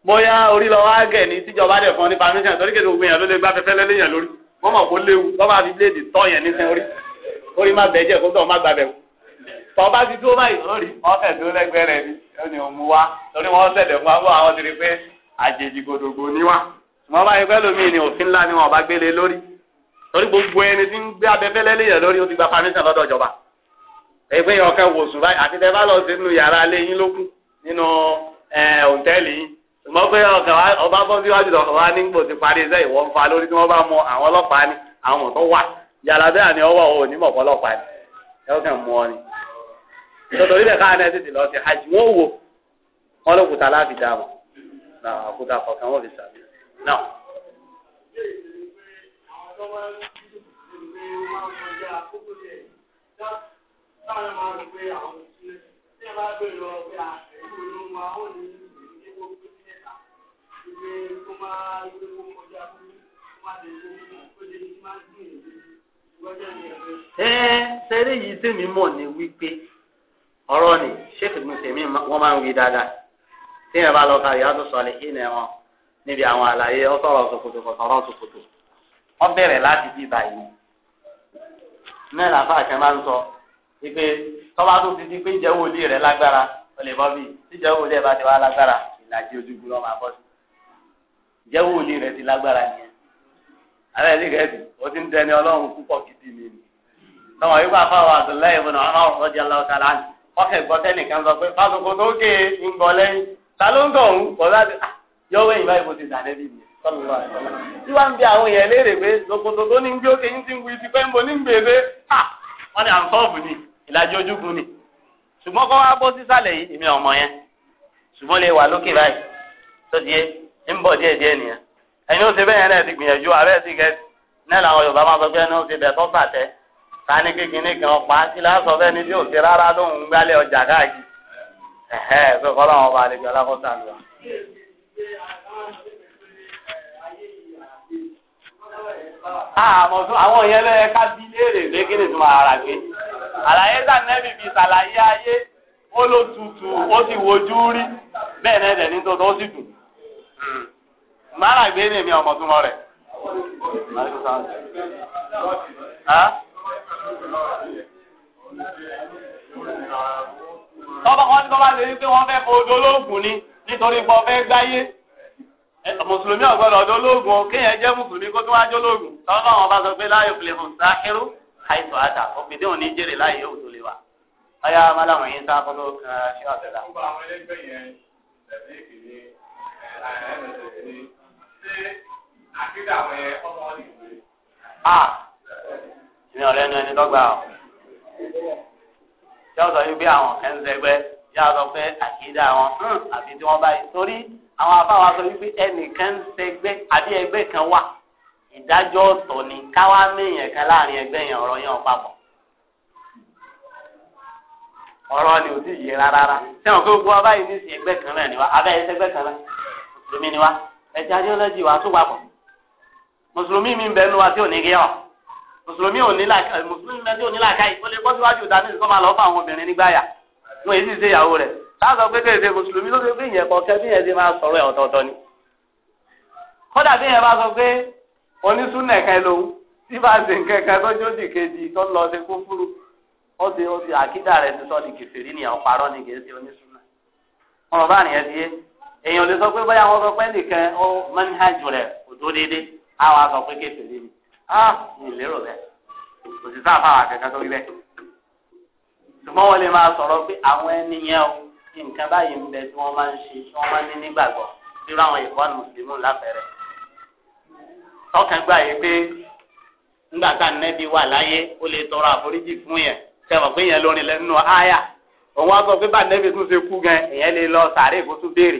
bóyá orí lọ wá gẹ̀ ní tíjọba dẹ̀ fún ọ ní permission torí kèdè ògbìyàn ló lè gbá fẹ́fẹ́ lẹ́lẹ́yàn lórí wọ́n mọ̀ kó léwu wọ́n máa fi bíléèdì tọ́ yẹn ní sẹ́n orí orí má bẹ́ẹ̀ jẹ́ kó tọ́ba ti dúró báyìí lórí ọ̀sẹ̀ tó lẹ́gbẹ̀ẹ́ rẹ̀ ni ó ní òun mú lórí wọn ṣẹ̀dẹ̀ fún wa àwọn ti rí pé àjèjì gbòdògbò ni wá wọn bá ẹgbẹ́ lómi ni òfin ńlá ni wọn bá gbélé lórí torí gbogbo ẹni tí ń gbé abẹ́fẹ́lẹ́ léèyàn lórí ó ti gba pàmísàn lọ́dọ̀ ìjọba ẹgbẹ́ yẹn ọ̀kan wòsùn báyìí àti tẹ́ bá lọ sí inú yàrá alẹ́ yín lókun nínú òǹtẹ́ẹ̀lì yín ṣùgbọ́n pé ọkàn ọba bọ́ síwájú lọ́kàn wá nígbò ti parí iṣẹ́ ìwọ ń fa lórí tí wọ́n bá mọ àwọn ọlọ́pàá ni àwọn tó wà yàrá bẹ́ẹ̀ ni ọwọ́ òní mọ̀pọ̀ ọlọ́pàá ni ẹ tọ́tọ̀rí bẹ̀ káà náà tètè lọ sí hajj wọ́n wò wọ́n ló kùtà láti dá wọn náà àkútà kọ̀ọ̀kan wọ́n fi sàbí náà. ẹ ṣe eré yìí mi mọ̀ ni wípé. ọ̀rọ̀ ni sheikh ibn tèmi wọ́n máa ń wí dáadáa tí yẹn bá lọ ka ìyá tó sọlẹ̀ kí ni wọn níbi àwọn àlàyé ó sọ̀rọ̀ ṣòkòtò kò sọ̀rọ̀ ṣòkòtò wọ́n bẹ̀rẹ̀ láti bí báyìí náà làfà àṣẹ máa ń sọ wípé tọ́ba tó ti di pé ìjẹ́wò ilé rẹ̀ lágbára ó lè bọ́ bí ìjẹ́wò ilé bá ti wá lágbára ìlàjì ojúgun lọ́ máa bọ́ sí ìjẹ́wò ilé rẹ̀ ti lágbára nìyẹn alẹ́ ní gẹ̀ẹ́sì ó ti ń dẹni ọlọ́run púpọ̀ gidi nìyẹn tọ́wọ́n yóò bá fáwọn àdúlá ìbùnà ọmọ ọ̀rọ̀ ọkẹ gbọtẹ nìkan sọ pé fásokò tó ké ń bọ lẹ́yìn ta ló ń tọ̀ ń bọ̀ láti yọwọ́ ìyá ìbò ti dà nẹ́bí mi sọ́nù wa tí wàá ń bi àwọn èèyàn léèrè pé ṣòkòtò tó ní gbé òkè yín ti ń bu ibi pé ń bo ní gbèsè ah, wọ́n ní àǹfọ̀ọ̀bù ni ìlàjì ojúgun ni ṣùgbọ́n kọ́ wá bó sísàlẹ̀ yìí èmi ọmọ yẹn ṣùgbọ́n lè wà lókè báyìí tó di ń bọ̀ díẹ̀ díẹ̀ nìyẹn ẹ̀yin ó ṣe bẹ́ẹ̀ yẹn náà ti gbìyànjú abẹ́ẹ̀ ti gẹ̀ẹ́sì tani kékeré kan ọ̀pá sílẹ̀ á sọ ni tí ò ṣe rárá ló ń ọjà káàkiri ẹ̀hẹ́ sọ kọ́ làwọn ọba àlejò alákọ̀ọ́sà lọ. àmọ́ àwọn yẹn ká bí léèrè kí ni tí ara gbé àlàyé fi ayé ó ló tutù ó sì wojú rí bẹ́ẹ̀ náà ẹ̀dẹ̀ ní tó tó sì dùn. gbé èmi ọmọ tọ́ba wọn ní tọ́ba lèyí pé wọ́n fẹ́ fọ odò olóògùn ni nítorí pé ọ̀fẹ́ gbáyé mùsùlùmí ọ̀gbọ́dọ̀ odò olóògùn o kéèyàn jẹ́ mùsùlùmí kó tó wá jẹ́ olóògùn tọ́ba wọn bá sọ pé láyò fìlẹ̀ hàn sáhírù àìsàn àdà òfìdí òní jèrè láyè yóò tó lè wà. ọ̀yà mádàmù yín sá fọ́nù ṣé ọ̀sẹ̀ dà. gbogbo àwọn ẹlẹgbẹ́ yẹn tẹ̀lé ní ọ̀rẹ́ nu ẹni dọ́gba ọ̀ tí wọ́n sọ yìí pé àwọn ẹ̀ ń zẹgbẹ́ yá sọ pé àkídá àwọn àfi tí wọ́n báyìí torí àwọn afáwa sọ wípé ẹnìkan ṣẹgbẹ́ àbí ẹgbẹ́ kan wà ìdájọ́ ọ̀tọ̀ ni káwá méèyàn kan láàrin ẹgbẹ́ yẹn ọ̀rọ̀ yẹn papọ̀ ọ̀rọ̀ ni ò sì yé rárá sẹ́wọ̀n pé gbogbo abáyé ní sí ẹgbẹ́ kan náà ni wá abẹ́ ẹsẹ̀gbẹ́ kan náà mùsùlùmí ni wá ẹ̀jẹ̀ adéọ́lẹ́jì wà á tún papọ̀ mùsùlùmí mi ń bẹ́ẹ̀ nu wa tí ò ní rí mùsùlùmí ò ní làkà mùsùlùmí mẹ́tí ò ní làkà yìí ó lè bọ́ síwájú ìdáná ìsọ́mọ́ àlọ́ fún àwọn obìnrin nígbàyà wọn èyí sì ṣe ìyàwó rẹ̀ láàzọ pé kéde mùsùlùmí ló ṣe pé ìyẹn kọ̀ọ̀kẹ́ bí ìyẹn ti máa sọ̀rọ̀ ẹ̀ ọ̀tọ̀ọ̀tọ̀ ni. kódà bí ìyẹn bá sọ pé onísúnà kan lòun tí bá ṣe nǹkan kan tó jójì kejì tó lọ ṣe kó fúru ó ti ó ti àkídà rẹ̀ ti sọ ní kìfèrí ni àwọn parọ́ ni kìí ṣe onísúnà. wọn bá nìyẹn ti yé èèyàn lè sọ pé bóyá wọn sọ pé nìkan ó mọ́níhàjù rẹ̀ kò tó déédéé àwọn á sọ ni ah mi lérò bẹ́ẹ̀ kò sí sáà fáwọn akẹ́kọ̀ọ́ tó rí bẹ́ẹ̀ ṣùgbọ́n wọ́n lè máa sọ̀rọ̀ pé àwọn ẹni yẹn o nǹkan báyìí ń bẹ tí wọ́n máa ń ṣe tí wọ́n máa ń ní nígbàgbọ́ nínú àwọn ìfọ́nù mùsùlùmí láfẹ̀rẹ̀ tọkàn gbà yìí pé nígbà tá nẹ́bí wà láyé o lè tọrọ àforíjì fún yẹn tẹ̀wọ̀n pé yẹn lórin lẹ́nu àyà òun á sọ pé bá nẹ́bí tún ṣe kú gan èèyàn lè lọ sàárè kó tún béèrè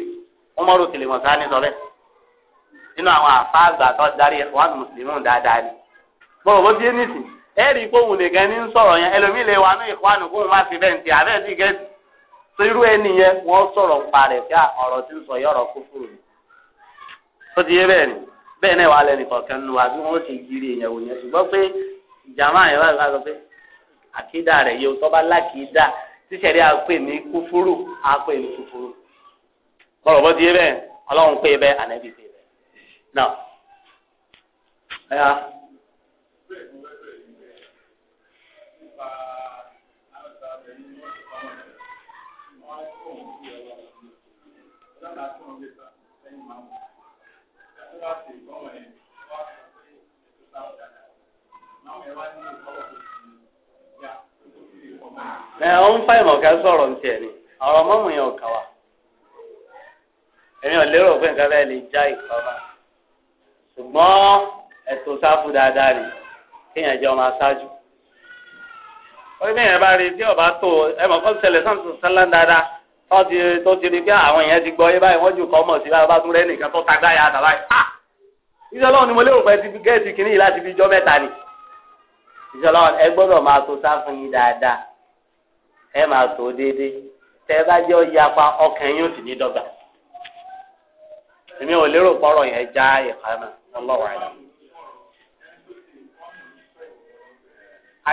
wọ́n mọ̀rọ̀ kìlìmọ̀sá ní sọ bẹ́ẹ̀. nínú àwọn àfáàgbà tó darí ẹ̀fọ́n mùsùlùmí dáadáa ni. bọ́lá bó dé nìsín ẹ rí i ní sọ̀rọ̀ yẹn ẹlòmíì lè wà ní ìfọ́nù má fi bẹ́ẹ̀ ti àbẹ́ẹ̀ ti gẹ̀ẹ́sì. tó irú ẹni yẹn wọ́n sọ̀rọ̀ ọ̀rọ̀ tí ń sọ yọ̀rọ̀ ni. ti yé bẹ́ẹ̀ ni bẹ́ẹ̀ náà wà lẹ́nu kọ̀ọ̀kan wọ́n ti pé pé Now, ya. ọ ń fáìmọ̀ ká sọ̀rọ̀ ni ọ̀rọ̀ mọ́mù yẹn ò kà wá ẹ̀yin ò lérò pé nǹkan bẹ́ẹ̀ lè já ìkọ́ ṣùgbọ́n ẹ̀tọ́ sáfù dáadáa ni kéèyàn jẹ́ ọmọ aṣáájú. wọ́n ní ìyẹn bá rí tí ọba tó ẹ mọ̀ kọ́ ṣẹlẹ̀ sáǹsì sẹ́lẹ̀ dáadáa tó ti tó ti rí pé àwọn èèyàn ti gbọ́ yé báyìí wọ́n jù kọ́ mọ̀ sí bá tún rẹ́ nìkan tó tagbá ya àtàlá yìí. ìṣẹ́ ni mo lérò pé ti fi géètì kìíní yìí láti fi jọ́ mẹ́ta ni. ìṣẹ́ lọ́wọ́ ẹ gbọ́dọ̀ máa tó sáfù yín dáadáa ẹ máa tó déédéé tẹ́ bá jẹ́ ọ̀yapa ọkàn yín ò sì ní dọ́gba. èmi ò lérò pọ́rọ̀ yẹn já ìpamọ́. Allahu a'lam.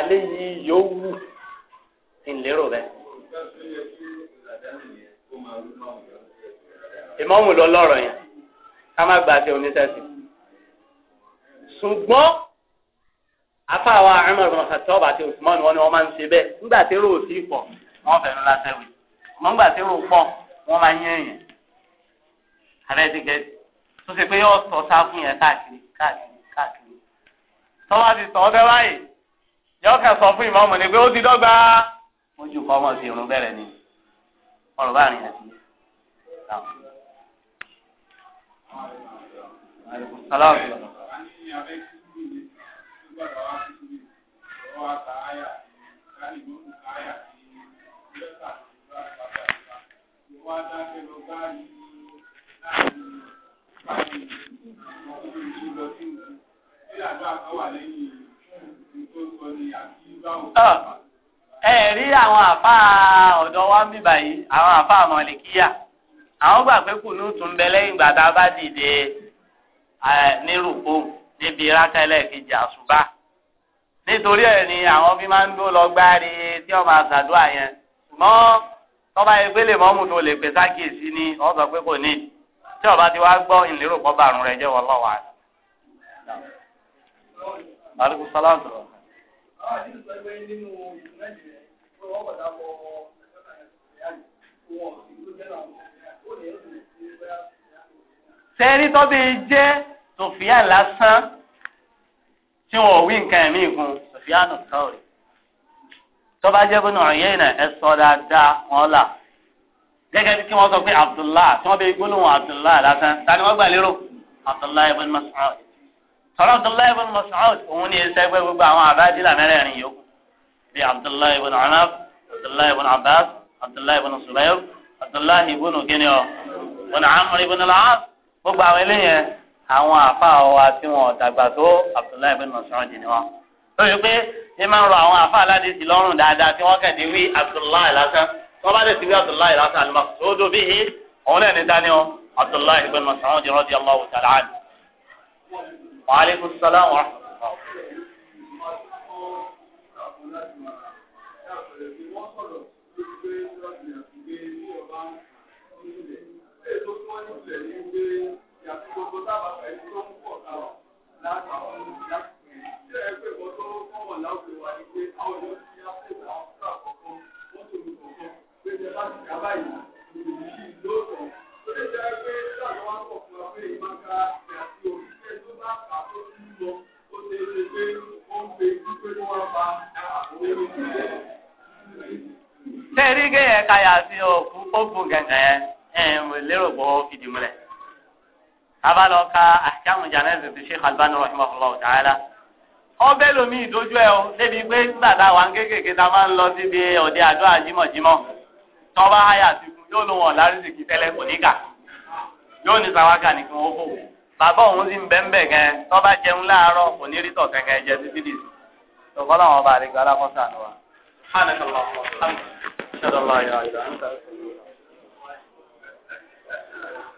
alẹ́ yìí yóò wù ìlérò bẹ́ẹ̀. ìmọ̀mù lọ lọ́rọ̀ yẹn ká má gba àti oníṣẹ́sì. ṣùgbọ́n afáwa Umar bin Khattab àti Usman wọn ni wọ́n máa ń ṣe bẹ́ẹ̀ nígbà tí èrò òsì pọ̀ wọ́n fẹ́ẹ́ ńlá sẹ́wìn nígbà tí èrò pọ̀ wọ́n máa ń yẹ̀yẹ̀. ààrẹ ti gẹ̀ẹ́sì tó ṣe pé yóò sọ sáfún yẹn káàkiri káàkiri káàkiri tọ́wọ́ ti sọ ọbẹ̀ báyìí yóò kẹ́ sọ fún ìmọ̀ọ́mọ̀ ni pé ó ti dọ́gba ojú kọ́ ọmọ sí irun bẹ̀rẹ̀ ni ọ̀rọ̀ bá rìn àti aláwọ̀ Thank you. Ah, ẹ rí àwọn àfa ọ̀dọ́ wa ń bì báyìí àwọn àfa àmọ̀lẹ́kíyà àwọn gbà pé kùnú tún bẹ lẹ́yìn ìgbà tá a bá dìde nírúkọ níbi rákẹ́lẹ́ kejì àṣùbà nítorí ẹ̀ ni àwọn bí máa ń dó lọ gbáre tí wọ́n máa ṣàdúrà yẹn ṣùgbọ́n tọ́ba ẹgbẹ́ lè mọ́mú tó lè pèsè àkíyèsí ni wọ́n sọ pé kò ní tí ọba ti wá gbọ́ ìlérò kọ́ bàrùn rẹ jẹ́ wọlọ́ wa. alukó sọlá sọ̀rọ̀. sẹ́rí tó bí jẹ́ sòfíà lásán tí wọ́n wí nǹkan ẹ̀mí gun sòfíà nù sọ̀rọ̀ tó bá ọ̀yẹ́ ìnà ẹ̀ sọ dáadáa wọn là gẹ́gẹ́ bí kí wọ́n sọ pé abdullahi tí wọ́n bẹ gbólóhùn abdullahi lásán tani wọ́n gbà lérò abdullahi ibn mas'ud sọ̀rọ̀ abdullahi ibn mas'ud òun ni ẹsẹ̀ gbẹ gbogbo àwọn abájílà mẹ́rẹ̀ẹ̀rin yòókù bí abdullahi ibn anaf abdullahi ibn abbas abdullahi ibn sulayr abdullahi ibn gínìọ ibn amr ibn al-as gbogbo àwọn eléyẹn àwọn àfa wa tí wọn dàgbà tó abdullahi ibn mas'ud ni wọn. lórí pé ṣé máa ń rọ àwọn àfa aládìsí lọ́rùn dáadáa tí wọ́n kẹ̀ tọ́ba dẹ̀ ti bí abdullahi rasa al-maqsudu bihi òun náà ní dání o abdullahi ibn Mas'ud radiyallahu ta'ala anhu. wa ọmọ ìyá ẹgbẹ́ ìwọ́n tó wa ni ṣe láti ká báyìí èyí lóòótọ́ ó lè jẹ́ pé sáà wá pọ̀ fún wa pé èyí máa ka òṣìṣẹ́ tó bá kà tó kú lọ ó ṣe é ṣe pé ó ń pe ikú pé ló wá pa àwọn oníṣẹ́. Tẹ́rí gẹ́yẹ káyà sí òkú ogun gẹ̀gẹ̀ ẹ̀ lérò bọ́ fìdí múlẹ̀. Tábà ka àṣàmù Jánẹ́sì ti Sheikh Albani rahimahullahu ta'ala. Ọbẹ̀ lomi ìdójú ẹ̀ o débi pé nígbà táwọn kéékèèké ta máa ń lọ síbi ọ̀dẹ àdó àjímọ̀jímọ̀ tọ́ba háyà ti fún yóò lò wọ́n lárí sìkì tẹ́lẹ̀ kò ní kà yóò ní sàwákà ní kí wọ́n fò wò bàbá òun sì ń bẹ́ ń bẹ̀ gan tọ́ba jẹun láàárọ̀ kò ní rí kankan jẹ títí dì sí tọ́kọ́ làwọn ọba àdìgbò alákọ̀ọ́sà ni wa.